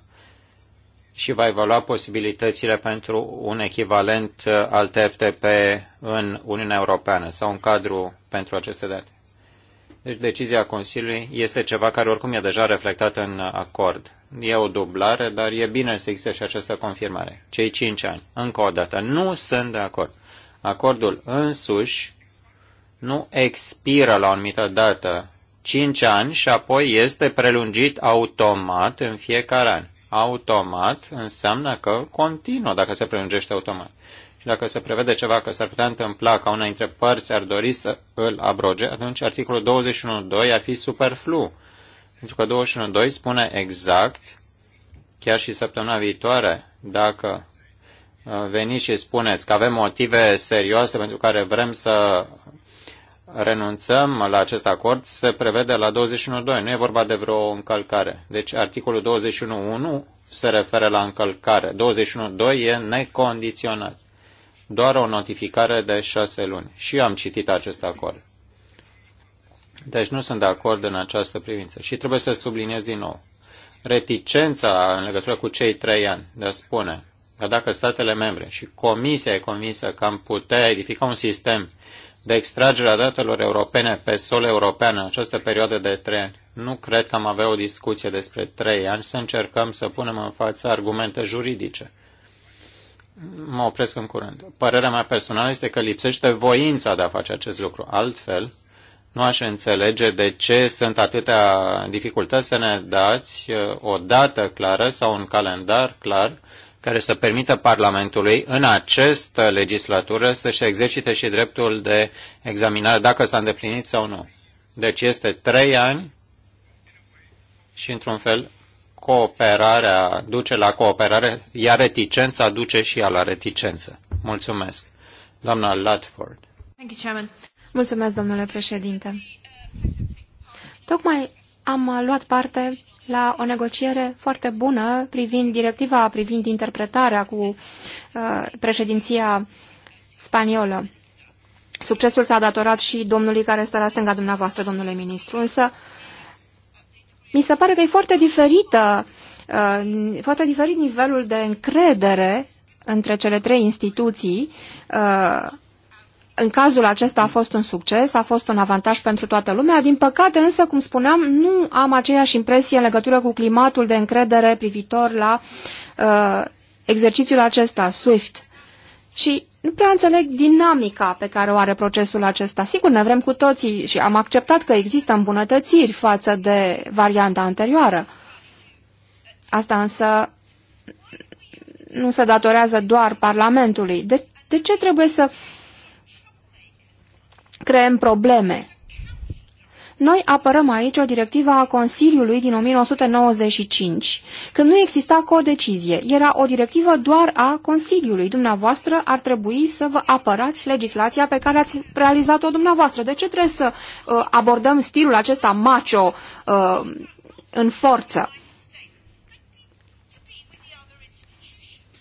și va evalua posibilitățile pentru un echivalent al TFTP în Uniunea Europeană sau un cadru pentru aceste date. Deci decizia Consiliului este ceva care oricum e deja reflectat în acord. E o dublare, dar e bine să existe și această confirmare. Cei cinci ani, încă o dată, nu sunt de acord. Acordul însuși nu expiră la o anumită dată, 5 ani și apoi este prelungit automat în fiecare an. Automat înseamnă că continuă dacă se prelungește automat. Și dacă se prevede ceva că s-ar putea întâmpla ca una dintre părți ar dori să îl abroge, atunci articolul 21.2 ar fi superflu. Pentru că 21.2 spune exact, chiar și săptămâna viitoare, dacă uh, veniți și spuneți că avem motive serioase pentru care vrem să renunțăm la acest acord se prevede la 21.2. Nu e vorba de vreo încălcare. Deci articolul 21.1 se referă la încălcare. 21.2 e necondiționat. Doar o notificare de șase luni. Și eu am citit acest acord. Deci nu sunt de acord în această privință. Și trebuie să subliniez din nou. Reticența în legătură cu cei trei ani de a spune că dacă statele membre și Comisia e convinsă că am putea edifica un sistem de extragerea datelor europene pe sol european în această perioadă de trei ani. Nu cred că am avea o discuție despre trei ani, să încercăm să punem în față argumente juridice. Mă opresc în curând. Părerea mea personală este că lipsește voința de a face acest lucru. Altfel, nu aș înțelege de ce sunt atâtea dificultăți să ne dați uh, o dată clară sau un calendar clar care să permită Parlamentului în această legislatură să-și exercite și dreptul de examinare dacă s-a îndeplinit sau nu. Deci este trei ani și, într-un fel, cooperarea duce la cooperare, iar reticența duce și ea la reticență. Mulțumesc. Doamna Latford. Mulțumesc, domnule președinte. Tocmai am luat parte la o negociere foarte bună privind directiva, privind interpretarea cu uh, președinția spaniolă. Succesul s-a datorat și domnului care stă la stânga dumneavoastră, domnule ministru, însă mi se pare că e foarte diferită, uh, foarte diferit nivelul de încredere între cele trei instituții uh, în cazul acesta a fost un succes, a fost un avantaj pentru toată lumea. Din păcate, însă, cum spuneam, nu am aceeași impresie în legătură cu climatul de încredere privitor la uh, exercițiul acesta, SWIFT. Și nu prea înțeleg dinamica pe care o are procesul acesta. Sigur, ne vrem cu toții și am acceptat că există îmbunătățiri față de varianta anterioară. Asta însă nu se datorează doar Parlamentului. De, de ce trebuie să uh, creăm probleme. Noi apărăm aici o directivă a Consiliului din 1995, când nu exista codecizie, era o directivă doar a Consiliului. Dumneavoastră ar trebui să vă apărați legislația pe care ați realizat-o dumneavoastră. De ce trebuie să uh, abordăm stilul acesta macho uh, în forță?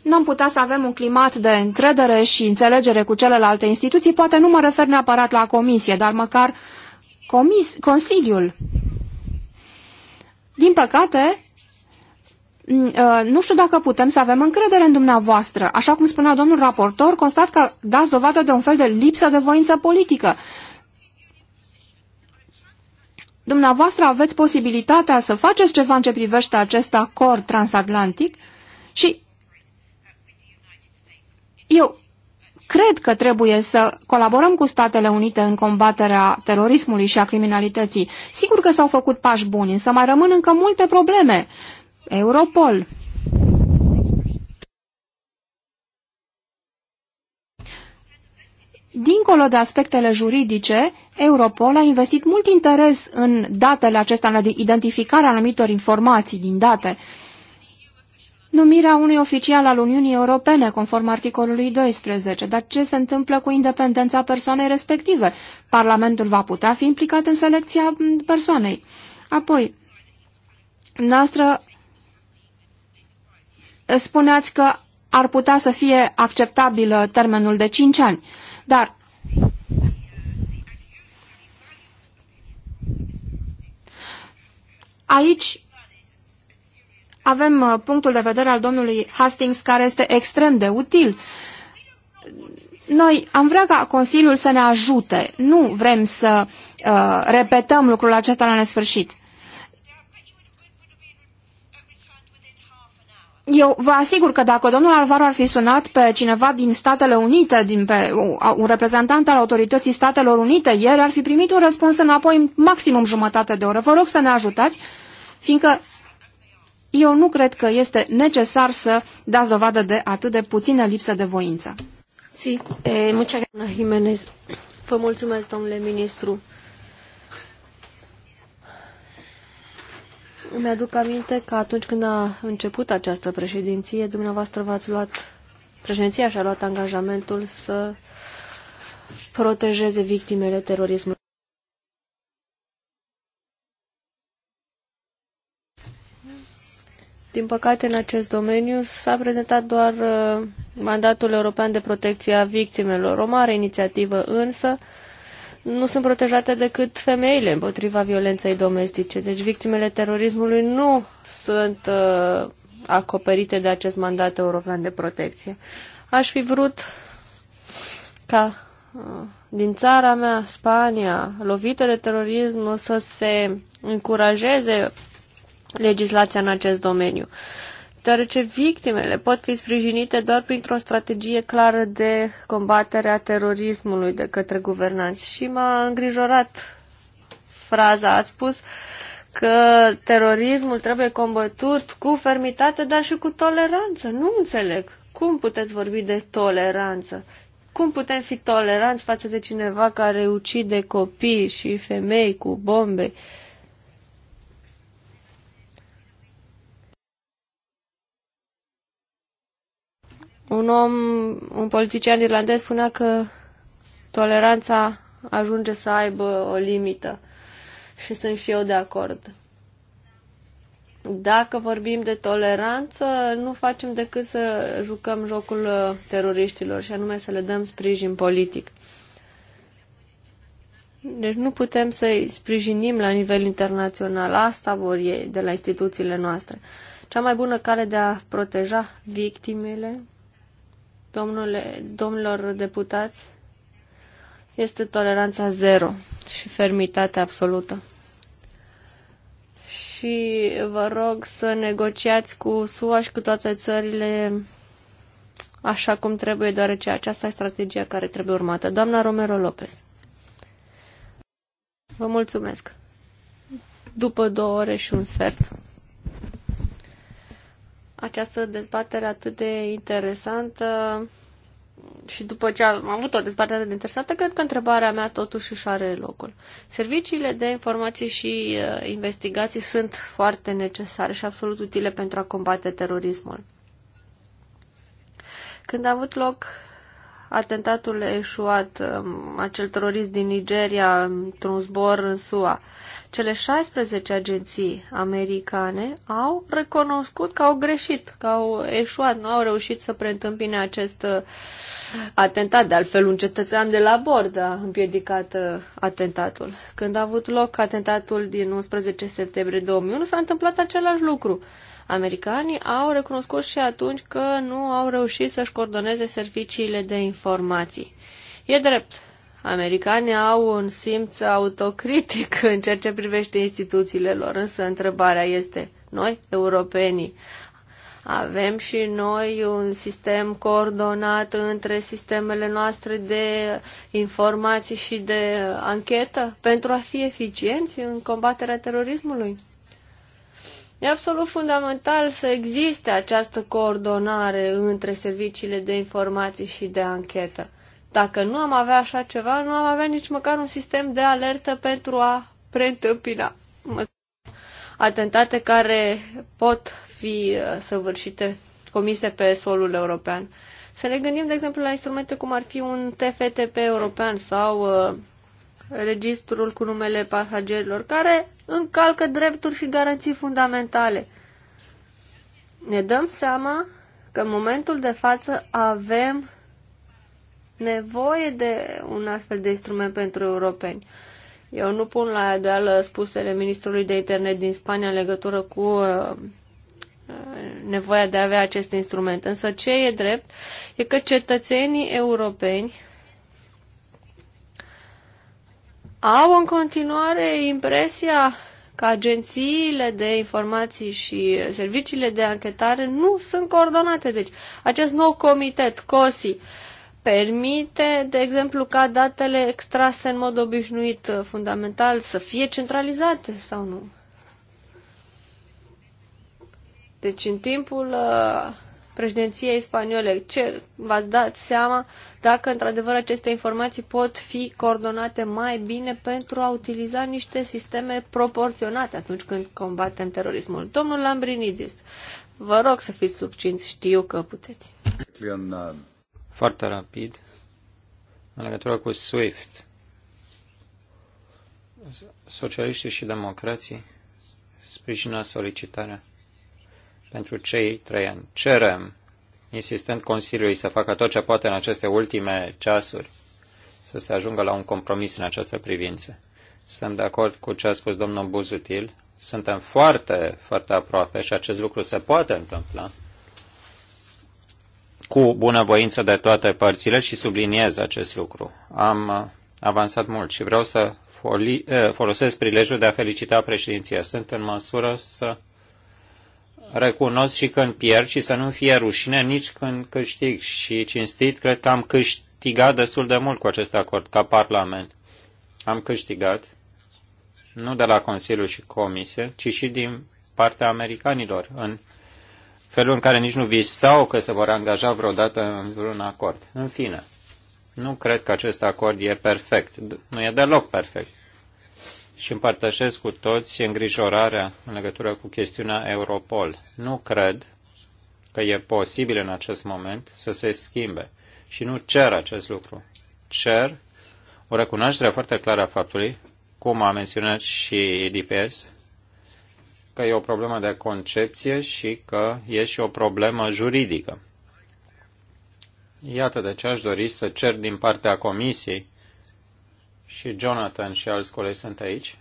n-am putea să avem un climat de încredere și înțelegere cu celelalte instituții, poate nu mă refer neapărat la comisie, dar măcar comis Consiliul. Din păcate, mm, ă, nu știu dacă putem să avem încredere în dumneavoastră. Așa cum spunea domnul raportor, constat că dați dovadă de un fel de lipsă de voință politică. Dumneavoastră aveți posibilitatea să faceți ceva în ce privește acest acord transatlantic și eu cred că trebuie să colaborăm cu Statele Unite în combaterea terorismului și a criminalității. Sigur că s-au făcut pași buni, însă mai rămân încă multe probleme. Europol. Dincolo de aspectele juridice, Europol a investit mult interes în datele acestea, în identificarea anumitor informații din date numirea unui oficial al Uniunii Europene, conform articolului 12. Dar ce se întâmplă cu independența persoanei respective? Parlamentul va putea fi implicat în selecția mm, persoanei. Apoi, noastră spuneați că ar putea să fie acceptabil termenul de 5 ani. Dar aici avem uh, punctul de vedere al domnului Hastings, care este extrem de util. Noi am vrea ca Consiliul să ne ajute. Nu vrem să uh, repetăm lucrul acesta la nesfârșit. Eu vă asigur că dacă domnul Alvaro ar fi sunat pe cineva din Statele Unite, din pe, uh, un reprezentant al autorității Statelor Unite, ieri ar fi primit un răspuns înapoi în maximum jumătate de oră. Vă rog să ne ajutați, fiindcă eu nu cred că este necesar să dați dovadă de atât de puțină lipsă de voință. Si, eh, Jimenez. Vă mulțumesc, domnule ministru. Îmi aduc aminte că atunci când a început această președinție, dumneavoastră v-ați luat, președinția și-a luat angajamentul să protejeze victimele terorismului. Din păcate, în acest domeniu s-a prezentat doar uh, mandatul european de protecție a victimelor, o mare inițiativă însă, nu sunt protejate decât femeile împotriva violenței domestice. Deci victimele terorismului nu sunt uh, acoperite de acest mandat european de protecție. Aș fi vrut ca uh, din țara mea, Spania, lovită de terorism, să se încurajeze legislația în acest domeniu, deoarece victimele pot fi sprijinite doar printr-o strategie clară de combatere a terorismului de către guvernanți. Și m-a îngrijorat fraza, ați spus că terorismul trebuie combătut cu fermitate, dar și cu toleranță. Nu înțeleg. Cum puteți vorbi de toleranță? Cum putem fi toleranți față de cineva care ucide copii și femei cu bombe? Uh, Un om, un politician irlandez spunea că toleranța ajunge să aibă o limită. Și sunt și eu de acord. Dacă vorbim de toleranță, nu facem decât să jucăm jocul uh, teroriștilor și anume să le dăm sprijin politic. Deci nu putem să-i sprijinim la nivel internațional. Asta vor ei de la instituțiile noastre. Cea mai bună cale de a proteja victimele domnule, domnilor deputați este toleranța zero și fermitatea absolută. Și vă rog să negociați cu SUA și cu toate țările așa cum trebuie, deoarece aceasta e strategia care trebuie urmată. Doamna Romero Lopez. Vă mulțumesc. După două ore și un sfert această dezbatere atât de interesantă și după ce am avut o dezbatere de interesantă, cred că întrebarea mea totuși își are locul. Serviciile de informații și uh, investigații sunt foarte necesare și absolut utile pentru a combate terorismul. Când a avut loc atentatul eșuat, um, acel terorist din Nigeria, într-un zbor în SUA. Cele 16 agenții americane au recunoscut că au greșit, că au eșuat, nu au reușit să preîntâmpine acest uh, atentat. De altfel, un cetățean de la bord a împiedicat uh, atentatul. Când a avut loc atentatul din 11 septembrie 2001, s-a întâmplat același lucru americanii au recunoscut și atunci că nu au reușit să-și coordoneze serviciile de informații. E drept, americanii au un simț autocritic (laughs) în ceea ce privește instituțiile lor, însă întrebarea este, noi, europenii, avem și noi un sistem coordonat între sistemele noastre de informații și de anchetă pentru a fi eficienți în combaterea terorismului? E absolut fundamental să existe această coordonare între serviciile de informații și de anchetă. Dacă nu am avea așa ceva, nu am avea nici măcar un sistem de alertă pentru a preîntâmpina atentate care pot fi uh, săvârșite, comise pe solul european. Să ne gândim, de exemplu, la instrumente cum ar fi un TFTP european sau uh, registrul cu numele pasagerilor, care încalcă drepturi și garanții fundamentale. Ne dăm seama că în momentul de față avem nevoie de un astfel de instrument pentru europeni. Eu nu pun la ideală spusele ministrului de internet din Spania în legătură cu uh, uh, nevoia de a avea acest instrument. Însă ce e drept e că cetățenii europeni au în continuare impresia că agențiile de informații și serviciile de anchetare nu sunt coordonate. Deci, acest nou comitet, COSI, permite, de exemplu, ca datele extrase în mod obișnuit fundamental să fie centralizate sau nu. Deci, în timpul uh, președinției spaniole. Ce v-ați dat seama dacă într-adevăr aceste informații pot fi coordonate mai bine pentru a utiliza niște sisteme proporționate atunci când combatem terorismul? Domnul Lambrinidis, vă rog să fiți subcinți, știu că puteți. Foarte rapid, în legătură cu SWIFT, socialiștii și democrații sprijină solicitarea pentru cei trei ani. Cerem, insistând Consiliului să facă tot ce poate în aceste ultime ceasuri, să se ajungă la un compromis în această privință. Sunt de acord cu ce a spus domnul Buzutil. Suntem foarte, foarte aproape și acest lucru se poate întâmpla cu bunăvoință de toate părțile și subliniez acest lucru. Am uh, avansat mult și vreau să uh, folosesc prilejul de a felicita președinția. Sunt în măsură să recunosc și când pierd și să nu fie rușine nici când câștig. Și cinstit, cred că am câștigat destul de mult cu acest acord ca Parlament. Am câștigat nu de la Consiliu și Comisie, ci și din partea americanilor, în felul în care nici nu visau că se vor angaja vreodată într-un acord. În fine, nu cred că acest acord e perfect. Nu e deloc perfect și împărtășesc cu toți îngrijorarea în legătură cu chestiunea Europol. Nu cred că e posibil în acest moment să se schimbe și nu cer acest lucru. Cer o recunoaștere foarte clară a faptului, cum a menționat și DPS, că e o problemă de concepție și că e și o problemă juridică. Iată de ce aș dori să cer din partea Comisiei și Jonathan și alți colegi sunt aici.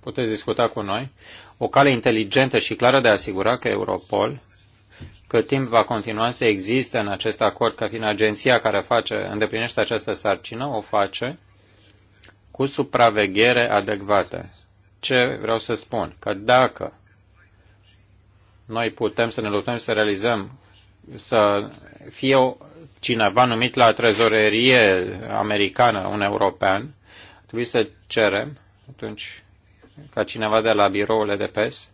Puteți discuta cu noi. O cale inteligentă și clară de a asigura că Europol, cât timp va continua să existe în acest acord ca fiind agenția care face, îndeplinește această sarcină, o face cu supraveghere adecvată. Ce vreau să spun? Că dacă noi putem să ne luptăm să realizăm să fie o cineva numit la trezorerie americană, un european, trebuie să cerem atunci ca cineva de la birourile de PES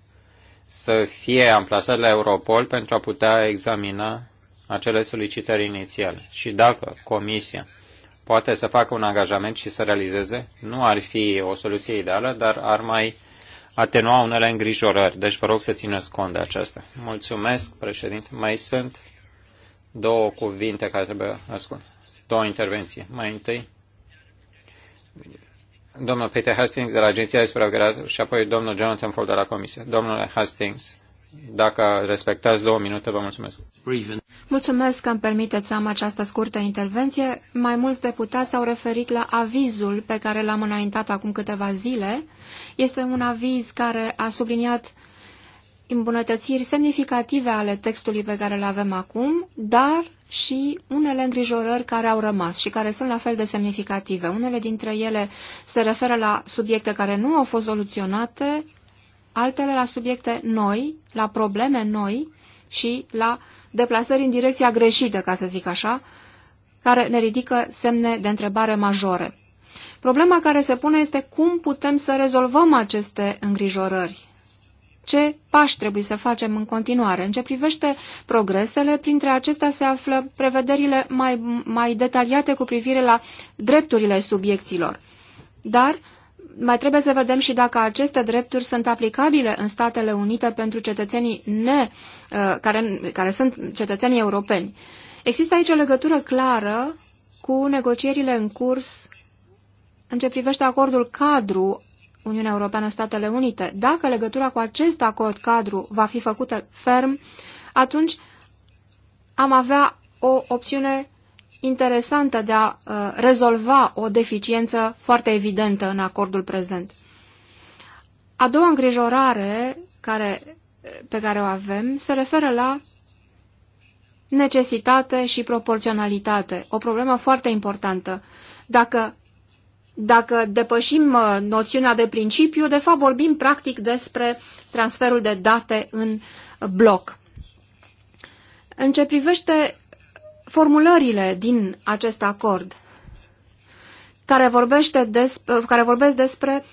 să fie amplasat la Europol pentru a putea examina acele solicitări inițiale. Și dacă Comisia poate să facă un angajament și să realizeze, nu ar fi o soluție ideală, dar ar mai atenua unele îngrijorări. Deci vă rog să țineți cont de aceasta. Mulțumesc, președinte. Mai sunt două cuvinte care trebuie ascult. Două intervenții. Mai întâi, domnul Peter Hastings de la Agenția de Supraveghere și apoi domnul Jonathan Ford de la Comisie. Domnule Hastings, dacă respectați două minute, vă mulțumesc. Mulțumesc că îmi permiteți să am această scurtă intervenție. Mai mulți deputați au referit la avizul pe care l-am înaintat acum câteva zile. Este un aviz care a subliniat îmbunătățiri semnificative ale textului pe care îl avem acum, dar și unele îngrijorări care au rămas și care sunt la fel de semnificative. Unele dintre ele se referă la subiecte care nu au fost soluționate, altele la subiecte noi, la probleme noi și la deplasări în direcția greșită, ca să zic așa, care ne ridică semne de întrebare majore. Problema care se pune este cum putem să rezolvăm aceste îngrijorări ce pași trebuie să facem în continuare. În ce privește progresele, printre acestea se află prevederile mai, mai detaliate cu privire la drepturile subiecților. Dar mai trebuie să vedem și dacă aceste drepturi sunt aplicabile în Statele Unite pentru cetățenii ne, uh, care, care sunt cetățenii europeni. Există aici o legătură clară cu negocierile în curs în ce privește acordul cadru Uniunea Europeană-Statele Unite, dacă legătura cu acest acord cadru va fi făcută ferm, atunci am avea o opțiune interesantă de a uh, rezolva o deficiență foarte evidentă în acordul prezent. A doua îngrijorare care, pe care o avem se referă la necesitate și proporționalitate, o problemă foarte importantă. Dacă dacă depășim uh, noțiunea de principiu, de fapt vorbim practic despre transferul de date în bloc. În ce privește formulările din acest acord, care, vorbește despre, uh, care vorbesc despre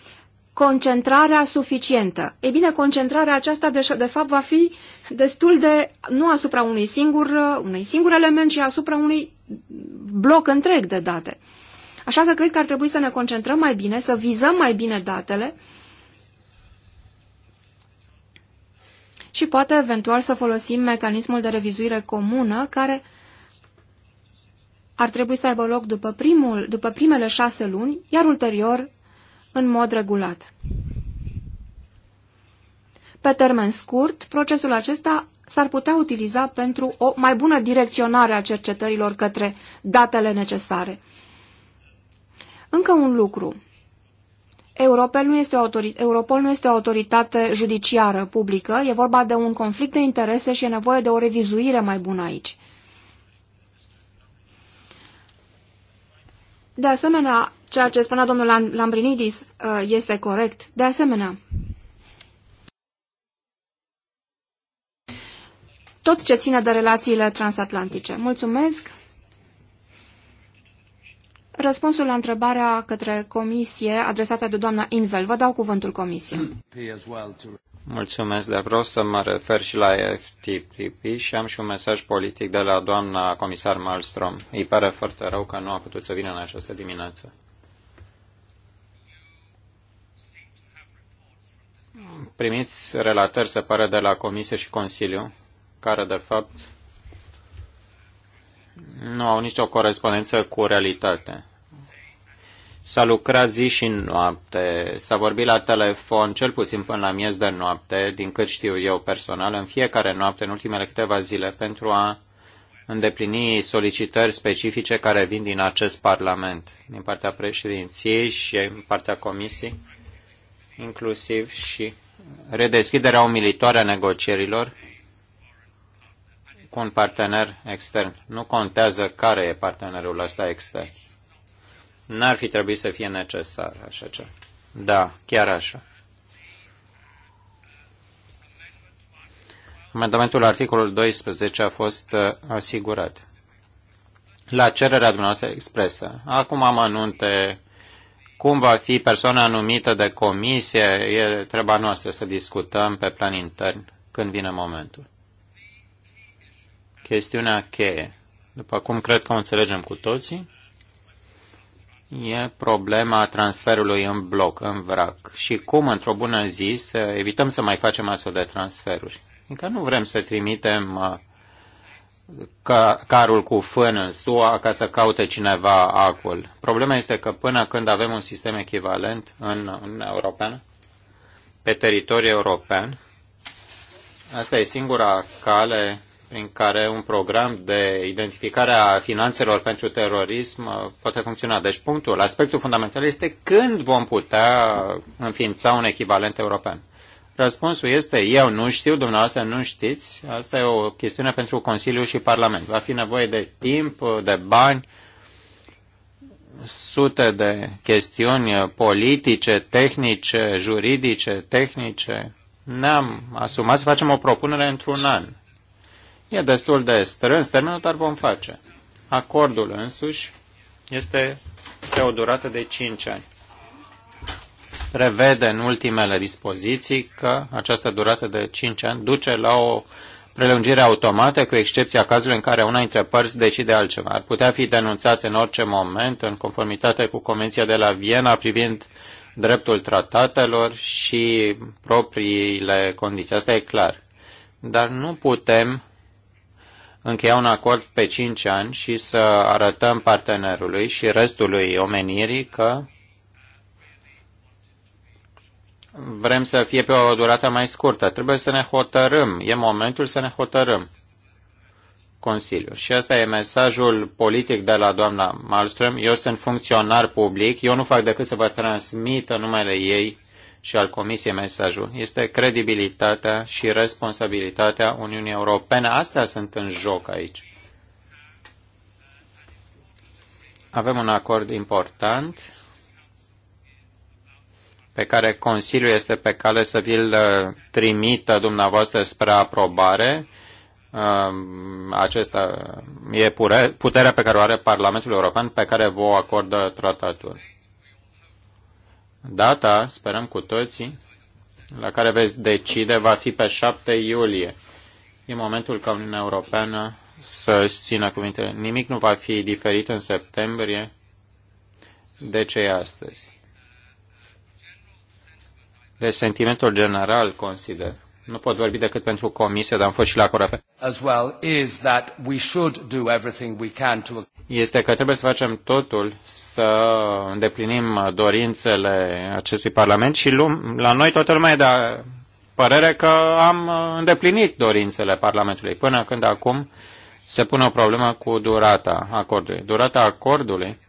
concentrarea suficientă. Ei bine, concentrarea aceasta de, de fapt va fi destul de, nu asupra unui singur, uh, unui singur element, ci asupra unui bloc întreg de date. Uh, Așa că cred că ar trebui să ne concentrăm mai bine, să vizăm mai bine datele și poate eventual să folosim mecanismul de revizuire comună care ar trebui să aibă loc după, primul, după primele șase luni, iar ulterior în mod regulat. Pe termen scurt, procesul acesta s-ar putea utiliza pentru o mai bună direcționare a cercetărilor către datele necesare. Încă un lucru. Europol nu, este o Europol nu este o autoritate judiciară publică, e vorba de un conflict de interese și e nevoie de o revizuire mai bună aici. De asemenea, ceea ce spunea domnul Lambrinidis uh, este corect. De asemenea, tot ce ține de relațiile transatlantice. Mulțumesc! Răspunsul la întrebarea către comisie adresată de doamna Invel. Vă dau cuvântul comisiei. Mulțumesc, dar vreau să mă refer și la FTPP și am și un mesaj politic de la doamna comisar Malmström. Îi pare foarte rău că nu a putut să vină în această dimineață. Primiți relatări, se pare, de la Comisie și Consiliu, care, de fapt, nu au nicio corespondență cu realitatea. S-a lucrat zi și noapte, s-a vorbit la telefon cel puțin până la miez de noapte, din cât știu eu personal, în fiecare noapte, în ultimele câteva zile, pentru a îndeplini solicitări specifice care vin din acest Parlament, din partea președinției și din partea comisiei, inclusiv și redeschiderea umilitoare a negocierilor cu un partener extern. Nu contează care e partenerul ăsta extern. N-ar fi trebuit să fie necesar așa ceva. Da, chiar așa. Amendamentul articolul 12 a fost uh, asigurat. La cererea dumneavoastră expresă. Acum am anunte cum va fi persoana anumită de comisie, e treaba noastră să discutăm pe plan intern când vine momentul chestiunea cheie, după cum cred că o înțelegem cu toții, e problema transferului în bloc, în vrac. Și cum, într-o bună zi, să evităm să mai facem astfel de transferuri. Încă nu vrem să trimitem uh, ca, carul cu fân în SUA ca să caute cineva acul. Problema este că până când avem un sistem echivalent în Uniunea Europeană, pe teritoriul european, asta e singura cale prin care un program de identificare a finanțelor pentru terorism uh, poate funcționa. Deci punctul, aspectul fundamental este când vom putea înființa un echivalent european. Răspunsul este eu nu știu, dumneavoastră nu știți, asta e o chestiune pentru Consiliu și Parlament. Va fi nevoie de timp, uh, de bani, sute de chestiuni uh, politice, tehnice, juridice, tehnice. Ne-am asumat să facem o propunere într-un an E destul de strâns termenul, dar vom face. Acordul însuși este pe o durată de 5 ani. Prevede în ultimele dispoziții că această durată de 5 ani duce la o prelungire automată, cu excepția cazului în care una dintre părți decide altceva. Ar putea fi denunțat în orice moment, în conformitate cu Convenția de la Viena privind dreptul tratatelor și propriile condiții. Asta e clar. Dar nu putem încheia un acord pe 5 ani și să arătăm partenerului și restului omenirii că vrem să fie pe o durată mai scurtă. Trebuie să ne hotărâm. E momentul să ne hotărâm. Consiliu. Și asta e mesajul politic de la doamna Malmström. Eu sunt funcționar public, eu nu fac decât să vă transmit în numele ei și al Comisiei mesajul este credibilitatea și responsabilitatea Uniunii Europene. Astea sunt în joc aici. Avem un acord important pe care Consiliul este pe cale să vi-l uh, trimită dumneavoastră spre aprobare. Um, acesta e puterea pe care o are Parlamentul European pe care vă acordă tratatul. Data, sperăm cu toții, la care veți decide va fi pe 7 iulie. E momentul ca Uniunea Europeană să-și țină cuvintele. Nimic nu va fi diferit în septembrie de ce e astăzi. De deci sentimentul general, consider, nu pot vorbi decât pentru comisie, dar am fost și la Coreper. As well is that we should do everything we can to este că trebuie să facem totul să îndeplinim dorințele acestui Parlament și la noi toată lumea e de părere că am îndeplinit dorințele Parlamentului până când acum se pune o problemă cu durata acordului. Durata acordului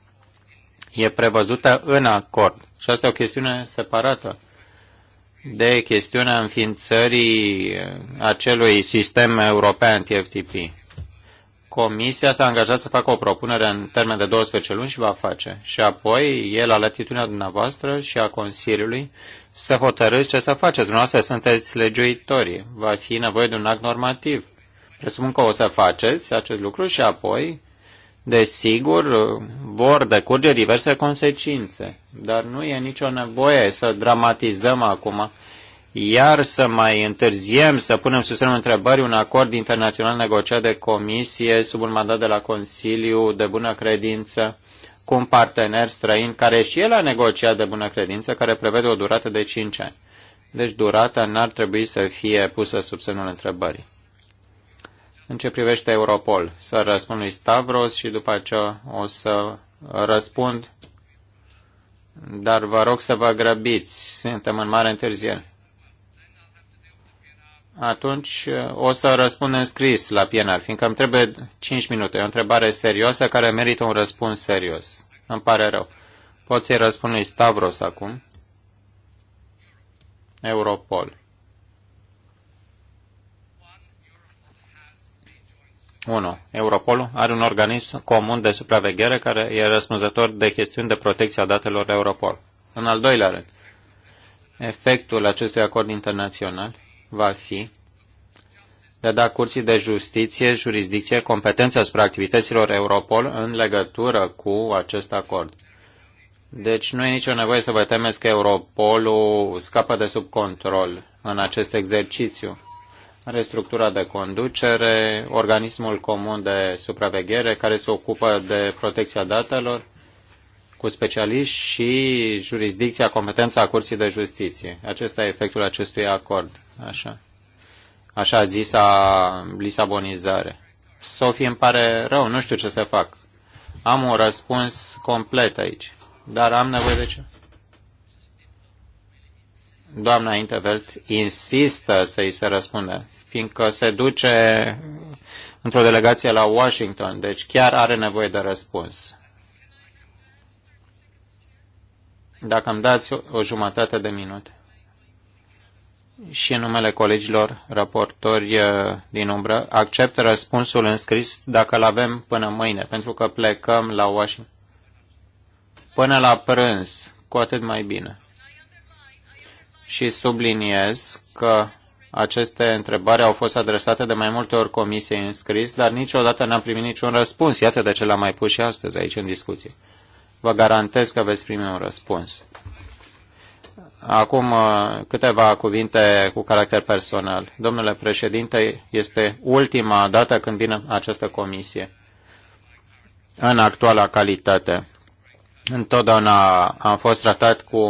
e prevăzută în acord și asta e o chestiune separată de chestiunea înființării acelui sistem european TFTP. Comisia s-a angajat să facă o propunere în termen de 12 luni și va face. Și apoi el la latitudinea dumneavoastră și a Consiliului să hotărâți ce să faceți. Dumneavoastră sunteți legiuitori. Va fi nevoie de un act normativ. Presupun că o să faceți acest lucru și apoi Desigur, vor decurge diverse consecințe, dar nu e nicio nevoie să dramatizăm acum, iar să mai întârziem, să punem sub semnul întrebării un acord internațional negociat de comisie sub un mandat de la Consiliu de bună credință cu un partener străin care și el a negociat de bună credință, care prevede o durată de 5 ani. Deci durata n-ar trebui să fie pusă sub semnul întrebării. În ce privește Europol, să răspund lui Stavros și după aceea o să răspund, dar vă rog să vă grăbiți, suntem în mare întârziere. Atunci o să răspund în scris la PNR, fiindcă îmi trebuie 5 minute. E o întrebare serioasă care merită un răspuns serios. Îmi pare rău. Pot să-i răspund lui Stavros acum. Europol. 1. Europolul are un organism comun de supraveghere care e răspunzător de chestiuni de protecție a datelor Europol. În al doilea rând, efectul acestui acord internațional va fi de a da curții de justiție, jurisdicție, competențe asupra activităților Europol în legătură cu acest acord. Deci nu e nicio nevoie să vă temeți că Europolul scapă de sub control în acest exercițiu restructura de conducere, organismul comun de supraveghere care se ocupă de protecția datelor cu specialiști și jurisdicția, competența a Curții de Justiție. Acesta e efectul acestui acord. Așa. Așa zisa lisabonizare. Sofie îmi pare rău, nu știu ce să fac. Am un răspuns complet aici, dar am nevoie de ce? doamna Intervelt insistă să îi se răspundă, fiindcă se duce într-o delegație la Washington, deci chiar are nevoie de răspuns. Dacă îmi dați o jumătate de minut și în numele colegilor raportori eh, din umbră, accept răspunsul înscris dacă îl avem până mâine, pentru că plecăm la Washington. Până la prânz, cu atât mai bine și subliniez că aceste întrebări au fost adresate de mai multe ori comisiei în scris, dar niciodată n-am primit niciun răspuns. Iată de ce l-am mai pus și astăzi aici în discuție. Vă garantez că veți primi un răspuns. Acum uh, câteva cuvinte cu caracter personal. Domnule președinte, este ultima dată când vine această comisie în actuala calitate. Întotdeauna am fost tratat cu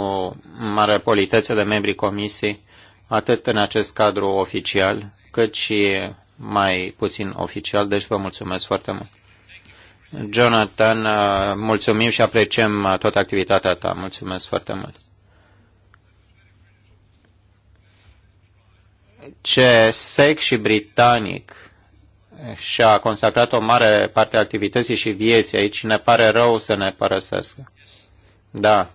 mare politețe de membrii comisiei, atât în acest cadru oficial, cât și mai puțin oficial, deci vă mulțumesc foarte mult. Jonathan, uh, mulțumim și apreciem uh, toată activitatea ta. Mulțumesc foarte mult. Ce sec și britanic și-a consacrat o mare parte a activității și vieții aici și ne pare rău să ne părăsească. Da.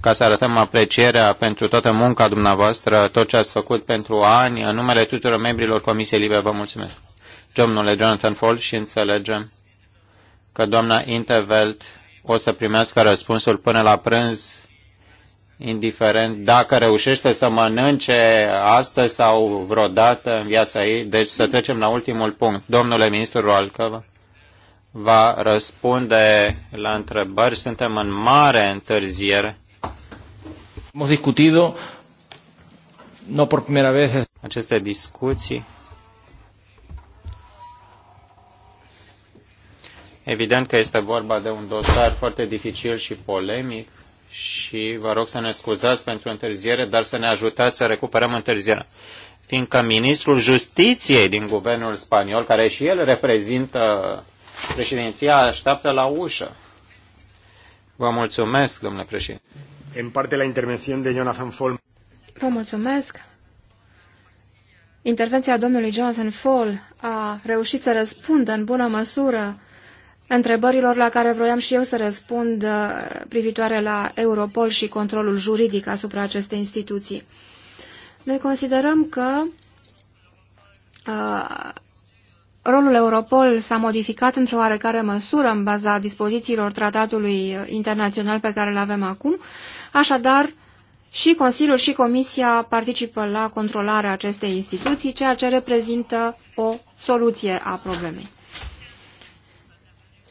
Ca să arătăm aprecierea pentru toată munca dumneavoastră, tot ce ați făcut pentru ani, în numele tuturor membrilor Comisiei Libe, vă mulțumesc. Domnule Jonathan Fall și înțelegem că doamna Intervelt o să primească răspunsul până la prânz indiferent dacă reușește să mănânce astăzi sau vreodată în viața ei. Deci să trecem la ultimul punct. Domnule ministru Roalcăva va răspunde la întrebări. Suntem în mare întârziere. aceste discuții. Evident că este vorba de un dosar foarte dificil și polemic și vă rog să ne scuzați pentru întârziere, dar să ne ajutați să recuperăm întârzierea. Fiindcă ministrul justiției din guvernul spaniol, care și el reprezintă președinția, așteaptă la ușă. Vă mulțumesc, domnule președinte. În parte la intervenție de Jonathan Fall. Vă mulțumesc. Intervenția domnului Jonathan Fall a reușit să răspundă în bună măsură întrebărilor la care vroiam și eu să răspund uh, privitoare la Europol și controlul juridic asupra acestei instituții. Noi considerăm că uh, rolul Europol s-a modificat într-o oarecare măsură în baza dispozițiilor tratatului internațional pe care îl avem acum, așadar și Consiliul și Comisia participă la controlarea acestei instituții, ceea ce reprezintă o soluție a problemei.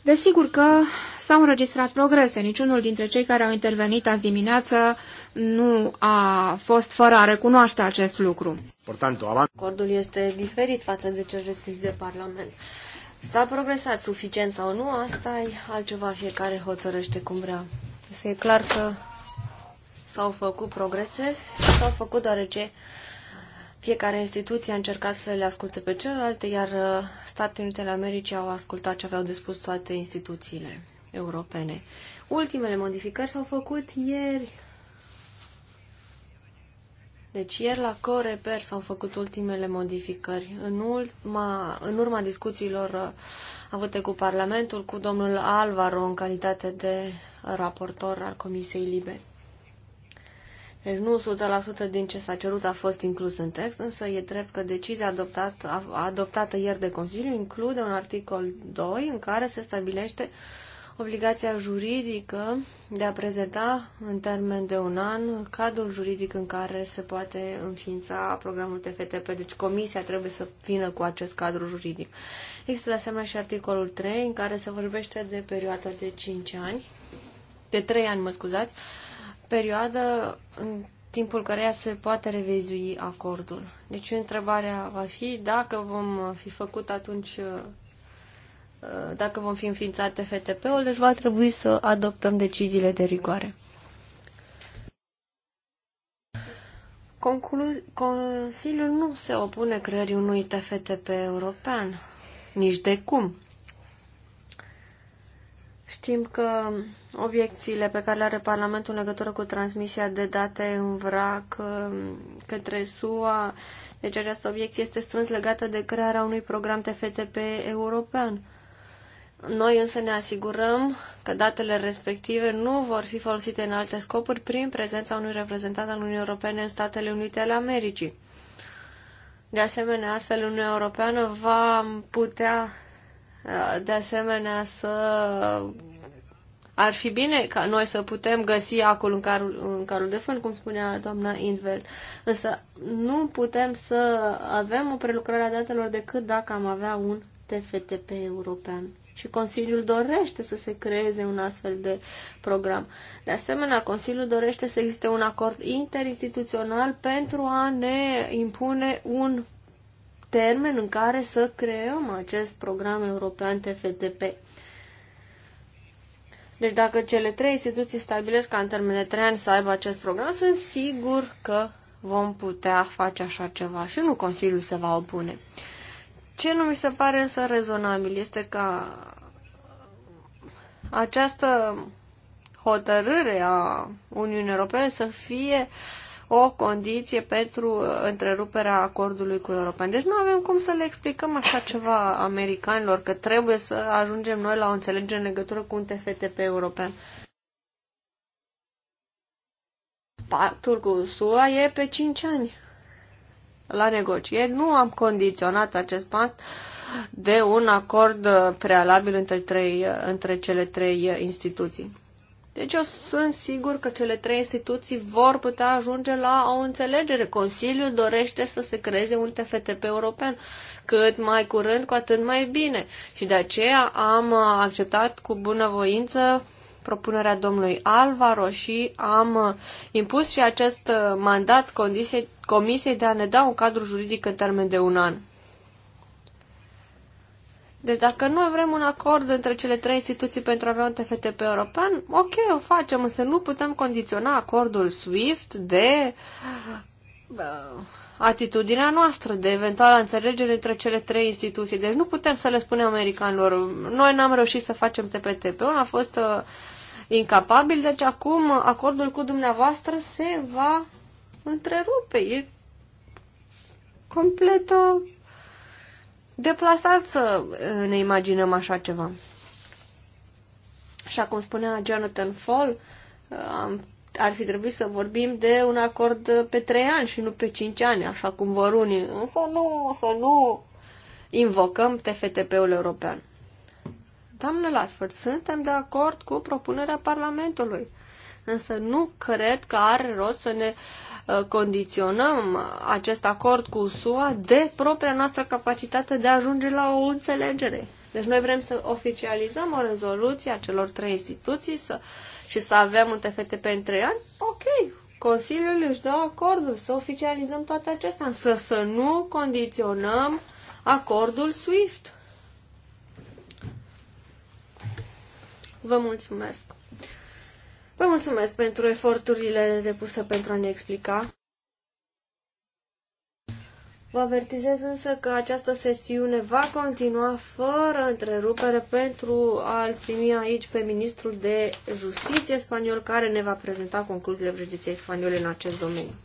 Desigur că s-au înregistrat progrese. Niciunul dintre cei care au intervenit azi dimineață nu a fost fără a recunoaște acest lucru. Acordul este diferit față de cel respins de Parlament. S-a progresat suficient sau nu, asta e altceva, fiecare hotărăște cum vrea. Este clar că s-au făcut progrese s-au făcut deoarece fiecare instituție a încercat să le asculte pe celelalte, iar uh, Statele Unite ale Americii au ascultat ce aveau de spus toate instituțiile europene. Ultimele modificări s-au făcut ieri. Deci ieri la Coreper s-au făcut ultimele modificări. În urma, în urma discuțiilor uh, avute cu Parlamentul, cu domnul Alvaro în calitate de raportor al Comisiei Libere. Deci nu 100% din ce s-a cerut a fost inclus în text, însă e drept că decizia adoptată, adoptată ieri de Consiliu include un articol 2 în care se stabilește obligația juridică de a prezenta în termen de un an cadrul juridic în care se poate înființa programul TFTP, deci comisia trebuie să vină cu acest cadru juridic. Există de asemenea și articolul 3 în care se vorbește de perioada de 5 ani, de 3 ani, mă scuzați, uh, perioadă în timpul căreia se poate revizui acordul. Deci întrebarea va fi dacă vom fi făcut atunci uh, uh, dacă vom fi înființate FTP-ul, deci va trebui să adoptăm deciziile de rigoare. Conclu- Consiliul nu se opune creării unui TFTP european, nici de cum. Știm că obiecțiile pe care le are Parlamentul în legătură cu transmisia de date în vrac um, către SUA, deci această obiecție este strâns legată de crearea unui program TFTP european. Noi însă ne asigurăm că datele respective nu vor fi folosite în alte scopuri prin prezența unui reprezentant al Uniunii Europene în Statele Unite ale Americii. De asemenea, astfel Uniunea Europeană va putea Uh, de asemenea, să ar fi bine ca noi să putem găsi acolo în carul, în carul de fân, cum spunea doamna Indveld. Însă nu putem să avem o prelucrare a datelor decât dacă am avea un TFTP european. Și Consiliul dorește să se creeze un astfel de program. De asemenea, Consiliul dorește să existe un acord interinstituțional pentru a ne impune un termen în care să creăm acest program european TFTP. Deci dacă cele trei instituții stabilesc ca în termen de trei ani să aibă acest program, sunt sigur că vom putea face așa ceva și nu Consiliul se va opune. Ce nu mi se pare însă rezonabil este că această hotărâre a Uniunii Europene să fie uh, o condiție pentru întreruperea acordului cu Europa. Deci nu avem cum să le explicăm așa ceva americanilor, că trebuie să ajungem noi la o înțelegere în legătură cu un TFTP european. Pactul cu SUA e pe 5 ani la negocieri. Nu am condiționat acest pact de un acord prealabil între, trei, între cele trei instituții. Deci eu sunt sigur că cele trei instituții vor putea ajunge la o înțelegere. Consiliul dorește să se creeze un TFTP european cât mai curând, cu atât mai bine. Și de aceea am acceptat cu bunăvoință propunerea domnului Alvaro și am impus și acest mandat comisiei de a ne da un cadru juridic în termen de un an. Deci dacă noi vrem un acord între cele trei instituții pentru a avea un TFTP european, ok, o facem, însă nu putem condiționa acordul SWIFT de uh, atitudinea noastră, de eventuala înțelegere între cele trei instituții. Deci nu putem să le spunem americanilor, noi n-am reușit să facem TPTP-ul, am fost uh, incapabil, deci acum acordul cu dumneavoastră se va întrerupe. E completă uh, deplasat să eh, ne imaginăm așa ceva. Așa cum spunea Jonathan Fall, eh, ar fi trebuit să vorbim de un acord eh, pe trei ani și nu pe cinci ani, așa cum vor unii. Să nu, să nu invocăm TFTP-ul european. Doamne Latford, suntem de acord cu propunerea Parlamentului, însă nu cred că are rost să ne uh, Uh, condiționăm acest acord cu SUA de propria noastră capacitate de a ajunge la o înțelegere. Deci noi vrem să oficializăm o rezoluție a celor trei instituții să, și să avem un TFTP în trei ani? Ok, Consiliul își dă acordul să oficializăm toate acestea, însă să nu condiționăm acordul SWIFT. Vă mulțumesc! Vă mulțumesc pentru eforturile depuse pentru a ne explica. Vă avertizez însă că această sesiune va continua fără întrerupere pentru a-l primi aici pe ministrul de justiție spaniol care ne va prezenta concluziile președinției spaniole în acest domeniu.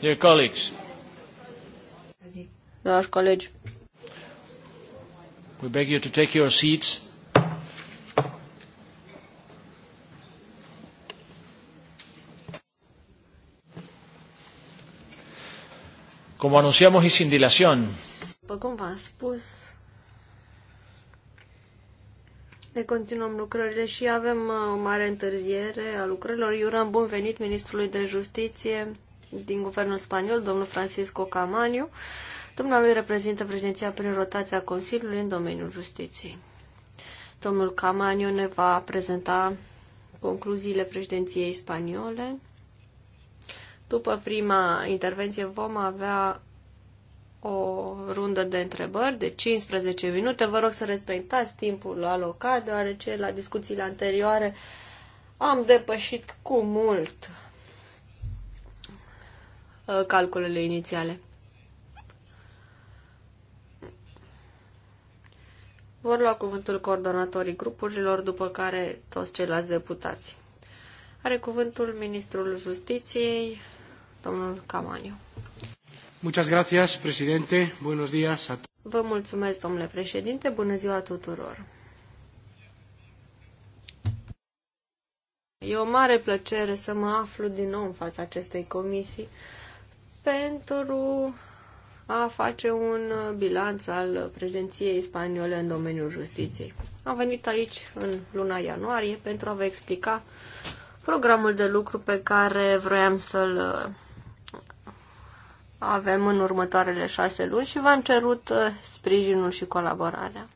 Dear colleagues, Dragi colegi, we beg you to take your seats. Como anunciamos y sin dilación. După cum v-am spus, ne continuăm lucrările și avem uh, o mare întârziere a lucrărilor. Iurăm bun venit ministrului de justiție din guvernul spaniol, domnul Francisco Camaniu. Dumnealui reprezintă prezenția prin rotația Consiliului în domeniul justiției. Domnul Camaniu ne va prezenta concluziile președinției spaniole. După prima intervenție vom avea o rundă de întrebări de 15 minute. Vă rog să respectați timpul alocat, deoarece la discuțiile anterioare am depășit cu mult uh, calculele inițiale. Vor lua cuvântul coordonatorii grupurilor, după care toți ceilalți deputați. Are cuvântul ministrul justiției, domnul Camaniu. Muchas gracias, presidente. Buenos días a Vă mulțumesc, domnule președinte. Bună ziua tuturor. E o mare plăcere să mă aflu din nou în fața acestei comisii pentru a face un bilanț al președinției spaniole în domeniul justiției. Am venit aici în luna ianuarie pentru a vă explica programul de lucru pe care vroiam să-l avem în următoarele șase luni și v-am cerut uh, sprijinul și colaborarea.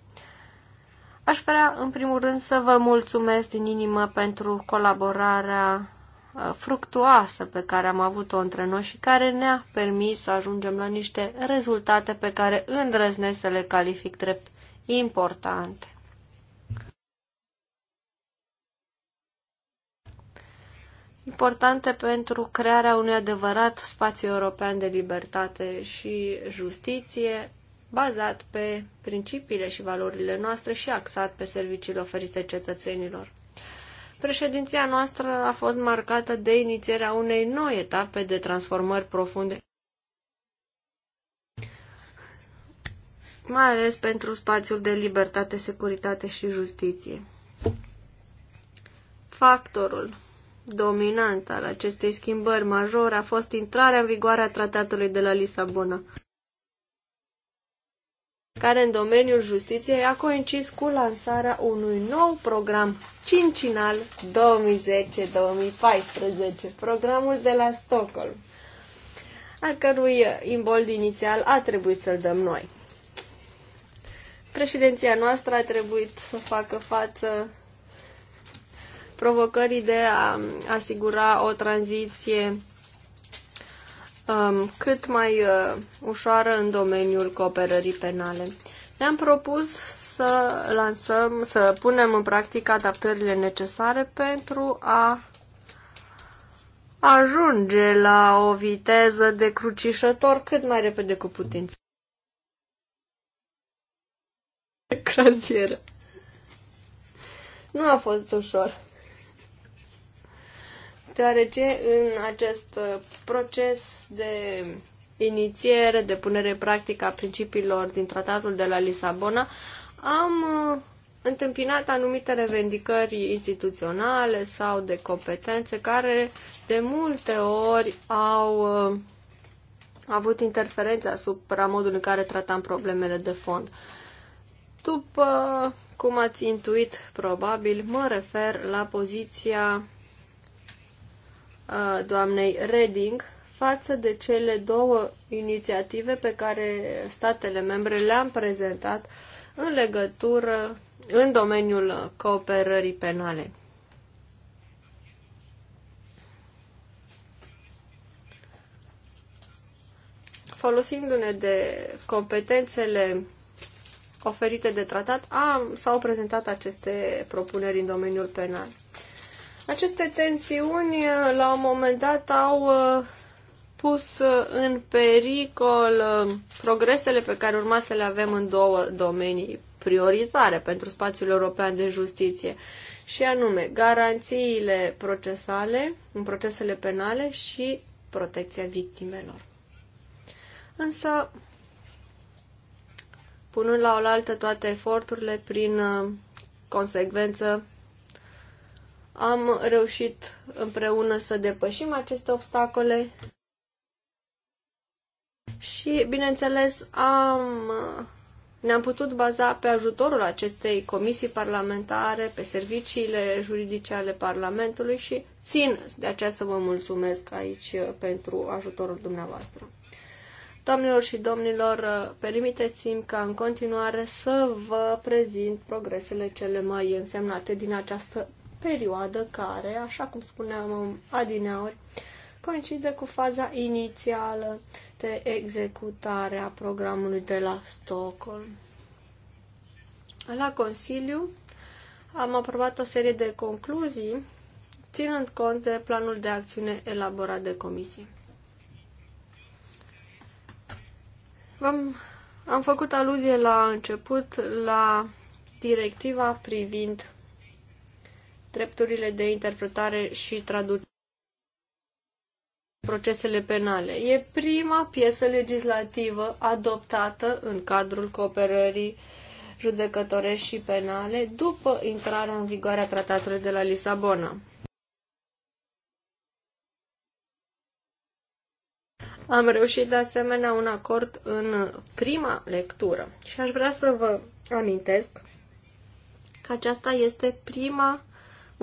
Aș vrea, în primul rând, să vă mulțumesc din inimă pentru colaborarea uh, fructuoasă pe care am avut-o între noi și care ne-a permis să ajungem la niște rezultate pe care îndrăznesc să le calific drept importante. importante pentru crearea unui adevărat spațiu european de libertate și justiție, bazat pe principiile și valorile noastre și axat pe serviciile oferite cetățenilor. Președinția noastră a fost marcată de inițierea unei noi etape de transformări profunde, mai ales pentru spațiul de libertate, securitate și justiție. Factorul dominant al acestei schimbări majore a fost intrarea în vigoare a tratatului de la Lisabona, care în domeniul justiției a coincis cu lansarea unui nou program cincinal 2010-2014, programul de la Stockholm, al cărui imbold inițial a trebuit să-l dăm noi. Președinția noastră a trebuit să facă față provocării de a asigura o tranziție um, cât mai uh, ușoară în domeniul cooperării penale. Ne-am propus să lansăm, să punem în practică adaptările necesare pentru a ajunge la o viteză de crucișător cât mai repede cu putință. Crazieră. Nu a fost ușor deoarece în acest uh, proces de inițiere, de punere practică a principiilor din tratatul de la Lisabona, am uh, întâmpinat anumite revendicări instituționale sau de competențe care de multe ori au uh, avut interferențe asupra modului în care tratam problemele de fond. După cum ați intuit, probabil, mă refer la poziția doamnei Reding față de cele două inițiative pe care statele membre le-am prezentat în legătură în domeniul cooperării penale. Folosindu-ne de competențele oferite de tratat, am, s-au prezentat aceste propuneri în domeniul penal. Aceste tensiuni, uh, la un moment dat, au uh, pus uh, în pericol progresele pe care urma să le avem în două domenii prioritare pentru spațiul european de justiție, și anume garanțiile procesale în procesele penale și protecția victimelor. Însă, punând la oaltă toate eforturile prin consecvență am reușit împreună să depășim aceste obstacole și, bineînțeles, am, ne-am putut baza pe ajutorul acestei comisii parlamentare, pe serviciile juridice ale Parlamentului și țin de aceea să vă mulțumesc aici pentru ajutorul dumneavoastră. Doamnelor și domnilor, permiteți-mi ca în continuare să vă prezint progresele cele mai însemnate din această perioadă care, așa cum spuneam adineori, coincide cu faza inițială de executare a programului de la Stockholm. La Consiliu am aprobat o serie de concluzii ținând cont de planul de acțiune elaborat de comisie. am am făcut aluzie la început la directiva privind drepturile de interpretare și traducere procesele penale. E prima piesă legislativă adoptată în cadrul cooperării judecătorești și penale după intrarea în vigoare a tratatului de la Lisabona. Am reușit de asemenea un acord în prima lectură și aș vrea să vă amintesc că aceasta este prima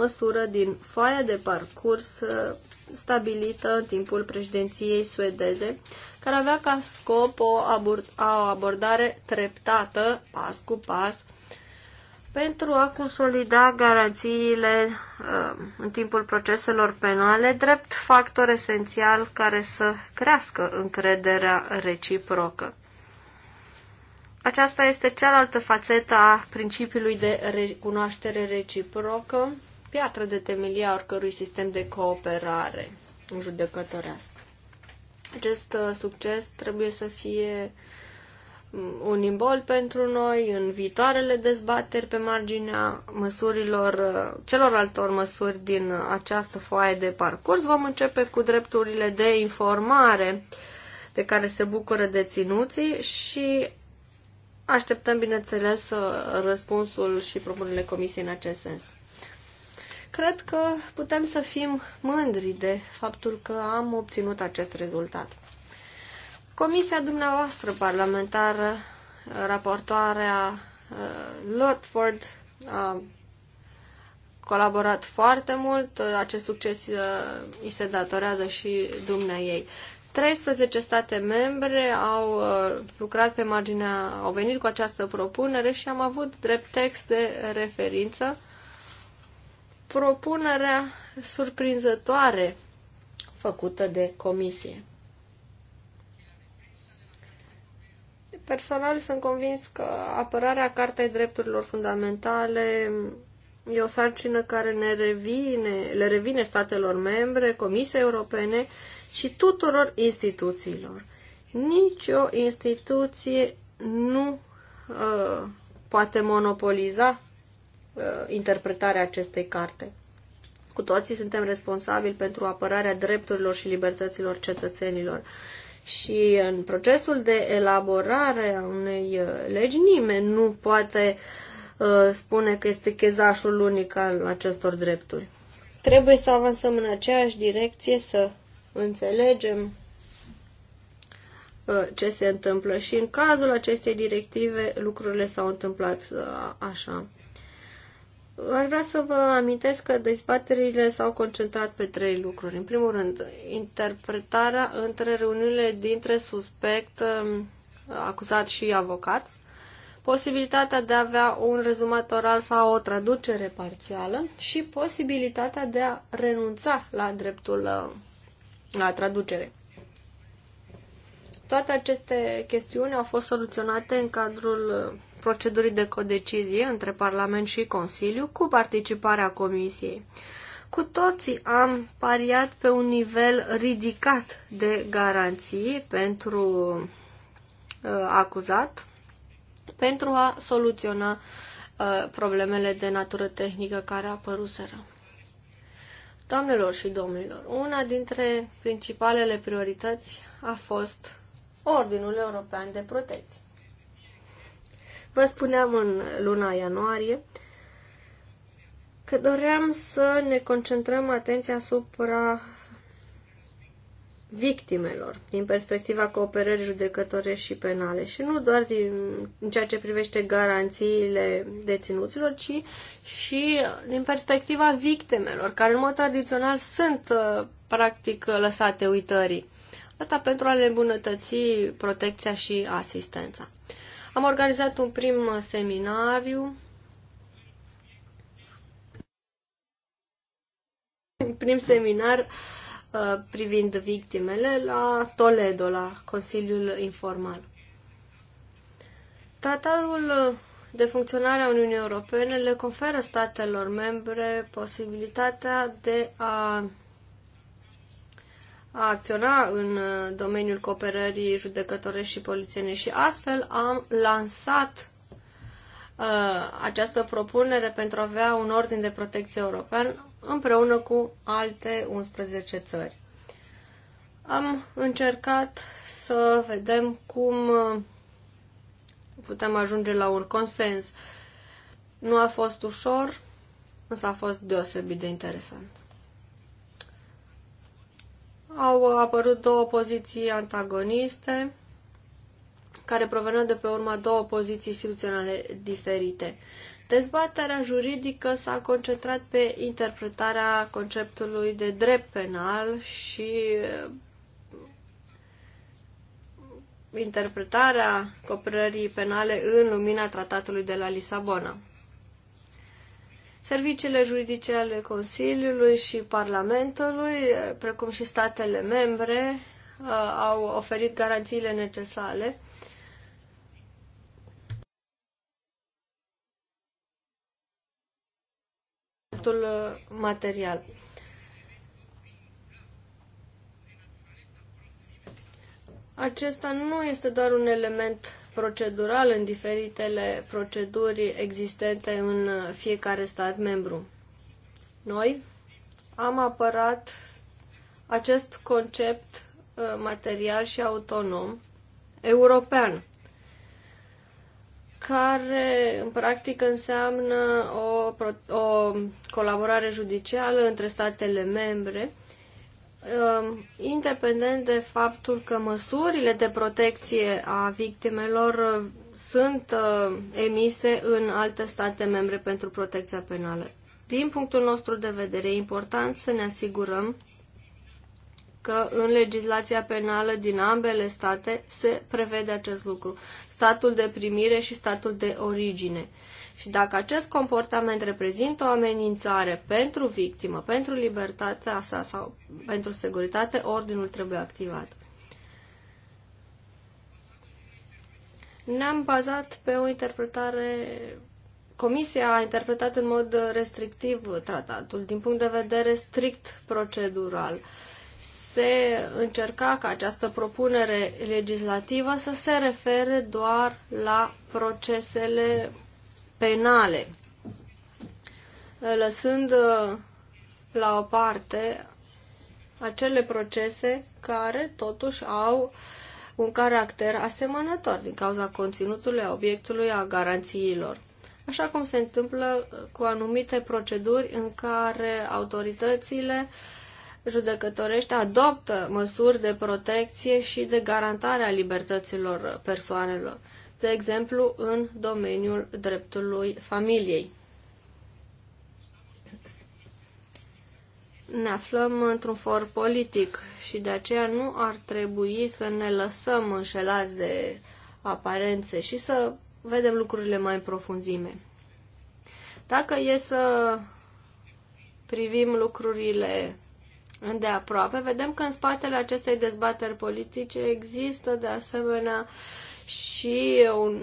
măsură din foaia de parcurs uh, stabilită în timpul președinției suedeze, care avea ca scop o, abord o abordare treptată, pas cu pas, pentru a consolida garanțiile uh, în timpul proceselor penale, drept factor esențial care să crească încrederea reciprocă. Aceasta este cealaltă fațetă a principiului de recunoaștere reciprocă, piatră de temelie a oricărui sistem de cooperare judecătorească. Acest uh, succes trebuie să fie mm, un imbol pentru noi în viitoarele dezbateri pe marginea măsurilor, uh, celorlaltor măsuri din uh, această foaie de parcurs. Vom începe cu drepturile de informare de care se bucură deținuții și așteptăm, bineînțeles, răspunsul și propunerile comisiei în acest sens. Cred că putem să fim mândri de faptul că am obținut acest rezultat. Comisia dumneavoastră parlamentară, raportoarea uh, Lotford, a colaborat foarte mult. Uh, acest succes uh, îi se datorează și dumnea ei. 13 state membre au lucrat pe marginea, au venit cu această propunere și am avut drept text de referință propunerea surprinzătoare făcută de comisie. Personal sunt convins că apărarea Cartei Drepturilor Fundamentale e o sarcină care ne revine, le revine statelor membre, Comisiei Europene și tuturor instituțiilor. Nici o instituție nu uh, poate monopoliza Uh, interpretarea acestei carte. Cu toții suntem responsabili pentru apărarea drepturilor și libertăților cetățenilor. Și în procesul de elaborare a unei uh, legi nimeni nu poate uh, spune că este chezașul unic al acestor drepturi. Trebuie să avansăm în aceeași direcție, să înțelegem uh, ce se întâmplă și în cazul acestei directive lucrurile s-au întâmplat uh, așa. Ar vrea să vă amintesc că dezbaterile s-au concentrat pe trei lucruri. În primul rând, interpretarea între reuniunile dintre suspect, um, acuzat și avocat, posibilitatea de a avea un rezumat oral sau o traducere parțială și posibilitatea de a renunța la dreptul uh, la traducere. Toate aceste chestiuni au fost soluționate în cadrul uh, procedurii de codecizie între Parlament și Consiliu cu participarea Comisiei. Cu toții am pariat pe un nivel ridicat de garanții pentru uh, acuzat, pentru a soluționa uh, problemele de natură tehnică care apăruseră. Doamnelor și domnilor, una dintre principalele priorități a fost Ordinul European de Protecție. Vă spuneam în luna ianuarie că doream să ne concentrăm atenția asupra victimelor din perspectiva cooperării judecătore și penale și nu doar din în ceea ce privește garanțiile deținuților, ci și din perspectiva victimelor, care în mod tradițional sunt uh, practic lăsate uitării. Asta pentru a le îmbunătăți protecția și asistența. Am organizat un prim uh, seminariu, un prim seminar uh, privind victimele la Toledo, la Consiliul Informal. Tratatul uh, de funcționare a Uniunii Europene le conferă statelor membre posibilitatea de a a acționa în uh, domeniul cooperării judecătorești și polițiene și astfel am lansat uh, această propunere pentru a avea un ordin de protecție european împreună cu alte 11 țări. Am încercat să vedem cum uh, putem ajunge la un consens. Nu a fost ușor, însă a fost deosebit de interesant au apărut două poziții antagoniste care proveneau de pe urma două poziții instituționale diferite. Dezbaterea juridică s-a concentrat pe interpretarea conceptului de drept penal și uh, interpretarea cooperării penale în lumina tratatului de la Lisabona. Serviciile juridice ale Consiliului și Parlamentului, eh, precum și statele membre, eh, au oferit garanțiile necesare. Eh, material. Acesta nu este doar un element procedural în diferitele proceduri existente în fiecare stat membru. Noi am apărat acest concept uh, material și autonom european, care în practică înseamnă o, o colaborare judicială între statele membre Um, independent de faptul că măsurile de protecție a victimelor uh, sunt uh, emise în alte state membre pentru protecția penală. Din punctul nostru de vedere, e important să ne asigurăm că în legislația penală din ambele state se prevede acest lucru, statul de primire și statul de origine. Și dacă acest comportament reprezintă o amenințare pentru victimă, pentru libertatea sa sau pentru securitate, ordinul trebuie activat. Ne-am bazat pe o interpretare Comisia a interpretat în mod restrictiv tratatul, din punct de vedere strict procedural. Se încerca ca această propunere legislativă să se refere doar la procesele penale, lăsând uh, la o parte acele procese care totuși au un caracter asemănător din cauza conținutului, a obiectului, a garanțiilor. Așa cum se întâmplă uh, cu anumite proceduri în care autoritățile judecătorești adoptă măsuri de protecție și de garantare a libertăților uh, persoanelor de exemplu, în domeniul dreptului familiei. Ne aflăm într-un for politic și de aceea nu ar trebui să ne lăsăm înșelați de aparențe și să vedem lucrurile mai în profunzime. Dacă e să privim lucrurile îndeaproape, vedem că în spatele acestei dezbateri politice există de asemenea uh, și un,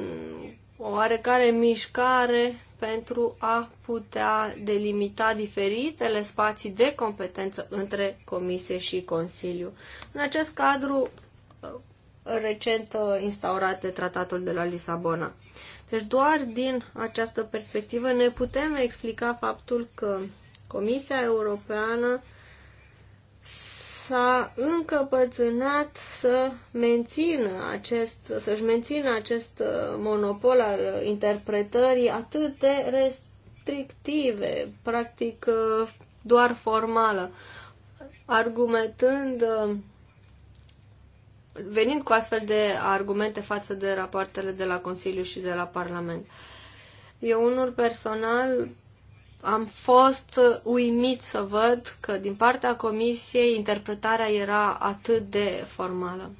o oarecare mișcare pentru a putea delimita diferitele spații de competență între Comisie și Consiliu. În acest cadru recent uh, instaurat de Tratatul de la Lisabona. Deci doar din această perspectivă ne putem explica faptul că Comisia Europeană s-a încăpățânat să mențină acest, să-și mențină acest uh, monopol al interpretării atât de restrictive, practic uh, doar formală, argumentând uh, venind cu astfel de argumente față de rapoartele de la Consiliu și de la Parlament. Eu unul personal am fost uimit să văd că din partea comisiei interpretarea era atât de formală.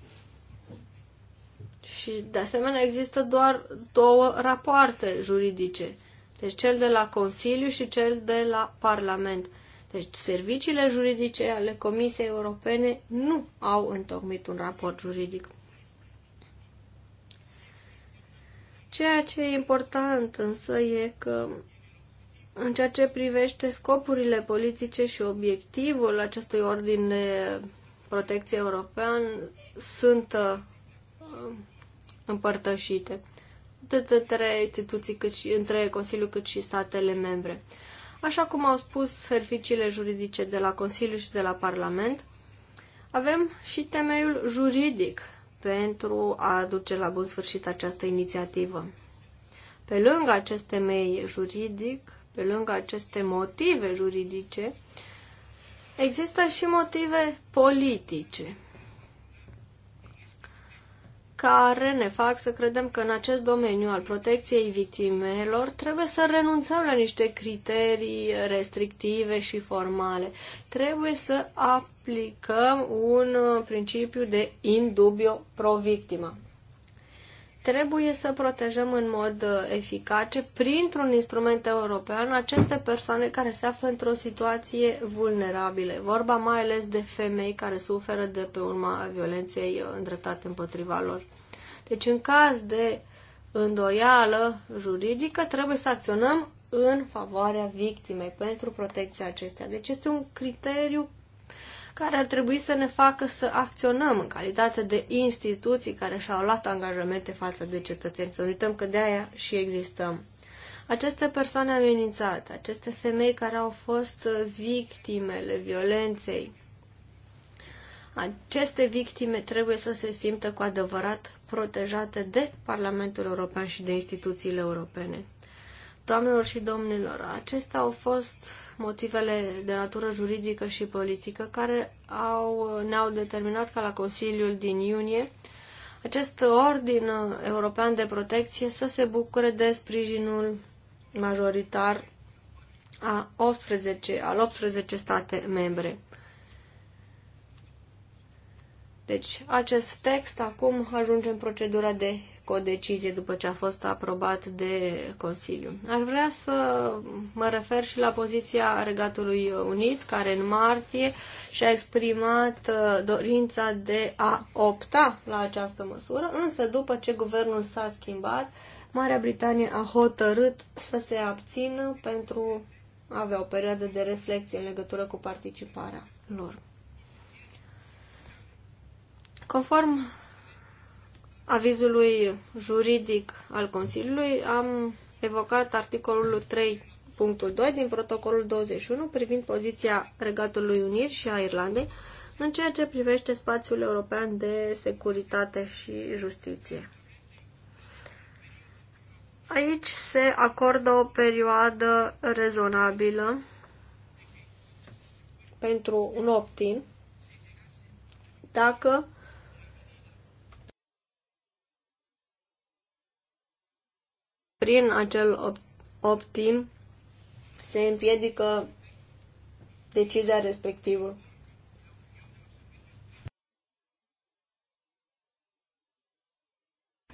Și de asemenea există doar două rapoarte juridice, deci cel de la Consiliu și cel de la Parlament. Deci serviciile juridice ale Comisiei Europene nu au întocmit un raport juridic. Ceea ce e important însă e că în ceea ce privește scopurile politice și obiectivul acestui ordin de protecție european, sunt uh, împărtășite atât între instituții cât și între Consiliu cât și statele membre. Așa cum au spus serviciile juridice de la Consiliu și de la Parlament, avem și temeiul juridic pentru a aduce la bun sfârșit această inițiativă. Pe lângă acest temei juridic, pe lângă aceste motive juridice, există și motive politice care ne fac să credem că în acest domeniu al protecției victimelor trebuie să renunțăm la niște criterii restrictive și formale. Trebuie să aplicăm un principiu de indubio pro victima trebuie să protejăm în mod uh, eficace, printr-un instrument european, aceste persoane care se află într-o situație vulnerabilă. Vorba mai ales de femei care suferă de pe urma violenței uh, îndreptate împotriva lor. Deci, în caz de îndoială juridică, trebuie să acționăm în favoarea victimei pentru protecția acestea. Deci este un criteriu care ar trebui să ne facă să acționăm în calitate de instituții care și-au luat angajamente față de cetățeni. Să uităm că de aia și existăm. Aceste persoane amenințate, aceste femei care au fost victimele violenței, aceste victime trebuie să se simtă cu adevărat protejate de Parlamentul European și de instituțiile europene. Doamnelor și domnilor, acestea au fost motivele de natură juridică și politică care au, ne-au determinat ca la Consiliul din iunie acest ordin european de protecție să se bucure de sprijinul majoritar a 18, al 18 state membre. Deci, acest text acum ajunge în procedura de cu decizie după ce a fost aprobat de Consiliu. Aș vrea să mă refer și la poziția Regatului Unit, care în martie și-a exprimat uh, dorința de a opta la această măsură, însă după ce guvernul s-a schimbat, Marea Britanie a hotărât să se abțină pentru a avea o perioadă de reflexie în legătură cu participarea lor. Conform avizului juridic al Consiliului am evocat articolul 3.2 punctul din protocolul 21 privind poziția Regatului Unit și a Irlandei în ceea ce privește spațiul european de securitate și justiție. Aici se acordă o perioadă rezonabilă pentru un optim dacă prin acel opt-in se împiedică decizia respectivă.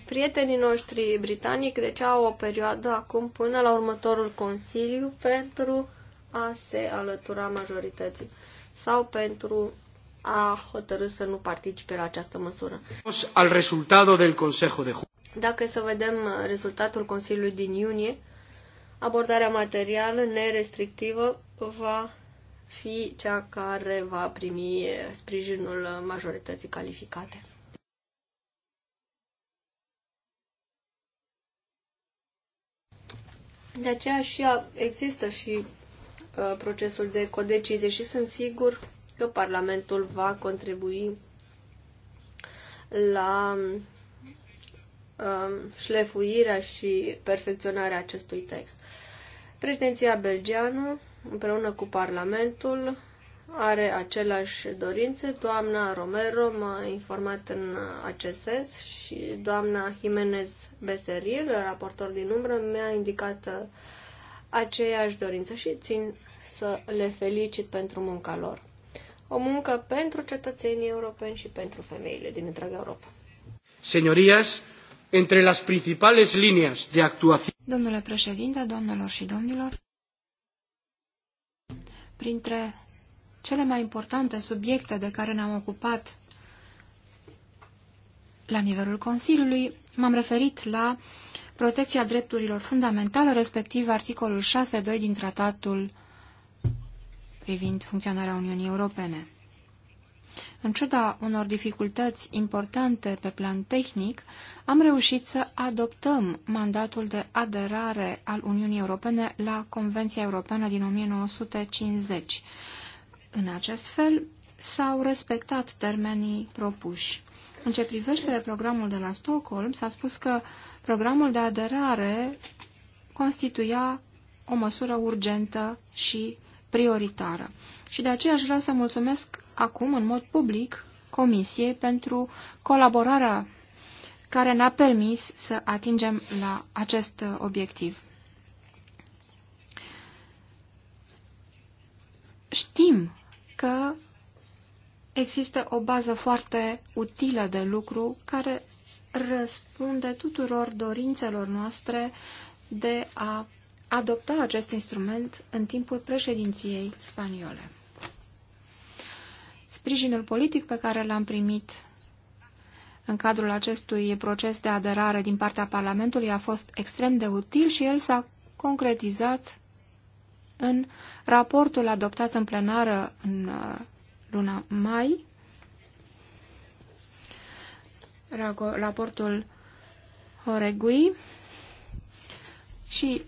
Prietenii noștri britanici deci au o perioadă acum până la următorul Consiliu pentru a se alătura majorității sau pentru a hotărâ să nu participe la această măsură. Al rezultatul del Consejo de dacă să vedem uh, rezultatul Consiliului din iunie, abordarea materială nerestrictivă va fi cea care va primi uh, sprijinul uh, majorității calificate. De aceea și există și procesul de codecizie și sunt sigur că Parlamentul va contribui la um, Um, șlefuirea și perfecționarea acestui text. Pretenția belgeană, împreună cu Parlamentul, are aceleași dorințe. Doamna Romero m-a informat în acest sens și doamna Jimenez Beseril, raportor din umbră, mi-a indicat uh, aceeași dorință și țin să le felicit pentru munca lor. O muncă pentru cetățenii europeni și pentru femeile din întreaga Europa. Señorías, entre las principales líneas de actuación. Domnule președinte, doamnelor și domnilor, printre cele mai importante subiecte de care ne-am ocupat la nivelul Consiliului, m-am referit la protecția drepturilor fundamentale, respectiv articolul 6.2 din tratatul privind funcționarea Uniunii Europene. În ciuda unor dificultăți importante pe plan tehnic, am reușit să adoptăm mandatul de aderare al Uniunii Europene la Convenția Europeană din 1950. În acest fel, s-au respectat termenii propuși. În ce privește programul de la Stockholm, s-a spus că programul de aderare constituia o măsură urgentă și prioritară. Și de aceea aș vrea să mulțumesc acum în mod public Comisiei pentru colaborarea care ne-a permis să atingem la acest uh, obiectiv. Știm că există o bază foarte utilă de lucru care răspunde tuturor dorințelor noastre de a adopta acest instrument în timpul președinției spaniole. Sprijinul politic pe care l-am primit în cadrul acestui proces de aderare din partea Parlamentului a fost extrem de util și el s-a concretizat în raportul adoptat în plenară în uh, luna mai, raportul Horegui, și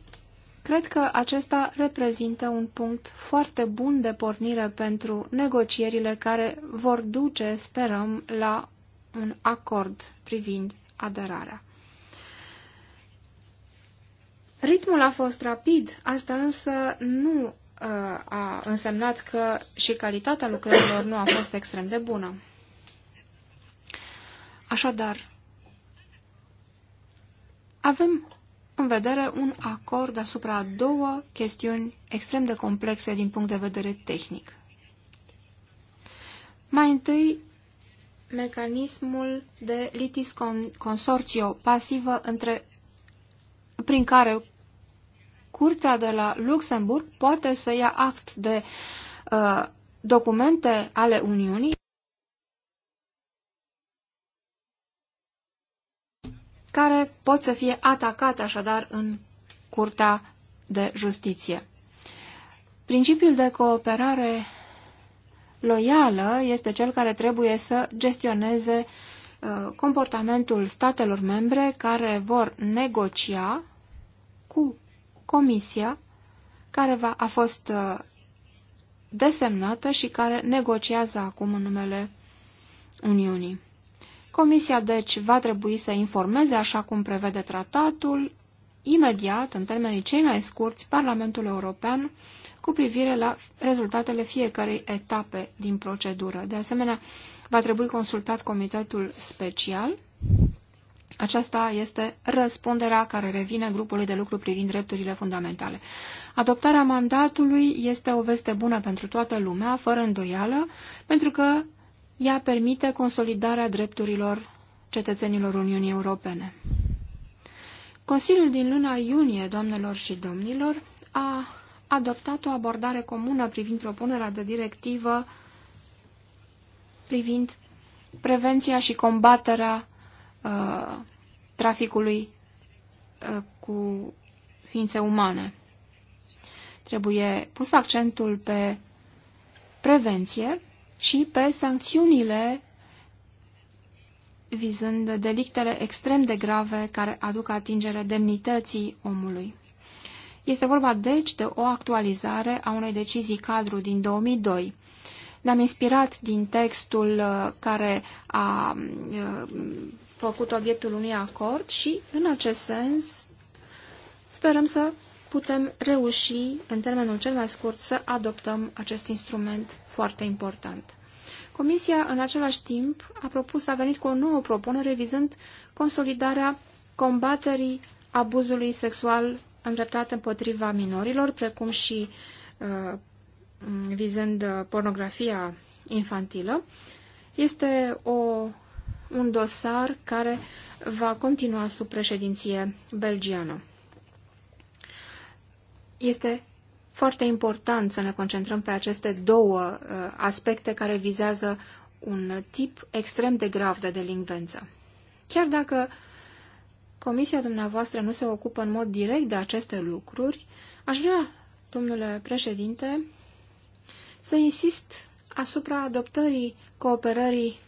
Cred că acesta reprezintă un punct foarte bun de pornire pentru negocierile care vor duce, sperăm, la un acord privind aderarea. Ritmul a fost rapid, asta însă nu uh, a însemnat că și calitatea lucrărilor nu a fost extrem de bună. Așadar, avem în vedere un acord asupra două chestiuni extrem de complexe din punct de vedere tehnic. Mai întâi, mecanismul de litis consortio pasivă între, prin care Curtea de la Luxemburg poate să ia act de uh, documente ale Uniunii care pot să fie atacate așadar în Curtea de Justiție. Principiul de cooperare loială este cel care trebuie să gestioneze uh, comportamentul statelor membre care vor negocia cu Comisia care va, a fost uh, desemnată și care negociază acum în numele Uniunii. Comisia, deci, va trebui să informeze, așa cum prevede tratatul, imediat, în termenii cei mai scurți, Parlamentul European cu privire la rezultatele fiecarei etape din procedură. De asemenea, va trebui consultat Comitetul Special. Aceasta este răspunderea care revine grupului de lucru privind drepturile fundamentale. Adoptarea mandatului este o veste bună pentru toată lumea, fără îndoială, pentru că ea permite consolidarea drepturilor cetățenilor Uniunii Europene. Consiliul din luna iunie, doamnelor și domnilor, a adoptat o abordare comună privind propunerea de directivă privind prevenția și combaterea uh, traficului uh, cu ființe umane. Trebuie pus accentul pe prevenție și pe sancțiunile vizând delictele extrem de grave care aduc atingere demnității omului. Este vorba deci de o actualizare a unei decizii cadru din 2002. Ne-am inspirat din textul uh, care a uh, făcut obiectul unui acord și, în acest sens, sperăm să putem reuși, în termenul cel mai scurt, să adoptăm acest instrument foarte important. Comisia, în același timp, a propus, a venit cu o nouă propunere vizând consolidarea combaterii abuzului sexual îndreptat împotriva minorilor, precum și uh, vizând uh, pornografia infantilă. Este o, un dosar care va continua sub președinție belgiană. Este foarte important să ne concentrăm pe aceste două uh, aspecte care vizează un tip extrem de grav de delinvență. Chiar dacă comisia dumneavoastră nu se ocupă în mod direct de aceste lucruri, aș vrea, domnule președinte, să insist asupra adoptării cooperării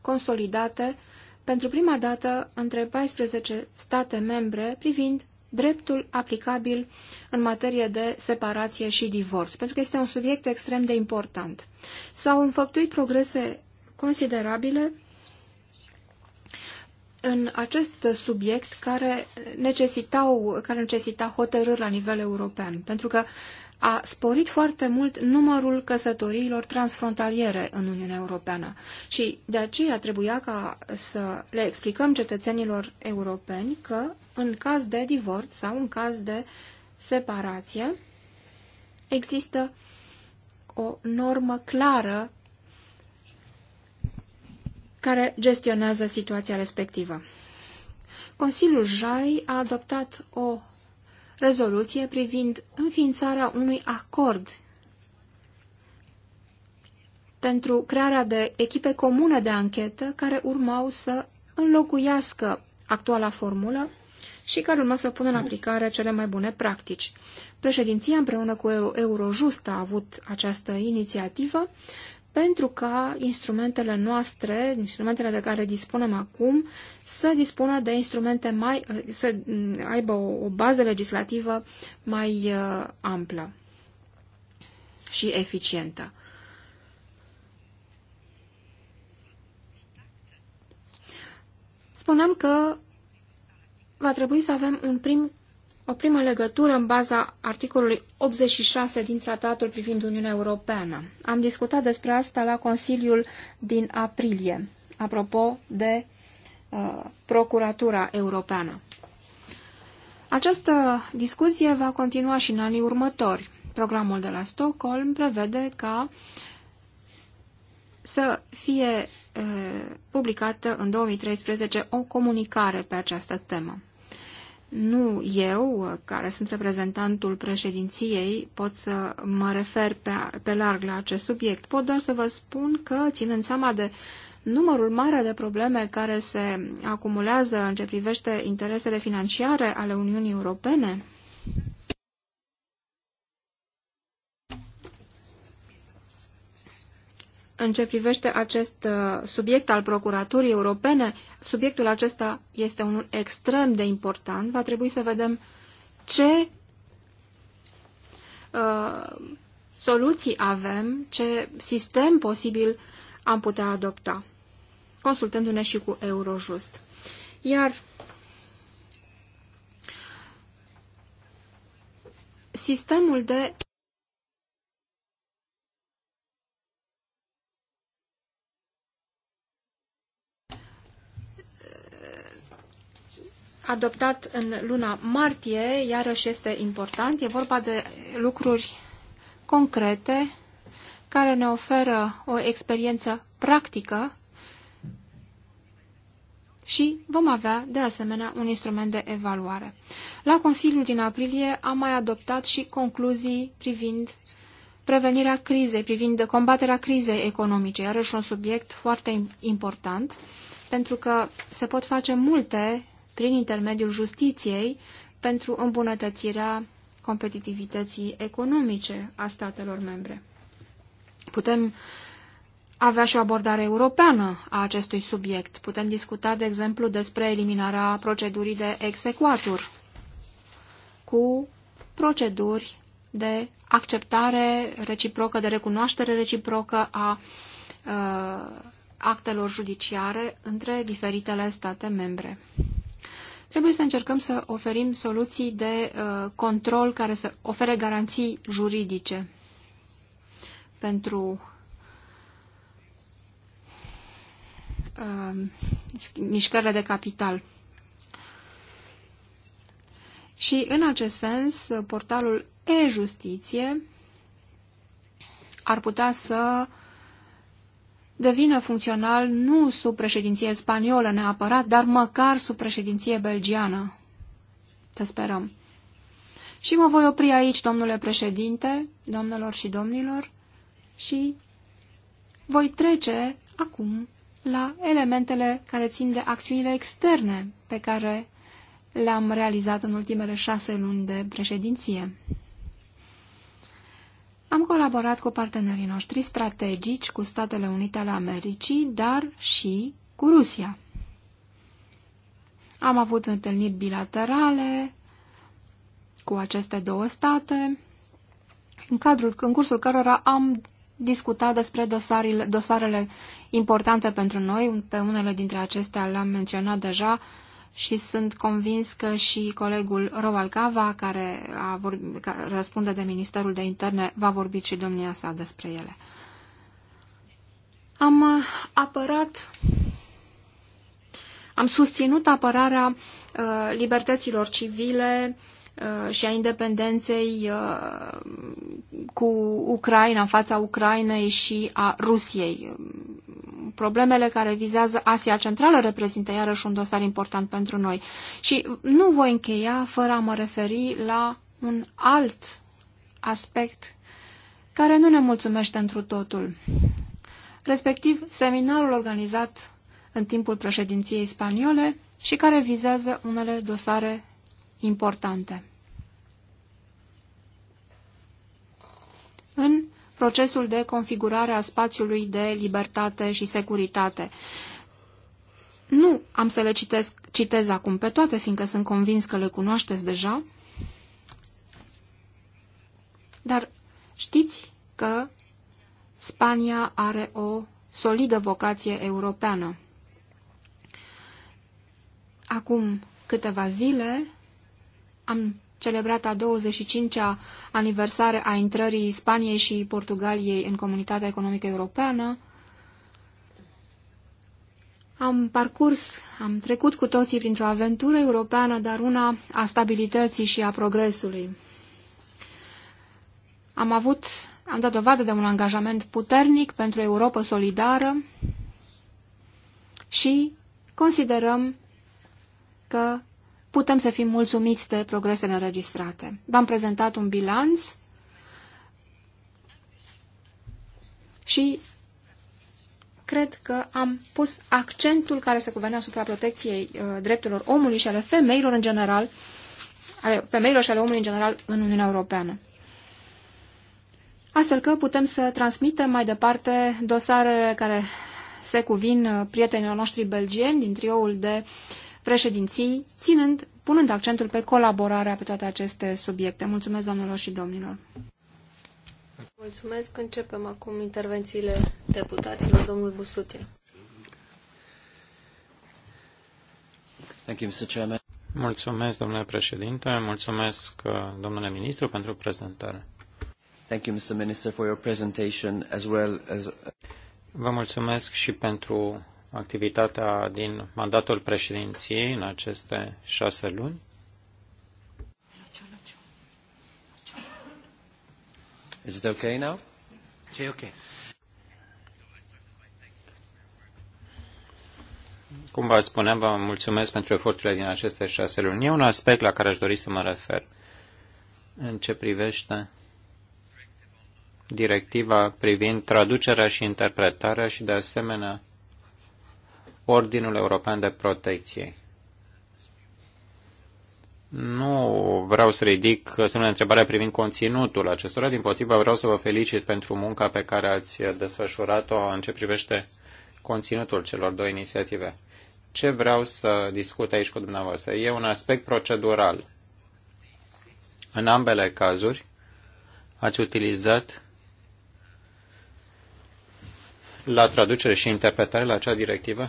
consolidate pentru prima dată între 14 state membre privind dreptul aplicabil în materie de separație și divorț, pentru că este un subiect extrem de important. S-au înfăptuit progrese considerabile în acest subiect care, necesitau, care necesita hotărâri la nivel european, pentru că uh, a sporit foarte mult numărul căsătoriilor transfrontaliere în Uniunea Europeană și de aceea trebuia ca să le explicăm cetățenilor europeni că în caz de divorț sau în caz de separație există o normă clară care gestionează situația respectivă. Consiliul JAI a adoptat o rezoluție privind înființarea unui acord pentru crearea de echipe comune de anchetă care urmau să înlocuiască actuala formulă și care urma să pună în aplicare cele mai bune practici. Președinția împreună cu Eurojust a avut această inițiativă pentru ca instrumentele noastre, instrumentele de care dispunem acum, să dispună de instrumente mai, să aibă o, o bază legislativă mai uh, amplă și eficientă. Spuneam că va trebui să avem un prim o primă legătură în baza articolului 86 din tratatul privind Uniunea Europeană. Am discutat despre asta la Consiliul din aprilie, apropo de uh, Procuratura Europeană. Această discuție va continua și în anii următori. Programul de la Stockholm prevede ca să fie uh, publicată în 2013 o comunicare pe această temă. Nu eu, care sunt reprezentantul președinției, pot să mă refer pe, pe larg la acest subiect. Pot doar să vă spun că, ținând seama de numărul mare de probleme care se acumulează în ce privește interesele financiare ale Uniunii Europene, În ce privește acest uh, subiect al Procuraturii Europene, subiectul acesta este unul extrem de important. Va trebui să vedem ce uh, soluții avem, ce sistem posibil am putea adopta, consultându-ne și cu Eurojust. Iar sistemul de adoptat în luna martie, iarăși este important. E vorba de lucruri concrete care ne oferă o experiență practică și vom avea, de asemenea, un instrument de evaluare. La Consiliul din aprilie am mai adoptat și concluzii privind prevenirea crizei, privind combaterea crizei economice, iarăși un subiect foarte important, pentru că se pot face multe prin intermediul justiției pentru îmbunătățirea competitivității economice a statelor membre. Putem avea și o abordare europeană a acestui subiect. Putem discuta, de exemplu, despre eliminarea procedurii de execuatur cu proceduri de acceptare reciprocă, de recunoaștere reciprocă a uh, actelor judiciare între diferitele state membre. Trebuie să încercăm să oferim soluții de uh, control care să ofere garanții juridice pentru uh, mișcările de capital. Și în acest sens, uh, portalul e-justiție ar putea să uh, devină funcțional nu sub președinție spaniolă neapărat, dar măcar sub președinție belgiană. Te sperăm. Și mă voi opri aici, domnule președinte, domnilor și domnilor, și voi trece acum la elementele care țin de acțiunile externe pe care le-am realizat în ultimele șase luni de președinție. Am colaborat cu partenerii noștri strategici, cu Statele Unite ale Americii, dar și cu Rusia. Am avut întâlniri bilaterale cu aceste două state, în, cadrul, în cursul cărora am discutat despre dosarele, dosarele importante pentru noi, pe unele dintre acestea le-am menționat deja, și sunt convins că și colegul Rovalcava, care, a vorbi, care răspunde de Ministerul de Interne, va vorbi și domnia sa despre ele. Am uh, apărat, am susținut apărarea uh, libertăților civile, uh, Uh, și a independenței uh, cu Ucraina, în fața Ucrainei și a Rusiei. Problemele care vizează Asia Centrală reprezintă iarăși un dosar important pentru noi. Și nu voi încheia fără a mă referi la un alt aspect care nu ne mulțumește întru totul, respectiv seminarul organizat în timpul președinției spaniole și care vizează unele dosare importante. În procesul de configurare a spațiului de libertate și securitate. Nu am să le citesc, citez acum pe toate, fiindcă sunt convins că le cunoașteți deja, dar știți că Spania are o solidă vocație europeană. Acum câteva zile am celebrat a 25-a aniversare a intrării Spaniei și Portugaliei în Comunitatea Economică Europeană. Am parcurs, am trecut cu toții printr-o aventură europeană, dar una a stabilității și a progresului. Am avut, am dat dovadă de un angajament puternic pentru Europa solidară și considerăm că putem să fim mulțumiți de progresele înregistrate. V-am prezentat un bilanț și cred că am pus accentul care se cuvenea asupra protecției uh, drepturilor omului și ale femeilor în general, ale femeilor și ale omului în general în Uniunea Europeană. Astfel că putem să transmitem mai departe dosarele care se cuvin uh, prietenilor noștri belgieni din trioul de uh, președinții, ținând, punând accentul pe colaborarea pe toate aceste subiecte. Mulțumesc, doamnelor și domnilor! Mulțumesc. Începem acum intervențiile deputaților. Domnul Busutin. Thank you, Mr. Chairman. Mulțumesc, domnule președinte. Mulțumesc, domnule ministru, pentru prezentare. Thank you, Mr. Minister, for your presentation as well as... Vă mulțumesc și pentru activitatea din mandatul președinției în aceste șase luni? Is it okay now? Ce okay? Cum vă spuneam, vă mulțumesc pentru eforturile din aceste șase luni. E un aspect la care aș dori să mă refer în ce privește directiva privind traducerea și interpretarea și, de asemenea, Ordinul European de Protecție. Nu vreau să ridic semnul întrebarea privind conținutul acestora, din potrivă vreau să vă felicit pentru munca pe care ați desfășurat-o în ce privește conținutul celor două inițiative. Ce vreau să discut aici cu dumneavoastră? E un aspect procedural. În ambele cazuri ați utilizat la traducere și interpretare la acea directivă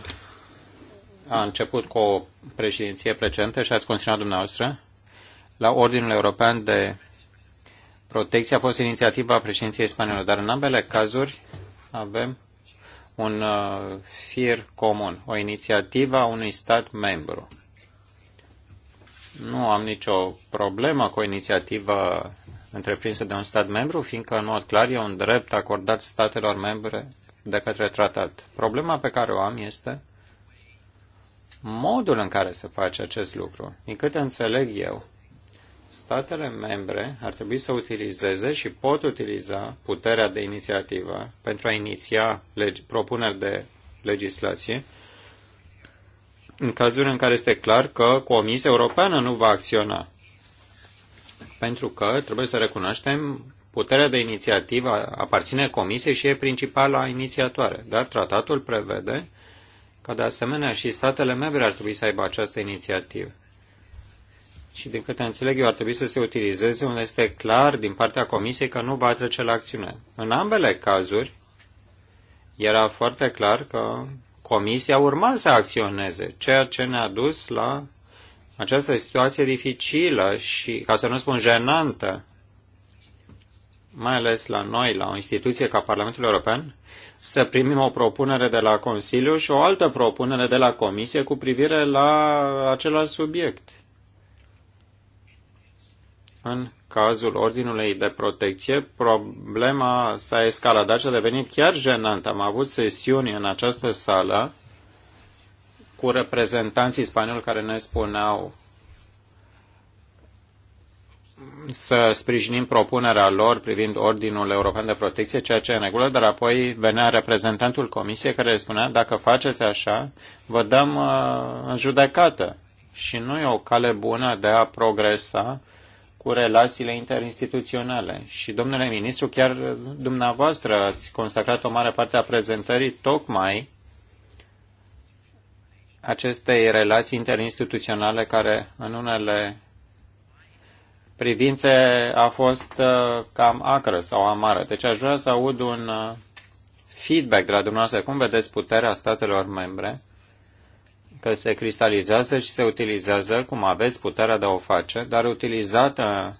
a început cu o președinție precedentă și ați continuat dumneavoastră la Ordinul European de Protecție. A fost inițiativa președinției spaniole, dar în ambele cazuri avem un uh, fir comun, o inițiativă a unui stat membru. Nu am nicio problemă cu o inițiativă întreprinsă de un stat membru, fiindcă, în mod clar, e un drept acordat statelor membre de către tratat. Problema pe care o am este modul în care se face acest lucru. Din câte înțeleg eu, statele membre ar trebui să utilizeze și pot utiliza puterea de inițiativă pentru a iniția legi, propuneri de legislație în cazul în care este clar că Comisia Europeană nu va acționa. Pentru că, trebuie să recunoaștem, puterea de inițiativă aparține Comisiei și e principala inițiatoare. Dar tratatul prevede ca de asemenea și statele membre ar trebui să aibă această inițiativă. Și din câte înțeleg eu, ar trebui să se utilizeze unde este clar din partea Comisiei că nu va trece la acțiune. În ambele cazuri, era foarte clar că Comisia urma să acționeze, ceea ce ne-a dus la această situație dificilă și, ca să nu spun jenantă, mai ales la noi, la o instituție ca Parlamentul European, să primim o propunere de la Consiliu și o altă propunere de la Comisie cu privire la același subiect. În cazul Ordinului de Protecție, problema s-a escaladat și a devenit chiar jenant. Am avut sesiuni în această sală cu reprezentanții spanioli care ne spuneau să sprijinim propunerea lor privind Ordinul European de Protecție, ceea ce e în regulă, dar apoi venea reprezentantul Comisiei care spunea, dacă faceți așa, vă dăm uh, în judecată. Și nu e o cale bună de a progresa cu relațiile interinstituționale. Și, domnule ministru, chiar dumneavoastră ați consacrat o mare parte a prezentării tocmai acestei relații interinstituționale care în unele privințe a fost uh, cam acră sau amară. Deci aș vrea să aud un uh, feedback de la dumneavoastră. Cum vedeți puterea statelor membre că se cristalizează și se utilizează, cum aveți puterea de a o face, dar utilizată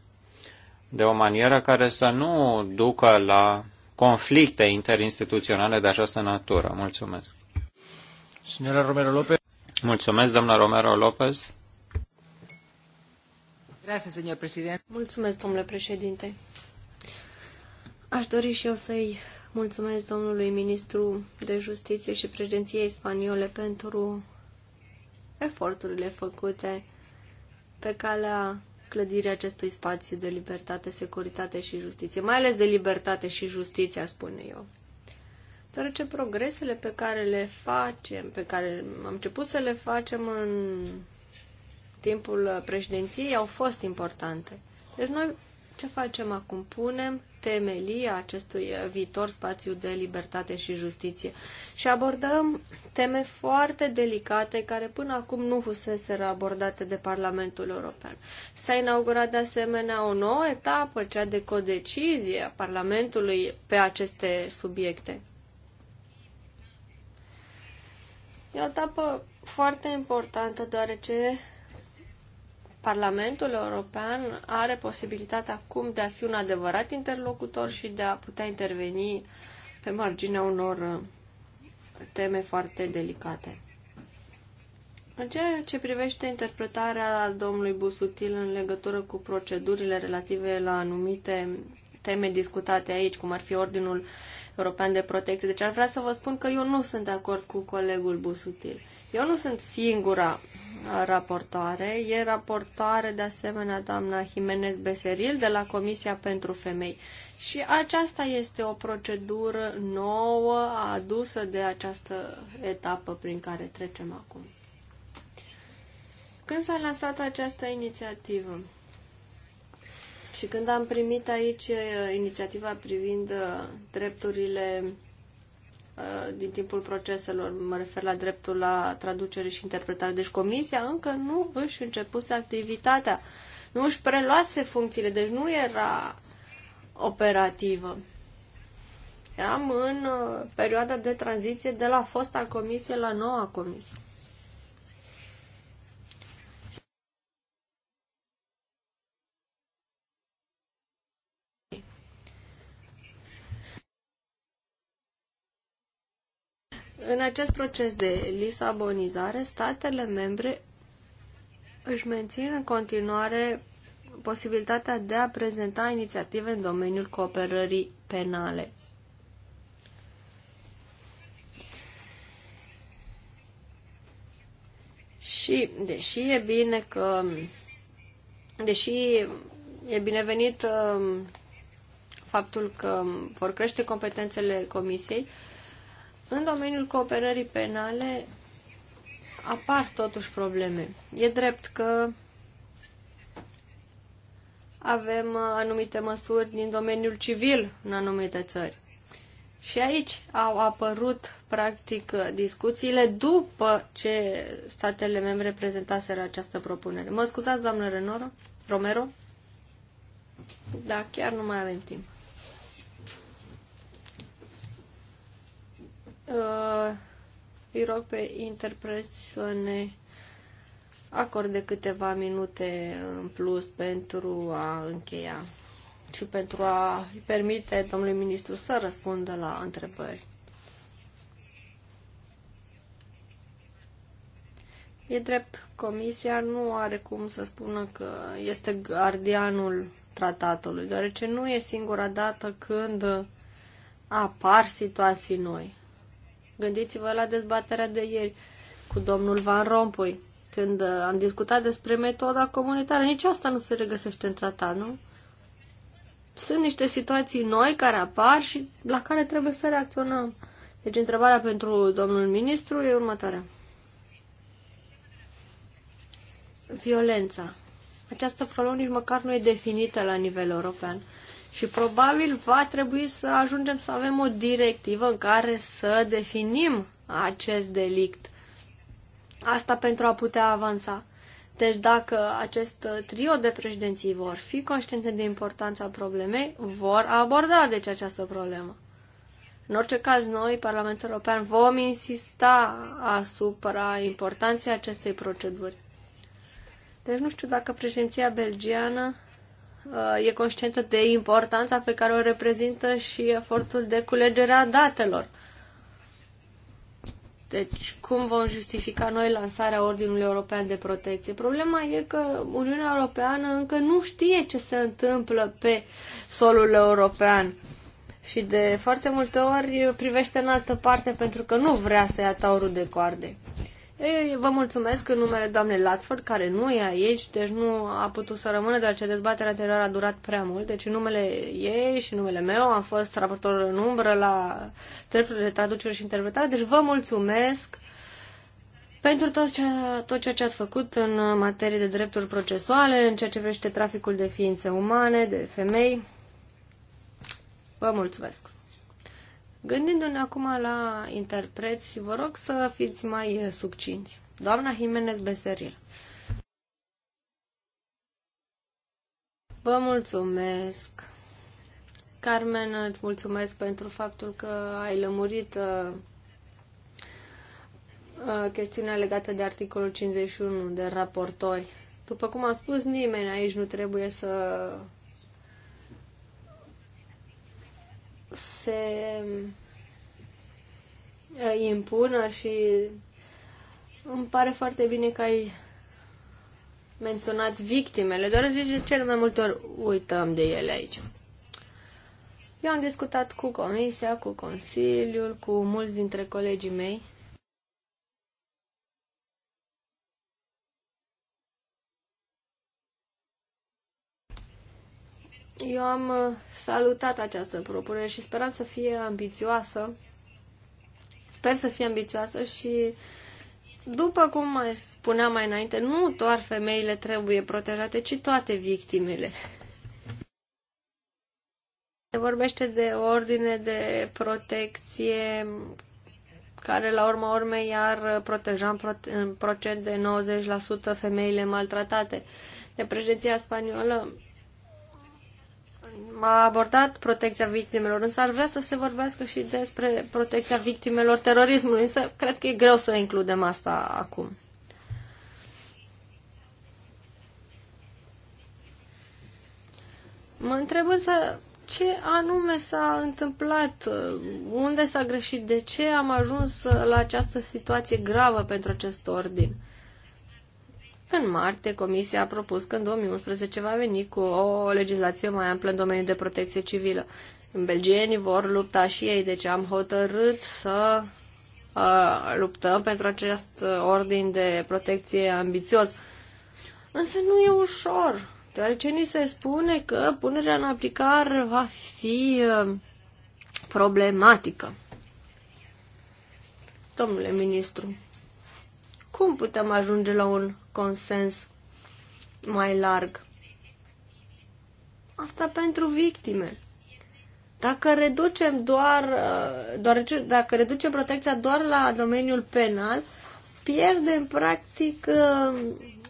de o manieră care să nu ducă la conflicte interinstituționale de această natură. Mulțumesc. Romero López. Mulțumesc, domnul Romero Lopez. Mulțumesc, domnule președinte. Aș dori și eu să-i mulțumesc domnului ministru de justiție și președinției spaniole pentru eforturile făcute pe calea clădirii acestui spațiu de libertate, securitate și justiție, mai ales de libertate și justiție, aș spune eu. Deoarece progresele pe care le facem, pe care am început să le facem în timpul președinției au fost importante. Deci noi ce facem acum? Punem temelia acestui viitor spațiu de libertate și justiție și abordăm teme foarte delicate care până acum nu fusese abordate de Parlamentul European. S-a inaugurat de asemenea o nouă etapă, cea de codecizie a Parlamentului pe aceste subiecte. E o etapă foarte importantă deoarece Parlamentul European are posibilitatea acum de a fi un adevărat interlocutor și de a putea interveni pe marginea unor uh, teme foarte delicate. În ceea ce privește interpretarea domnului Busutil în legătură cu procedurile relative la anumite teme discutate aici, cum ar fi Ordinul European de Protecție, deci ar vrea să vă spun că eu nu sunt de acord cu colegul Busutil. Eu nu sunt singura raportoare. E raportoare de asemenea doamna Jimenez Beseril de la Comisia pentru Femei. Și aceasta este o procedură nouă adusă de această etapă prin care trecem acum. Când s-a lansat această inițiativă și când am primit aici eh, inițiativa privind eh, drepturile Uh, din timpul proceselor, mă refer la dreptul la traducere și interpretare. Deci comisia încă nu își începuse activitatea, nu își preluase funcțiile, deci nu era operativă. Eram în uh, perioada de tranziție de la fosta comisie la noua comisie. În acest proces de lisabonizare, statele membre își mențin în continuare posibilitatea de a prezenta inițiative în domeniul cooperării penale. Și, deși e bine că, deși e binevenit um, faptul că vor crește competențele comisiei, în domeniul cooperării penale apar totuși probleme. E drept că avem uh, anumite măsuri din domeniul civil în anumite țări. Și aici au apărut, practic, uh, discuțiile după ce statele membre prezentaseră această propunere. Mă scuzați, doamnă Renoro? Romero? Da, chiar nu mai avem timp. uh, îi rog pe interpreți să ne acorde câteva minute în plus pentru a încheia și pentru a îi permite domnului ministru să răspundă la întrebări. E drept, Comisia nu are cum să spună că este gardianul tratatului, deoarece nu e singura dată când apar situații noi. Gândiți-vă la dezbaterea de ieri cu domnul Van Rompuy, când uh, am discutat despre metoda comunitară. Nici asta nu se regăsește în tratat, nu? Sunt niște situații noi care apar și la care trebuie să reacționăm. Deci întrebarea pentru domnul ministru e următoarea. Violența. Această problemă nici măcar nu e definită la nivel european. Și probabil va trebui să ajungem să avem o directivă în care să definim acest delict. Asta pentru a putea avansa. Deci dacă acest trio de președinții vor fi conștiente de importanța problemei, vor aborda deci această problemă. În orice caz, noi, Parlamentul European, vom insista asupra importanței acestei proceduri. Deci nu știu dacă președinția belgiană Uh, e conștientă de importanța pe care o reprezintă și efortul de culegere a datelor. Deci, cum vom justifica noi lansarea Ordinului European de Protecție? Problema e că Uniunea Europeană încă nu știe ce se întâmplă pe solul european și de foarte multe ori privește în altă parte pentru că nu vrea să ia taurul de coarde vă mulțumesc în numele doamnei Latford, care nu e aici, deci nu a putut să rămână, deoarece dezbaterea anterioară a durat prea mult. Deci în numele ei și numele meu am fost raportor în umbră la drepturile de traducere și interpretare. Deci vă mulțumesc pentru tot ce, tot ceea ce ați făcut în materie de drepturi procesuale, în ceea ce privește traficul de ființe umane, de femei. Vă mulțumesc! Gândindu-ne acum la interpreți, vă rog să fiți mai succinți. Doamna Jimenez Beseril. Vă mulțumesc. Carmen, îți mulțumesc pentru faptul că ai lămurit uh, uh, chestiunea legată de articolul 51 de raportori. După cum am spus, nimeni aici nu trebuie să se uh, impună și îmi pare foarte bine că ai menționat victimele, Doar de cel mai multe ori uităm de ele aici. Eu am discutat cu Comisia, cu Consiliul, cu mulți dintre colegii mei Eu am uh, salutat această propunere și speram să fie ambițioasă. Sper să fie ambițioasă și, după cum mai spuneam mai înainte, nu doar femeile trebuie protejate, ci toate victimele. Se vorbește de ordine de protecție care la urma urmei iar proteja în procent de 90% femeile maltratate. De președinția spaniolă a abordat protecția victimelor, însă ar vrea să se vorbească și despre protecția victimelor terorismului, însă cred că e greu să includem asta acum. Mă întreb însă ce anume s-a întâmplat, unde s-a greșit, de ce am ajuns la această situație gravă pentru acest ordin. În martie, Comisia a propus că în 2011 va veni cu o legislație mai amplă în domeniul de protecție civilă. În belgienii vor lupta și ei, deci am hotărât să uh, luptăm pentru acest ordin de protecție ambițios. Însă nu e ușor, deoarece ni se spune că punerea în aplicare va fi uh, problematică. Domnule ministru, cum putem ajunge la un consens mai larg. Asta pentru victime. Dacă reducem doar, uh, doar dacă reducem protecția doar la domeniul penal, pierdem practic uh,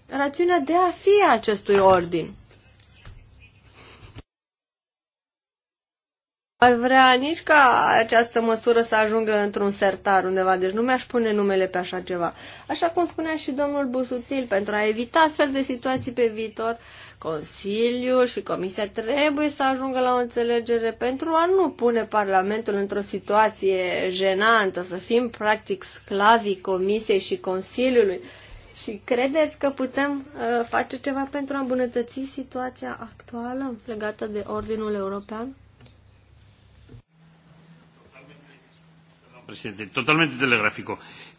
rațiunea de a fi acestui ordin. ar vrea nici ca această măsură să ajungă într-un sertar undeva, deci nu mi-aș pune numele pe așa ceva. Așa cum spunea și domnul Busutil, pentru a evita astfel de situații pe viitor, Consiliul și Comisia trebuie să ajungă la o înțelegere pentru a nu pune Parlamentul într-o situație jenantă, să fim practic sclavii Comisiei și Consiliului. Și credeți că putem uh, face ceva pentru a îmbunătăți situația actuală legată de Ordinul European? președinte, totalmente telegrafico.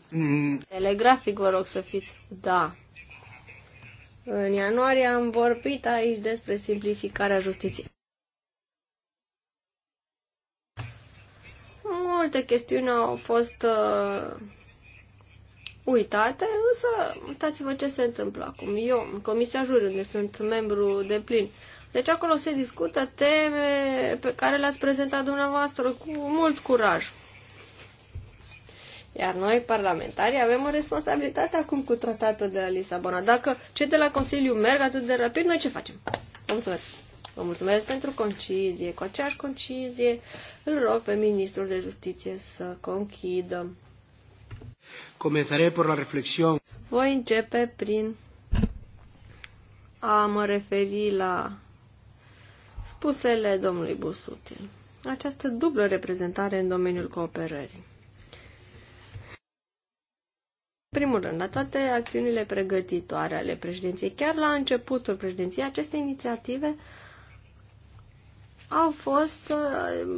Mm. Telegrafic, vă rog să fiți. Da. În ianuarie am vorbit aici despre simplificarea justiției. Multe chestiuni au fost uh, uitate, însă uitați-vă ce se întâmplă acum. Eu, în Comisia Jur, unde sunt membru de plin, deci acolo se discută teme pe care le-ați prezentat dumneavoastră cu mult curaj. Iar noi, parlamentarii, avem o responsabilitate acum cu tratatul de la Lisabona. Dacă cei de la Consiliu merg atât de rapid, noi ce facem? Vă mulțumesc! Vă mulțumesc pentru concizie. Cu aceeași concizie îl rog pe ministrul de justiție să conchidă. Comenzaré por la reflexion. Voi începe prin a mă referi la spusele domnului Busutil. Această dublă reprezentare în domeniul cooperării primul rând, la toate acțiunile pregătitoare ale președinției, chiar la începutul președinției, aceste inițiative au fost uh,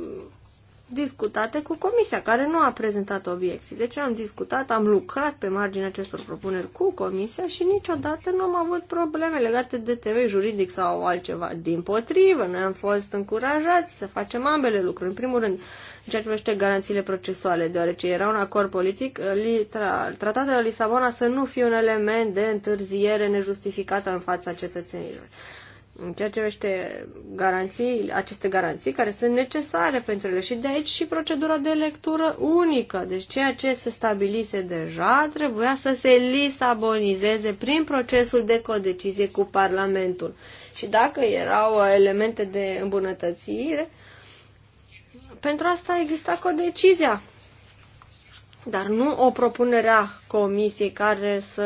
discutate cu comisia, care nu a prezentat obiecții. Deci am discutat, am lucrat pe marginea acestor propuneri cu comisia și niciodată nu am avut probleme legate de TV juridic sau altceva. Din potrivă, noi am fost încurajați să facem ambele lucruri. În primul rând, ceea ce privește garanțiile procesuale, deoarece era un acord politic, uh, tratatul de Lisabona să nu fie un element de întârziere nejustificată în fața cetățenilor. În ceea ce privește garanții, aceste garanții care sunt necesare pentru ele și de aici și procedura de lectură unică. Deci ceea ce se stabilise deja trebuia să se lisabonizeze prin procesul de codecizie cu Parlamentul. Și dacă erau elemente de îmbunătățire, pentru asta exista decizia. dar nu o propunere a comisiei care să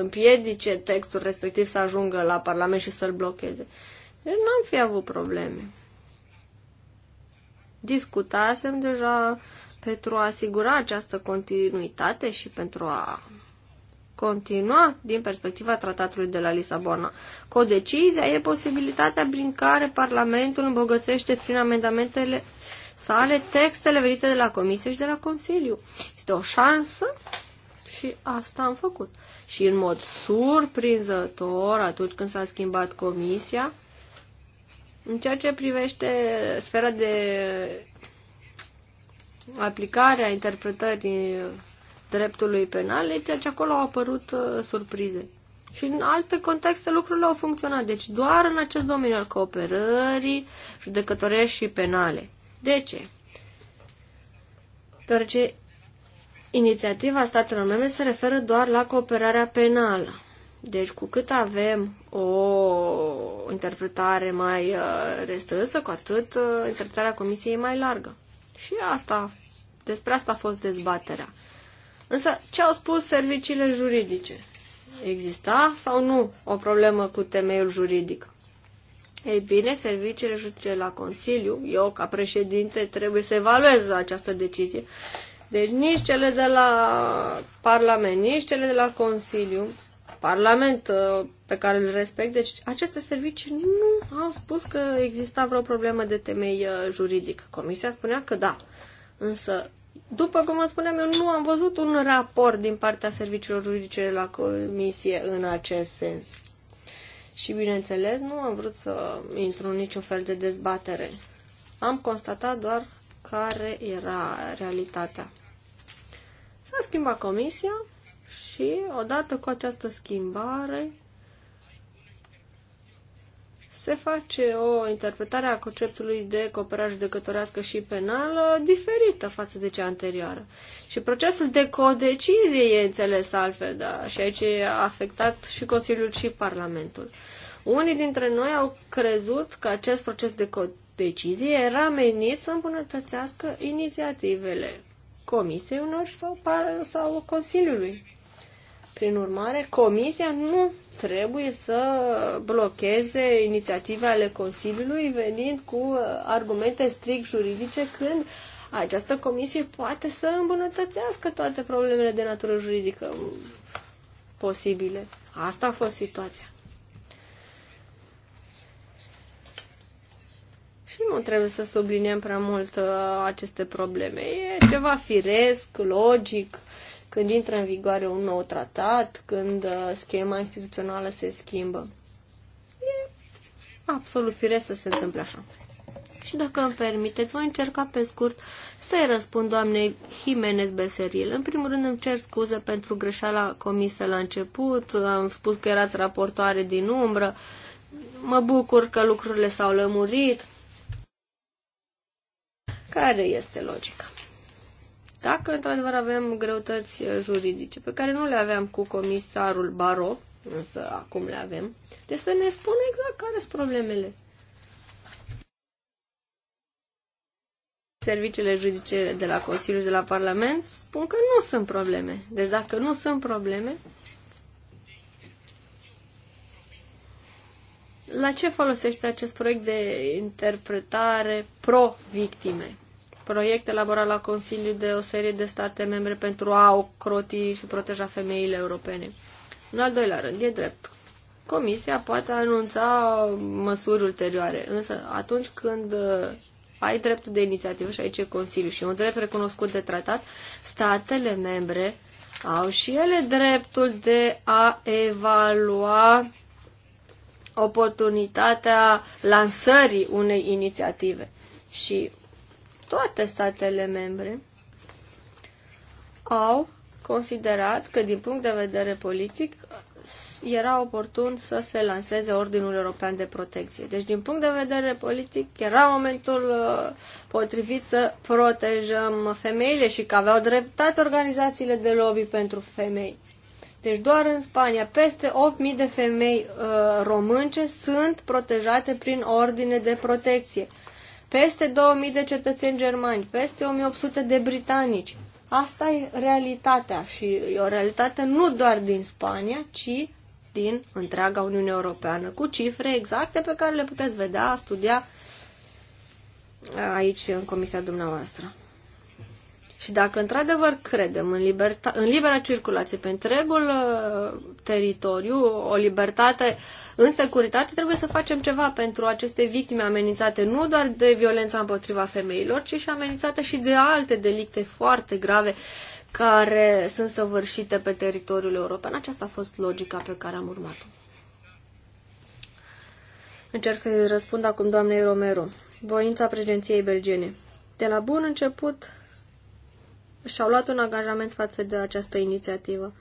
împiedice textul respectiv să ajungă la Parlament și să-l blocheze. Deci nu am fi avut probleme. Discutasem deja pentru a asigura această continuitate și pentru a continua din perspectiva tratatului de la Lisabona. Codecizia e posibilitatea prin care Parlamentul îmbogățește prin amendamentele sale textele venite de la Comisie și de la Consiliu. Este o șansă și asta am făcut. Și în mod surprinzător, atunci când s-a schimbat Comisia, în ceea ce privește sfera de aplicare a interpretării dreptului penal, e ceea ce acolo au apărut uh, surprize. Și în alte contexte lucrurile au funcționat. Deci doar în acest domeniu al cooperării judecătorești și penale. De ce? Deoarece inițiativa statelor membre se referă doar la cooperarea penală. Deci cu cât avem o interpretare mai uh, restrânsă, cu atât uh, interpretarea comisiei e mai largă. Și asta, despre asta a fost dezbaterea. Însă, ce au spus serviciile juridice? Exista sau nu o problemă cu temeiul juridic? Ei bine, serviciile judice la Consiliu, eu ca președinte trebuie să evaluez această decizie. Deci nici cele de la Parlament, nici cele de la Consiliu, Parlament uh, pe care îl respect, deci aceste servicii nu au spus că exista vreo problemă de temei uh, juridic. Comisia spunea că da, însă după cum vă spuneam, eu nu am văzut un raport din partea serviciilor juridice la comisie în acest sens. Și, bineînțeles, nu am vrut să intru în niciun fel de dezbatere. Am constatat doar care era realitatea. S-a schimbat comisia și, odată cu această schimbare, se face o interpretare a conceptului de cooperare judecătorească și penală diferită față de cea anterioară. Și procesul de codecizie e înțeles altfel, da, și aici e afectat și Consiliul și Parlamentul. Unii dintre noi au crezut că acest proces de codecizie era menit să îmbunătățească inițiativele Comisiei unor sau, sau Consiliului. Prin urmare, Comisia nu trebuie să blocheze inițiativa ale Consiliului venind cu argumente strict juridice când această comisie poate să îmbunătățească toate problemele de natură juridică posibile. Asta a fost situația. Și nu trebuie să subliniem prea mult uh, aceste probleme. E ceva firesc, logic, uh, când intră în vigoare un nou tratat, când uh, schema instituțională se schimbă. E absolut firesc să se întâmple așa. Și dacă îmi permiteți, voi încerca pe scurt să-i răspund doamnei Jimenez Beseril. În primul rând îmi cer scuze pentru greșeala comisă la început, am spus că erați raportoare din umbră, mă bucur că lucrurile s-au lămurit. Care este logica? Dacă într-adevăr avem greutăți juridice pe care nu le aveam cu comisarul Baro, însă acum le avem, de să ne spună exact care sunt problemele. Serviciile juridice de la Consiliu și de la Parlament spun că nu sunt probleme. Deci dacă nu sunt probleme, la ce folosește acest proiect de interpretare pro-victime? proiect elaborat la Consiliu de o serie de state membre pentru a ocroti și proteja femeile europene. În al doilea rând, e drept. Comisia poate anunța măsuri ulterioare, însă atunci când uh, ai dreptul de inițiativă și aici e Consiliu și un drept recunoscut de tratat, statele membre au și ele dreptul de a evalua oportunitatea lansării unei inițiative. Și toate statele membre au considerat că, din punct de vedere politic, era oportun să se lanseze Ordinul European de Protecție. Deci, din punct de vedere politic, era momentul uh, potrivit să protejăm femeile și că aveau dreptate organizațiile de lobby pentru femei. Deci doar în Spania, peste 8.000 de femei uh, românce sunt protejate prin ordine de protecție peste 2000 de cetățeni germani, peste 1800 de britanici. Asta e realitatea și e o realitate nu doar din Spania, ci din întreaga Uniune Europeană, cu cifre exacte pe care le puteți vedea, studia aici în comisia dumneavoastră. Și dacă într-adevăr credem în, liberta- în libera circulație pe întregul uh, teritoriu, o libertate uh, în securitate trebuie să facem ceva pentru aceste victime amenințate nu doar de violența împotriva femeilor, ci și amenințate și de alte delicte foarte grave care sunt săvârșite pe teritoriul european. Aceasta a fost logica pe care am urmat-o. Încerc să răspund acum doamnei Romero. Voința președinției belgene. De la bun început și-au luat un angajament față de această inițiativă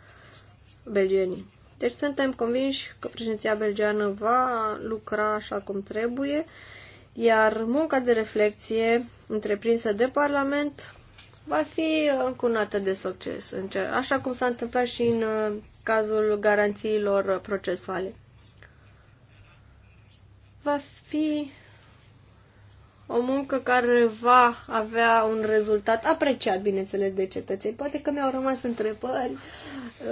belgenii. Deci suntem convinși că președinția belgeană va lucra așa cum trebuie, iar munca de reflexie întreprinsă de Parlament va fi încunată uh, de succes, așa cum s-a întâmplat și în uh, cazul garanțiilor procesuale. Va fi o muncă care va avea un rezultat apreciat, bineînțeles, de cetățeni. Poate că mi-au rămas întrebări uh,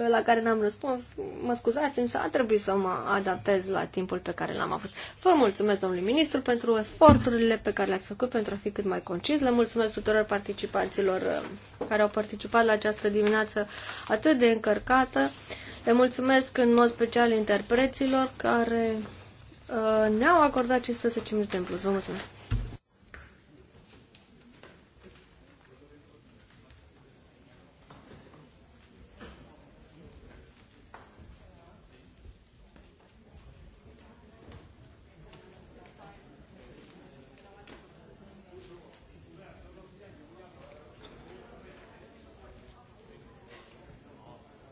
la care n-am răspuns. Mă scuzați, însă a trebuit să mă adaptez la timpul pe care l-am avut. Vă mulțumesc, domnului ministru, pentru eforturile pe care le-ați făcut pentru a fi cât mai concis. Le mulțumesc tuturor participanților uh, care au participat la această dimineață atât de încărcată. Le mulțumesc în mod special interpreților care uh, ne-au acordat 15 minute în plus. Vă mulțumesc!